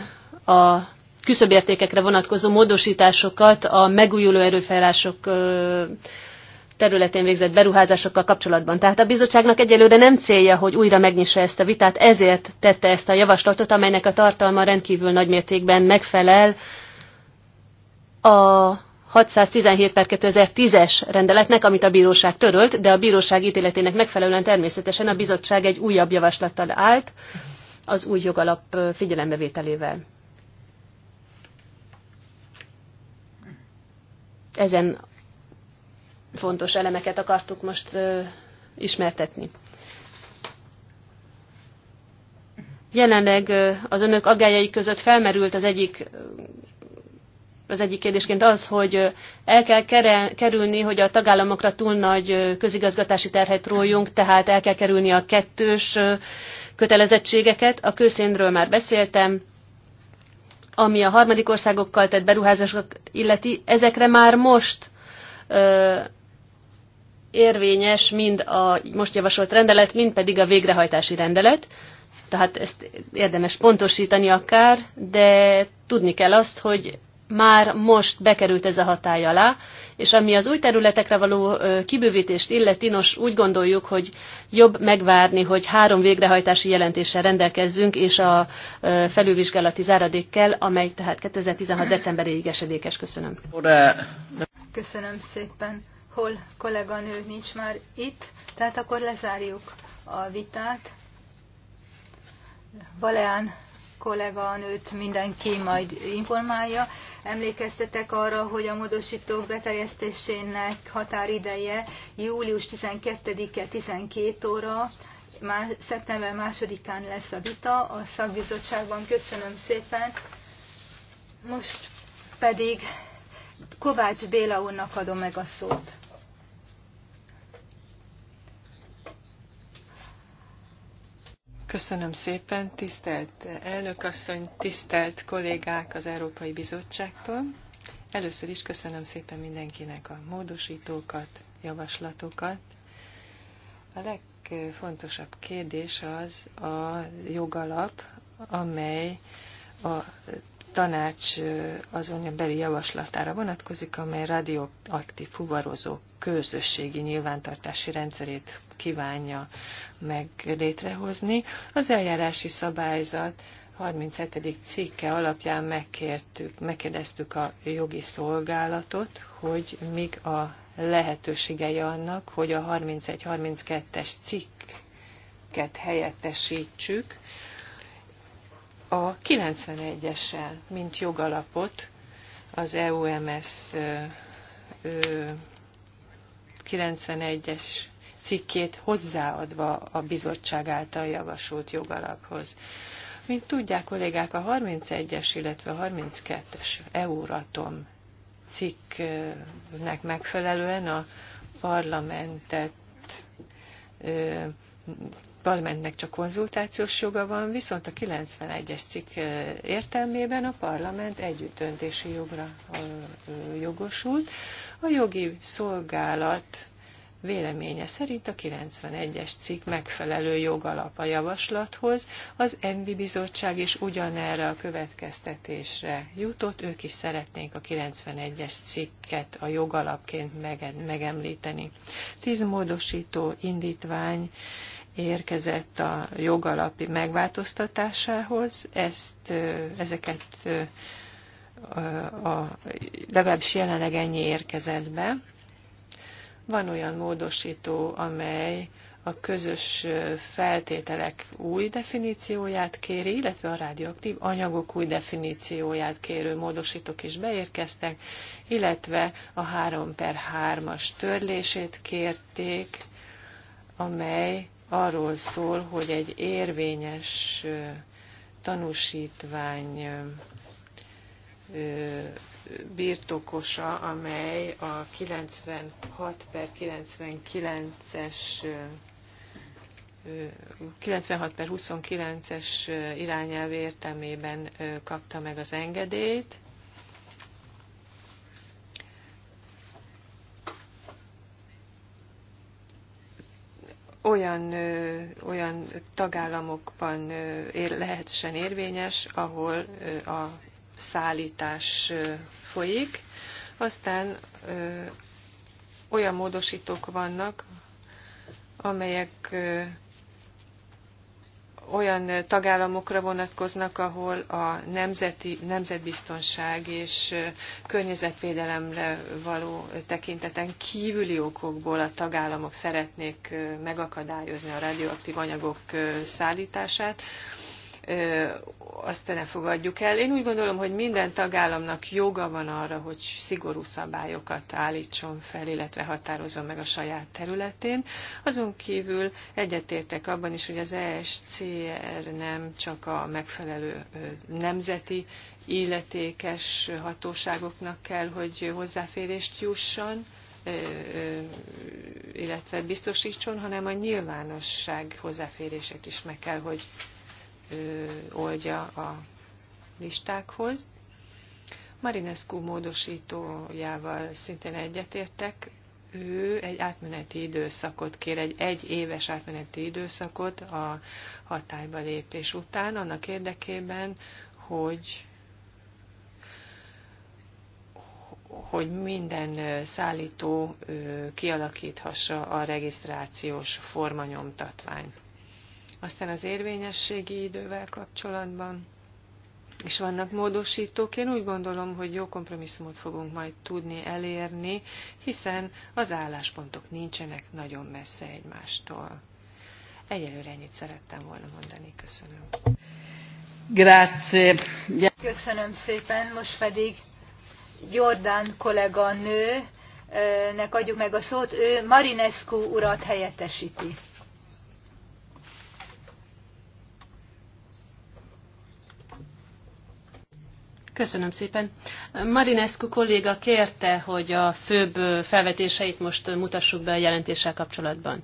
a küszöbértékekre vonatkozó módosításokat a megújuló erőfejlások területén végzett beruházásokkal kapcsolatban. Tehát a bizottságnak egyelőre nem célja, hogy újra megnyissa ezt a vitát, ezért tette ezt a javaslatot, amelynek a tartalma rendkívül nagymértékben megfelel a 617 per 2010-es rendeletnek, amit a bíróság törölt, de a bíróság ítéletének megfelelően természetesen a bizottság egy újabb javaslattal állt az új jogalap figyelembevételével. Ezen fontos elemeket akartuk most ö, ismertetni. Jelenleg az önök aggájai között felmerült az egyik az egyik kérdésként az, hogy el kell kerülni, hogy a tagállamokra túl nagy közigazgatási terhet rójunk, tehát el kell kerülni a kettős kötelezettségeket. A kőszénről már beszéltem, ami a harmadik országokkal tett beruházások illeti, ezekre már most ö, érvényes mind a most javasolt rendelet, mind pedig a végrehajtási rendelet. Tehát ezt érdemes pontosítani akár, de tudni kell azt, hogy már most bekerült ez a hatály alá, és ami az új területekre való kibővítést illeti, nos úgy gondoljuk, hogy jobb megvárni, hogy három végrehajtási jelentéssel rendelkezzünk, és a felülvizsgálati záradékkel, amely tehát 2016. decemberéig esedékes. Köszönöm. Köszönöm szépen. Hol kolléganő nincs már itt, tehát akkor lezárjuk a vitát. Valeán kolléganőt mindenki majd informálja. Emlékeztetek arra, hogy a módosítók beteljesztésének határideje július 12-e 12 óra, már, szeptember 2-án lesz a vita a szakbizottságban. Köszönöm szépen. Most pedig Kovács Béla úrnak adom meg a szót. Köszönöm szépen, tisztelt elnökasszony, tisztelt kollégák az Európai Bizottságtól. Először is köszönöm szépen mindenkinek a módosítókat, javaslatokat. A legfontosabb kérdés az a jogalap, amely a tanács azon beli javaslatára vonatkozik, amely radioaktív fuvarozó közösségi nyilvántartási rendszerét kívánja meg létrehozni. Az eljárási szabályzat 37. cikke alapján megkértük, megkérdeztük a jogi szolgálatot, hogy mik a lehetőségei annak, hogy a 31-32-es cikket helyettesítsük, a 91-essel, mint jogalapot az EUMS 91-es cikkét hozzáadva a bizottság által javasolt jogalaphoz. Mint tudják kollégák, a 31-es, illetve a 32-es Euratom cikknek megfelelően a parlamentet parlamentnek csak konzultációs joga van, viszont a 91-es cikk értelmében a parlament együttdöntési jogra jogosult. A jogi szolgálat véleménye szerint a 91-es cikk megfelelő jogalap a javaslathoz, az ENVI bizottság is ugyanerre a következtetésre jutott, ők is szeretnénk a 91-es cikket a jogalapként megemlíteni. Tíz módosító indítvány érkezett a jogalapi megváltoztatásához. Ezt, ezeket a, legalábbis jelenleg ennyi érkezett be. Van olyan módosító, amely a közös feltételek új definícióját kéri, illetve a radioaktív anyagok új definícióját kérő módosítók is beérkeztek, illetve a 3 per 3-as törlését kérték, amely arról szól, hogy egy érvényes tanúsítvány birtokosa, amely a 96 per 99-es 96 per 29-es irányelv értelmében kapta meg az engedélyt, olyan, olyan tagállamokban ér, lehessen érvényes, ahol a szállítás folyik. Aztán olyan módosítók vannak, amelyek olyan tagállamokra vonatkoznak, ahol a nemzeti, nemzetbiztonság és környezetvédelemre való tekinteten kívüli okokból a tagállamok szeretnék megakadályozni a radioaktív anyagok szállítását azt ne fogadjuk el. Én úgy gondolom, hogy minden tagállamnak joga van arra, hogy szigorú szabályokat állítson fel, illetve határozza meg a saját területén. Azon kívül egyetértek abban is, hogy az ESCR nem csak a megfelelő nemzeti illetékes hatóságoknak kell, hogy hozzáférést jusson, illetve biztosítson, hanem a nyilvánosság hozzáférését is meg kell, hogy oldja a listákhoz. Marinescu módosítójával szintén egyetértek, ő egy átmeneti időszakot kér, egy egy éves átmeneti időszakot a hatályba lépés után, annak érdekében, hogy hogy minden szállító kialakíthassa a regisztrációs formanyomtatványt. Aztán az érvényességi idővel kapcsolatban és vannak módosítók. Én úgy gondolom, hogy jó kompromisszumot fogunk majd tudni elérni, hiszen az álláspontok nincsenek nagyon messze egymástól. Egyelőre ennyit szerettem volna mondani. Köszönöm. Grazie. Köszönöm szépen. Most pedig Jordán kollega nő, adjuk meg a szót. Ő Marinescu urat helyettesíti. Köszönöm szépen. Marinescu kolléga kérte, hogy a főbb felvetéseit most mutassuk be a jelentéssel kapcsolatban.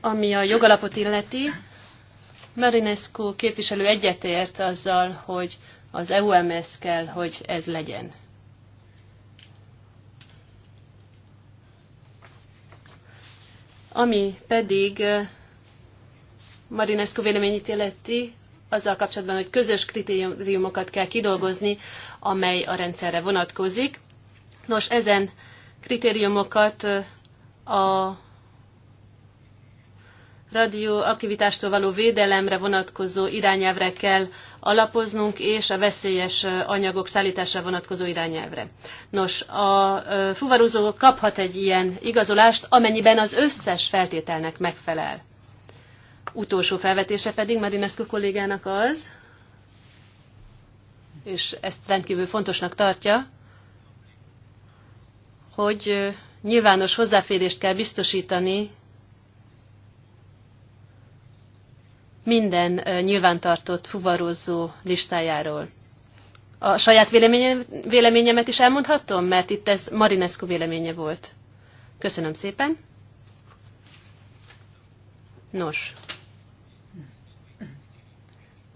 Ami a jogalapot illeti, Marinescu képviselő egyetért azzal, hogy az EUMS kell, hogy ez legyen. Ami pedig Marinescu véleményét illeti, azzal kapcsolatban, hogy közös kritériumokat kell kidolgozni, amely a rendszerre vonatkozik. Nos, ezen kritériumokat a radioaktivitástól való védelemre vonatkozó irányelvre kell alapoznunk, és a veszélyes anyagok szállításra vonatkozó irányelvre. Nos, a fuvarozó kaphat egy ilyen igazolást, amennyiben az összes feltételnek megfelel utolsó felvetése pedig Marinescu kollégának az, és ezt rendkívül fontosnak tartja, hogy nyilvános hozzáférést kell biztosítani minden nyilvántartott fuvarozó listájáról. A saját véleményemet is elmondhatom, mert itt ez Marinescu véleménye volt. Köszönöm szépen. Nos,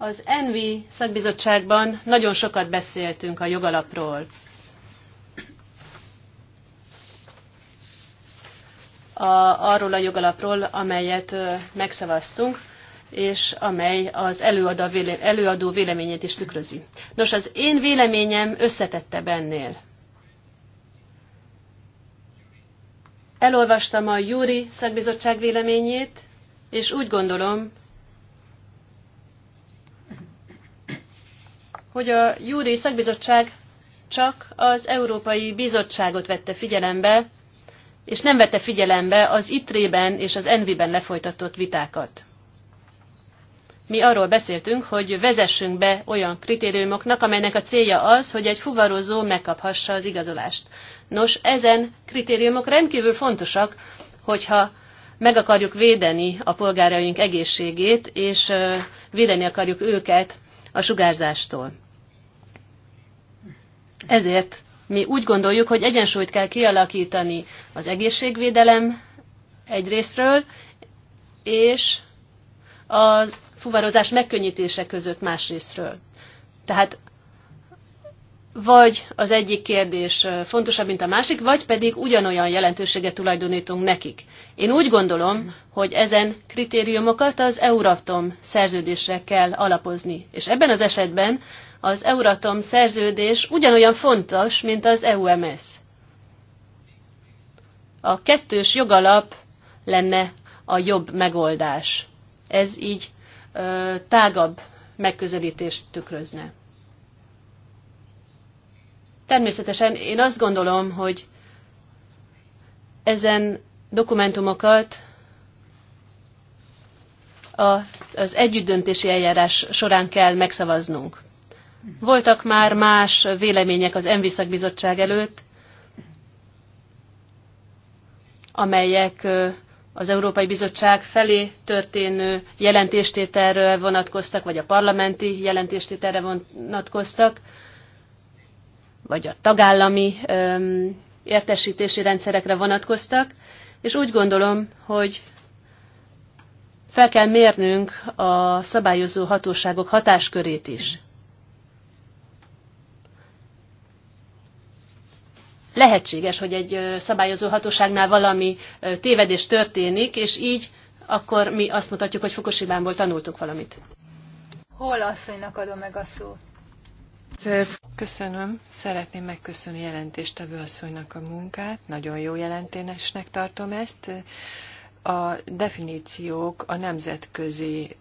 az ENVI szakbizottságban nagyon sokat beszéltünk a jogalapról. a, arról a jogalapról, amelyet megszavaztunk, és amely az előadó, véle, előadó véleményét is tükrözi. Nos, az én véleményem összetette bennél. Elolvastam a Júri szakbizottság véleményét, és úgy gondolom, hogy a Júri Szakbizottság csak az Európai Bizottságot vette figyelembe, és nem vette figyelembe az ITRE-ben és az ENVI-ben lefolytatott vitákat. Mi arról beszéltünk, hogy vezessünk be olyan kritériumoknak, amelynek a célja az, hogy egy fuvarozó megkaphassa az igazolást. Nos, ezen kritériumok rendkívül fontosak, hogyha meg akarjuk védeni a polgáraink egészségét, és védeni akarjuk őket a sugárzástól. Ezért mi úgy gondoljuk, hogy egyensúlyt kell kialakítani az egészségvédelem egyrésztről, és a fuvarozás megkönnyítése között másrésztről. Tehát vagy az egyik kérdés fontosabb, mint a másik, vagy pedig ugyanolyan jelentőséget tulajdonítunk nekik. Én úgy gondolom, hogy ezen kritériumokat az Euratom szerződésre kell alapozni. És ebben az esetben az Euratom szerződés ugyanolyan fontos, mint az EUMS. A kettős jogalap lenne a jobb megoldás. Ez így ö, tágabb megközelítést tükrözne. Természetesen én azt gondolom, hogy ezen dokumentumokat a, az együttdöntési eljárás során kell megszavaznunk. Voltak már más vélemények az Enviszak bizottság előtt, amelyek az Európai Bizottság felé történő jelentéstételről vonatkoztak, vagy a parlamenti jelentéstételre vonatkoztak, vagy a tagállami öm, értesítési rendszerekre vonatkoztak, és úgy gondolom, hogy fel kell mérnünk a szabályozó hatóságok hatáskörét is. lehetséges, hogy egy szabályozó hatóságnál valami tévedés történik, és így akkor mi azt mutatjuk, hogy Fukushima-ból tanultuk valamit. Hol asszonynak adom meg a szót? Köszönöm. Szeretném megköszönni jelentéstevő asszonynak a munkát. Nagyon jó jelentésnek tartom ezt. A definíciók a nemzetközi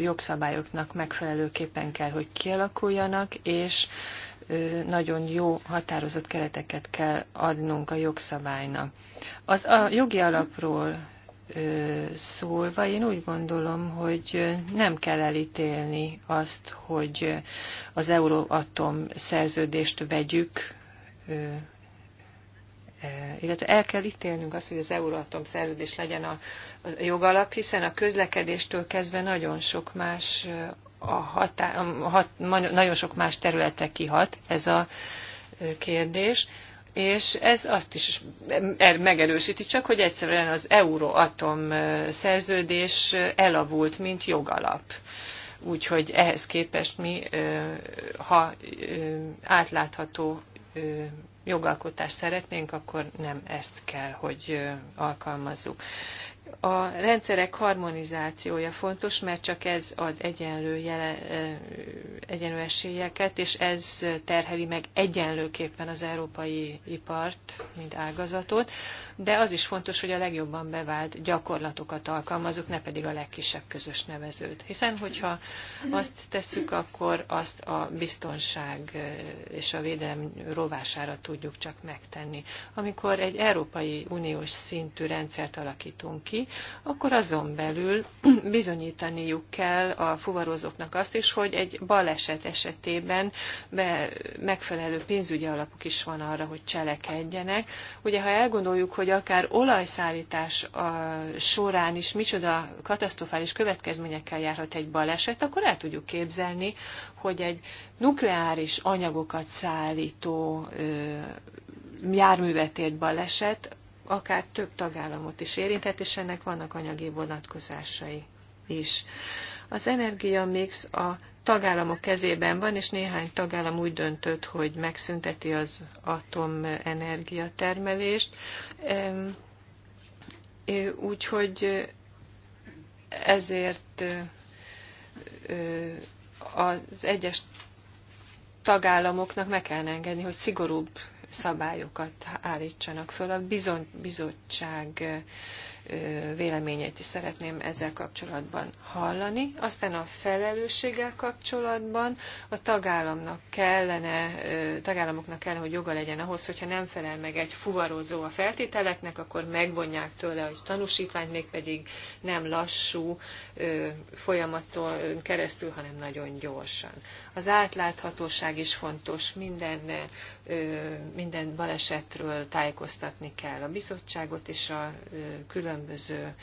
jogszabályoknak megfelelőképpen kell, hogy kialakuljanak, és nagyon jó határozott kereteket kell adnunk a jogszabálynak. Az a jogi alapról szólva, én úgy gondolom, hogy nem kell elítélni azt, hogy az Euróatom szerződést vegyük, illetve el kell ítélnünk azt, hogy az Euróatom szerződés legyen a jogalap, hiszen a közlekedéstől kezdve nagyon sok más a hatá, a hat, nagyon sok más területre kihat ez a kérdés, és ez azt is er-, megerősíti csak, hogy egyszerűen az Euróatom szerződés elavult, mint jogalap. Úgyhogy ehhez képest mi, ha átlátható jogalkotást szeretnénk, akkor nem ezt kell, hogy alkalmazzuk. A rendszerek harmonizációja fontos, mert csak ez ad egyenlő, jele, egyenlő esélyeket, és ez terheli meg egyenlőképpen az európai ipart, mint ágazatot de az is fontos, hogy a legjobban bevált gyakorlatokat alkalmazunk, ne pedig a legkisebb közös nevezőt. Hiszen, hogyha azt tesszük, akkor azt a biztonság eh, és a védelem rovására tudjuk csak megtenni. Amikor egy Európai Uniós szintű rendszert alakítunk ki, akkor azon belül bizonyítaniuk kell a fuvarozóknak azt is, hogy egy baleset esetében be, megfelelő pénzügyi alapok is van arra, hogy cselekedjenek. Ugye, ha elgondoljuk, hogy akár olajszállítás során is micsoda katasztrofális következményekkel járhat egy baleset, akkor el tudjuk képzelni, hogy egy nukleáris anyagokat szállító járművet ért baleset akár több tagállamot is érinthet, és ennek vannak anyagi vonatkozásai is. Az energia mix a tagállamok kezében van, és néhány tagállam úgy döntött, hogy megszünteti az atomenergia termelést. Úgyhogy ezért az egyes tagállamoknak meg kell engedni, hogy szigorúbb szabályokat állítsanak föl. A bizottság véleményét is szeretném ezzel kapcsolatban hallani. Aztán a felelősséggel kapcsolatban a tagállamnak kellene, tagállamoknak kellene, hogy joga legyen ahhoz, hogyha nem felel meg egy fuvarozó a feltételeknek, akkor megvonják tőle egy tanúsítványt, mégpedig nem lassú folyamaton keresztül, hanem nagyon gyorsan. Az átláthatóság is fontos, minden, minden balesetről tájékoztatni kell a bizottságot és a külön különböző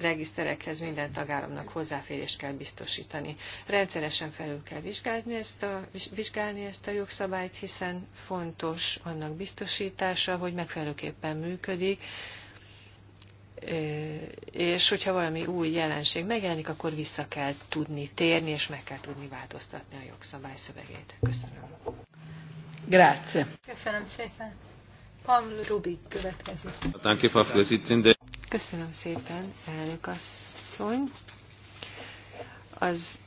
regiszterekhez minden tagállamnak hozzáférést kell biztosítani. Rendszeresen felül kell vizsgálni ezt, a, vizsgálni ezt a jogszabályt, hiszen fontos annak biztosítása, hogy megfelelőképpen működik, és hogyha valami új jelenség megjelenik, akkor vissza kell tudni térni, és meg kell tudni változtatni a jogszabály szövegét. Köszönöm. Grazie. Köszönöm szépen. Pan Rubik következik. Köszönöm szépen, elnök asszony. Az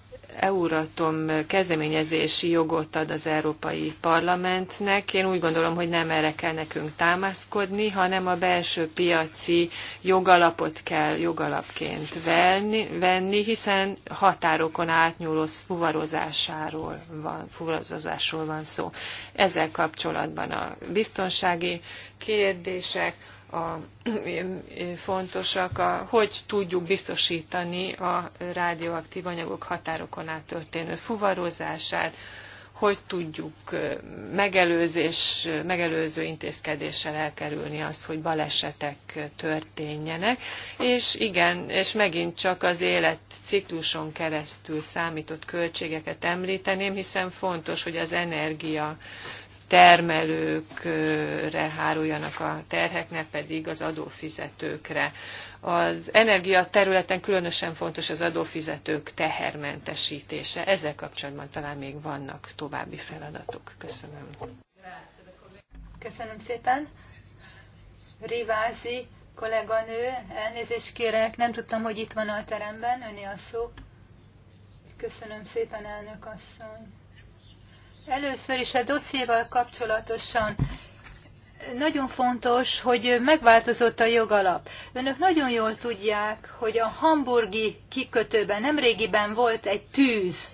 Euratom kezdeményezési jogot ad az Európai Parlamentnek. Én úgy gondolom, hogy nem erre kell nekünk támaszkodni, hanem a belső piaci jogalapot kell jogalapként venni, venni hiszen határokon átnyúló fuvarozásáról van, fuvarozásról van szó. Ezzel kapcsolatban a biztonsági kérdések, a, fontosak, a, hogy tudjuk biztosítani a rádióaktív anyagok határokon át történő fuvarozását, hogy tudjuk megelőzés, megelőző intézkedéssel elkerülni azt, hogy balesetek történjenek, és igen, és megint csak az életcikluson keresztül számított költségeket említeném, hiszen fontos, hogy az energia termelőkre háruljanak a terhek, ne pedig az adófizetőkre. Az energia területen különösen fontos az adófizetők tehermentesítése. Ezzel kapcsolatban talán még vannak további feladatok. Köszönöm. Köszönöm szépen. Rivázi kolléganő, elnézést kérek, nem tudtam, hogy itt van a teremben, öné a szó. Köszönöm szépen, elnök asszony. Először is a dossziéval kapcsolatosan nagyon fontos, hogy megváltozott a jogalap. Önök nagyon jól tudják, hogy a hamburgi kikötőben nemrégiben volt egy tűz.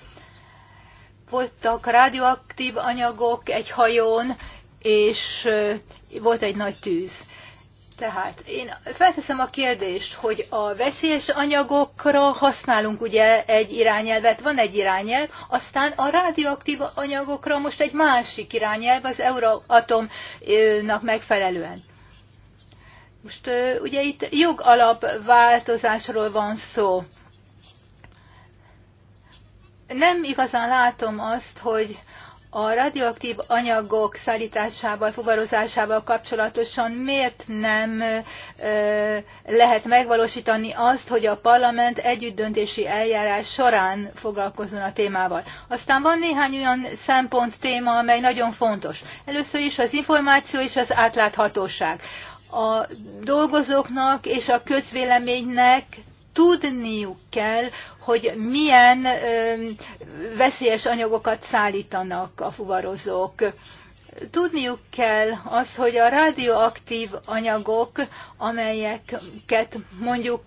Voltak radioaktív anyagok egy hajón, és volt egy nagy tűz. Tehát én felteszem a kérdést, hogy a veszélyes anyagokra használunk ugye egy irányelvet, van egy irányelv, aztán a radioaktív anyagokra most egy másik irányelv az Euroatomnak megfelelően. Most ugye itt változásról van szó. Nem igazán látom azt, hogy a radioaktív anyagok szállításával, fuvarozásával kapcsolatosan miért nem lehet megvalósítani azt, hogy a parlament együttdöntési eljárás során foglalkozzon a témával. Aztán van néhány olyan szempont, téma, amely nagyon fontos. Először is az információ és az átláthatóság. A dolgozóknak és a közvéleménynek tudniuk kell, hogy milyen veszélyes anyagokat szállítanak a fuvarozók. Tudniuk kell az, hogy a radioaktív anyagok, amelyeket mondjuk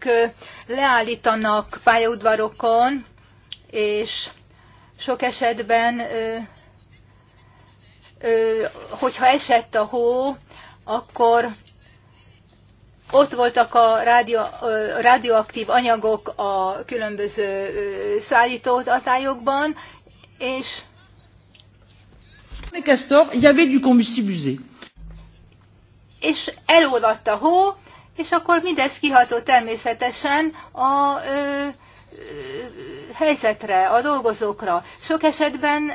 leállítanak pályaudvarokon, és sok esetben, hogyha esett a hó, akkor ott voltak a rádió, radioaktív anyagok a különböző szállítótartályokban, és Les castors, il y avait du combustible usé. És elolvadt a hó, és akkor mindez kihatott természetesen a ö, helyzetre, a dolgozókra. Sok esetben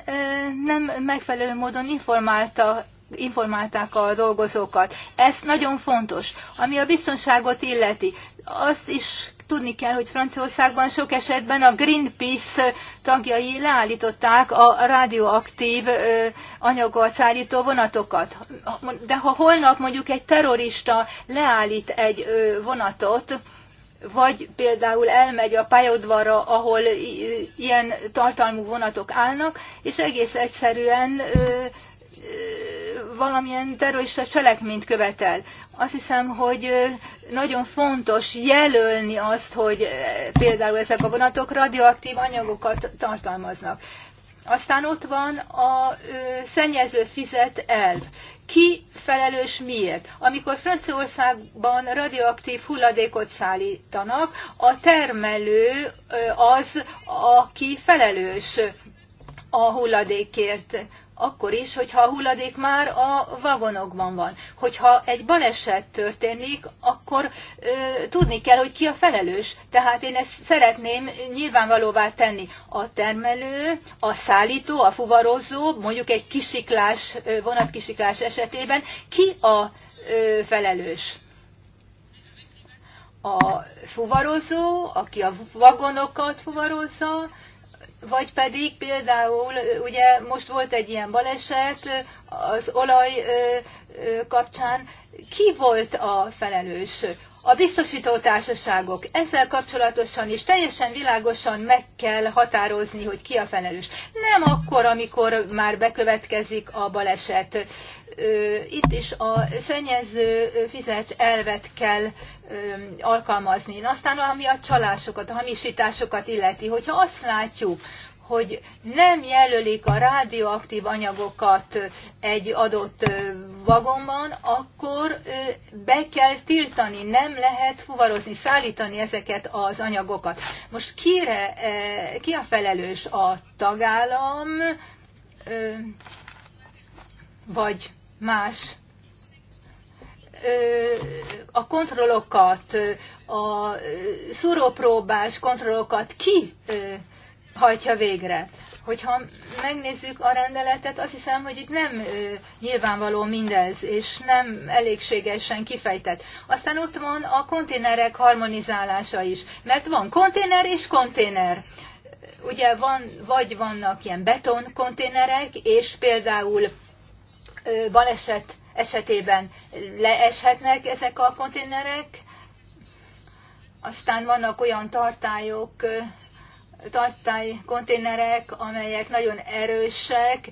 nem megfelelő módon informálta informálták a dolgozókat. Ez nagyon fontos. Ami a biztonságot illeti, azt is tudni kell, hogy Franciaországban sok esetben a Greenpeace tagjai leállították a radioaktív anyagot szállító vonatokat. De ha holnap mondjuk egy terrorista leállít egy vonatot, vagy például elmegy a pályaudvarra, ahol ilyen tartalmú vonatok állnak, és egész egyszerűen valamilyen terrorista cselekményt követel. Azt hiszem, hogy nagyon fontos jelölni azt, hogy például ezek a vonatok radioaktív anyagokat tartalmaznak. Aztán ott van a szennyező fizet elv. Ki felelős miért? Amikor Franciaországban radioaktív hulladékot szállítanak, a termelő az, aki felelős a hulladékért akkor is, hogyha a hulladék már a vagonokban van. Hogyha egy baleset történik, akkor ö, tudni kell, hogy ki a felelős. Tehát én ezt szeretném nyilvánvalóvá tenni. A termelő, a szállító, a fuvarozó, mondjuk egy kisiklás, vonatkisiklás esetében, ki a ö, felelős? A fuvarozó, aki a vagonokat fuvarozza, vagy pedig például, ugye most volt egy ilyen baleset az olaj kapcsán, ki volt a felelős? A biztosító társaságok ezzel kapcsolatosan is teljesen világosan meg kell határozni, hogy ki a felelős. Nem akkor, amikor már bekövetkezik a baleset. Itt is a szennyező fizet elvet kell alkalmazni. Aztán ami a csalásokat, a hamisításokat illeti, hogyha azt látjuk, hogy nem jelölik a rádióaktív anyagokat egy adott vagonban, akkor be kell tiltani, nem lehet fuvarozni, szállítani ezeket az anyagokat. Most kire, ki a felelős a tagállam, vagy más a kontrollokat, a szúrópróbás kontrollokat ki hajtja végre. Hogyha megnézzük a rendeletet, azt hiszem, hogy itt nem ö, nyilvánvaló mindez, és nem elégségesen kifejtett. Aztán ott van a konténerek harmonizálása is, mert van konténer és konténer ugye van, vagy vannak ilyen betonkonténerek, és például baleset esetében leeshetnek ezek a konténerek, aztán vannak olyan tartályok, tartály konténerek, amelyek nagyon erősek, e,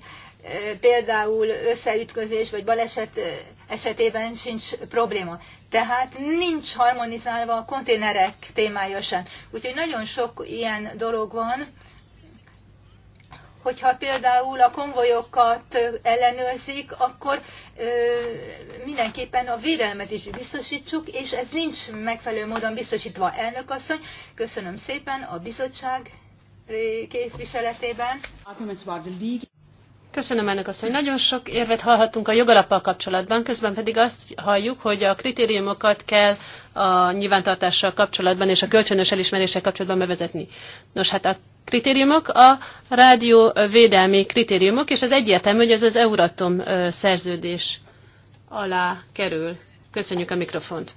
például összeütközés vagy baleset e, esetében sincs probléma. Tehát nincs harmonizálva a konténerek témája sem. Úgyhogy nagyon sok ilyen dolog van, hogyha például a konvojokat ellenőrzik, akkor ö, e, mindenképpen a védelmet is biztosítsuk, és ez nincs megfelelő módon biztosítva. Elnök asszony, köszönöm szépen, a bizottság képviseletében. Köszönöm ennek azt, hogy nagyon sok érvet hallhattunk a jogalappal kapcsolatban, közben pedig azt halljuk, hogy a kritériumokat kell a nyilvántartással kapcsolatban és a kölcsönös elismeréssel kapcsolatban bevezetni. Nos, hát a kritériumok a rádióvédelmi kritériumok, és az egyértelmű, hogy ez az Euratom szerződés alá kerül. Köszönjük a mikrofont.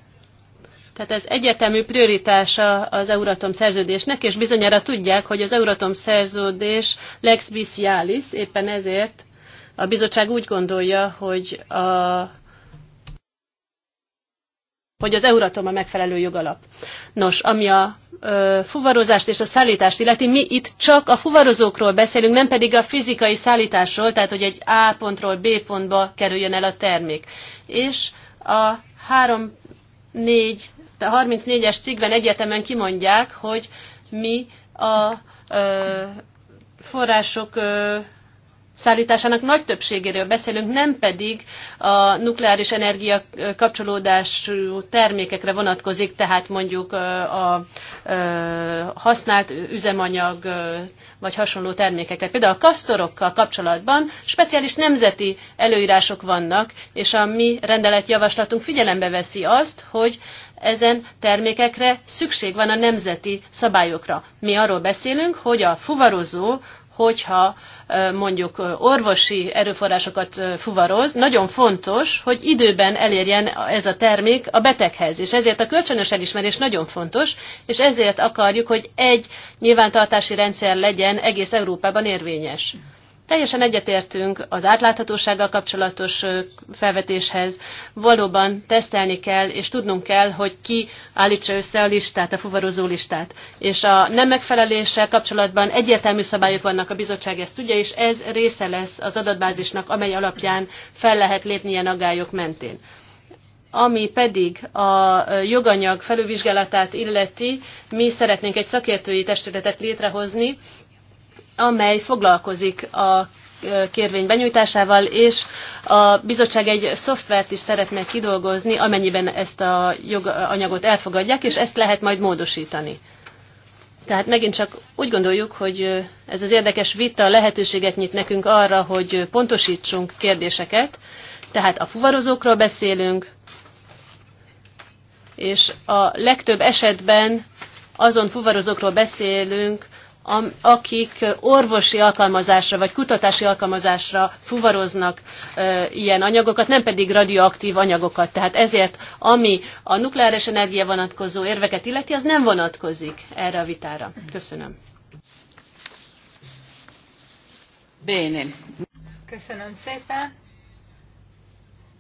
Tehát ez egyetemű prioritása az Euratom szerződésnek, és bizonyára tudják, hogy az Euratom szerződés lex bisialis, éppen ezért a bizottság úgy gondolja, hogy, a, hogy az Euratom a megfelelő jogalap. Nos, ami a ö, fuvarozást és a szállítást illeti, mi itt csak a fuvarozókról beszélünk, nem pedig a fizikai szállításról, tehát hogy egy A pontról B pontba kerüljön el a termék. És a három négy 34-es cikkben egyetemen kimondják, hogy mi a ö, források ö, szállításának nagy többségéről beszélünk, nem pedig a nukleáris energia kapcsolódású termékekre vonatkozik, tehát mondjuk a használt üzemanyag vagy hasonló termékekre. Például a kasztorokkal kapcsolatban speciális nemzeti előírások vannak, és a mi rendeletjavaslatunk figyelembe veszi azt, hogy ezen termékekre szükség van a nemzeti szabályokra. Mi arról beszélünk, hogy a fuvarozó, hogyha mondjuk orvosi erőforrásokat fuvaroz, nagyon fontos, hogy időben elérjen ez a termék a beteghez. És ezért a kölcsönös elismerés nagyon fontos, és ezért akarjuk, hogy egy nyilvántartási rendszer legyen egész Európában érvényes. Teljesen egyetértünk az átláthatósággal kapcsolatos felvetéshez. Valóban tesztelni kell, és tudnunk kell, hogy ki állítsa össze a listát, a fuvarozó listát. És a nem megfeleléssel kapcsolatban egyértelmű szabályok vannak, a bizottság ezt tudja, és ez része lesz az adatbázisnak, amely alapján fel lehet lépni ilyen agályok mentén ami pedig a joganyag felülvizsgálatát illeti, mi szeretnénk egy szakértői testületet létrehozni, amely foglalkozik a kérvény benyújtásával, és a bizottság egy szoftvert is szeretne kidolgozni, amennyiben ezt a joganyagot elfogadják, és ezt lehet majd módosítani. Tehát megint csak úgy gondoljuk, hogy ez az érdekes vita lehetőséget nyit nekünk arra, hogy pontosítsunk kérdéseket. Tehát a fuvarozókról beszélünk, és a legtöbb esetben azon fuvarozókról beszélünk, akik orvosi alkalmazásra vagy kutatási alkalmazásra fuvaroznak e, ilyen anyagokat, nem pedig radioaktív anyagokat. Tehát ezért, ami a nukleáris energia vonatkozó érveket illeti, az nem vonatkozik erre a vitára. Köszönöm. Béni. Köszönöm szépen.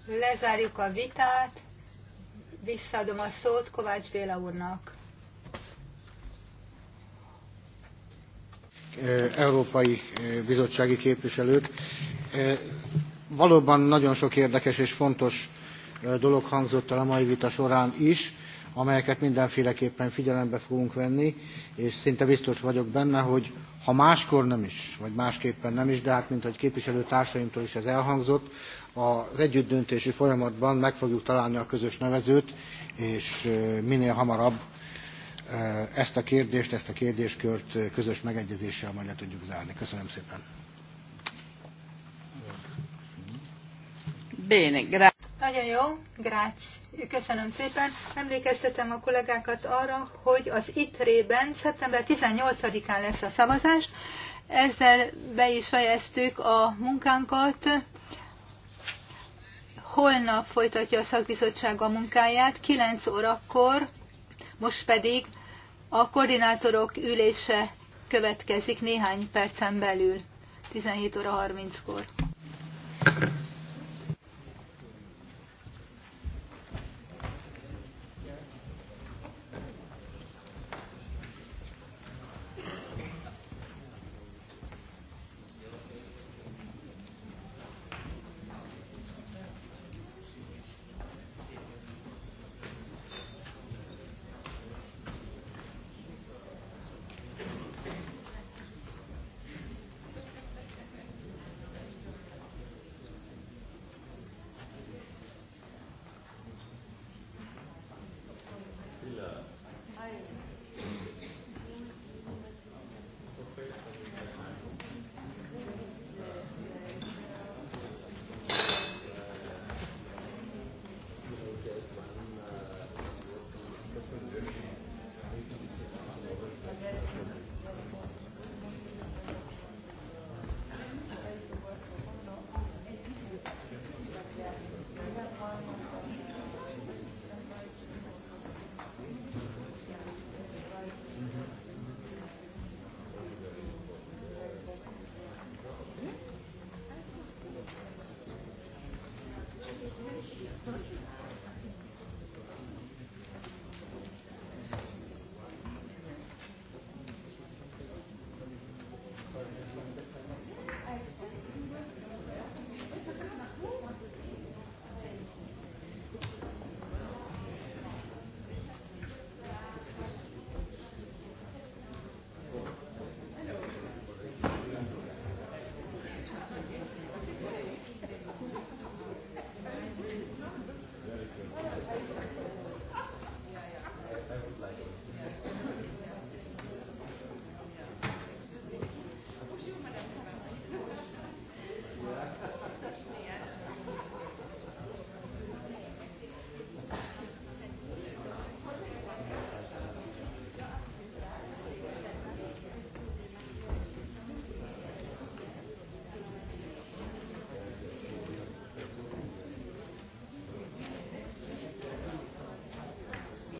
Lezárjuk a vitát. Visszaadom a szót Kovács Béla úrnak. európai bizottsági képviselők! valóban nagyon sok érdekes és fontos dolog hangzott el a mai vita során is amelyeket mindenféleképpen figyelembe fogunk venni és szinte biztos vagyok benne hogy ha máskor nem is vagy másképpen nem is de hát mint ahogy képviselőtársaimtól is ez elhangzott az együttdöntési folyamatban meg fogjuk találni a közös nevezőt és minél hamarabb ezt a kérdést, ezt a kérdéskört közös megegyezéssel majd le tudjuk zárni. Köszönöm szépen. Bene, Nagyon jó, grács. Köszönöm szépen. Emlékeztetem a kollégákat arra, hogy az ITRE-ben szeptember 18-án lesz a szavazás. Ezzel be is fejeztük a munkánkat. Holnap folytatja a szakbizottság a munkáját, 9 órakor, most pedig a koordinátorok ülése következik néhány percen belül, 17 óra 30-kor.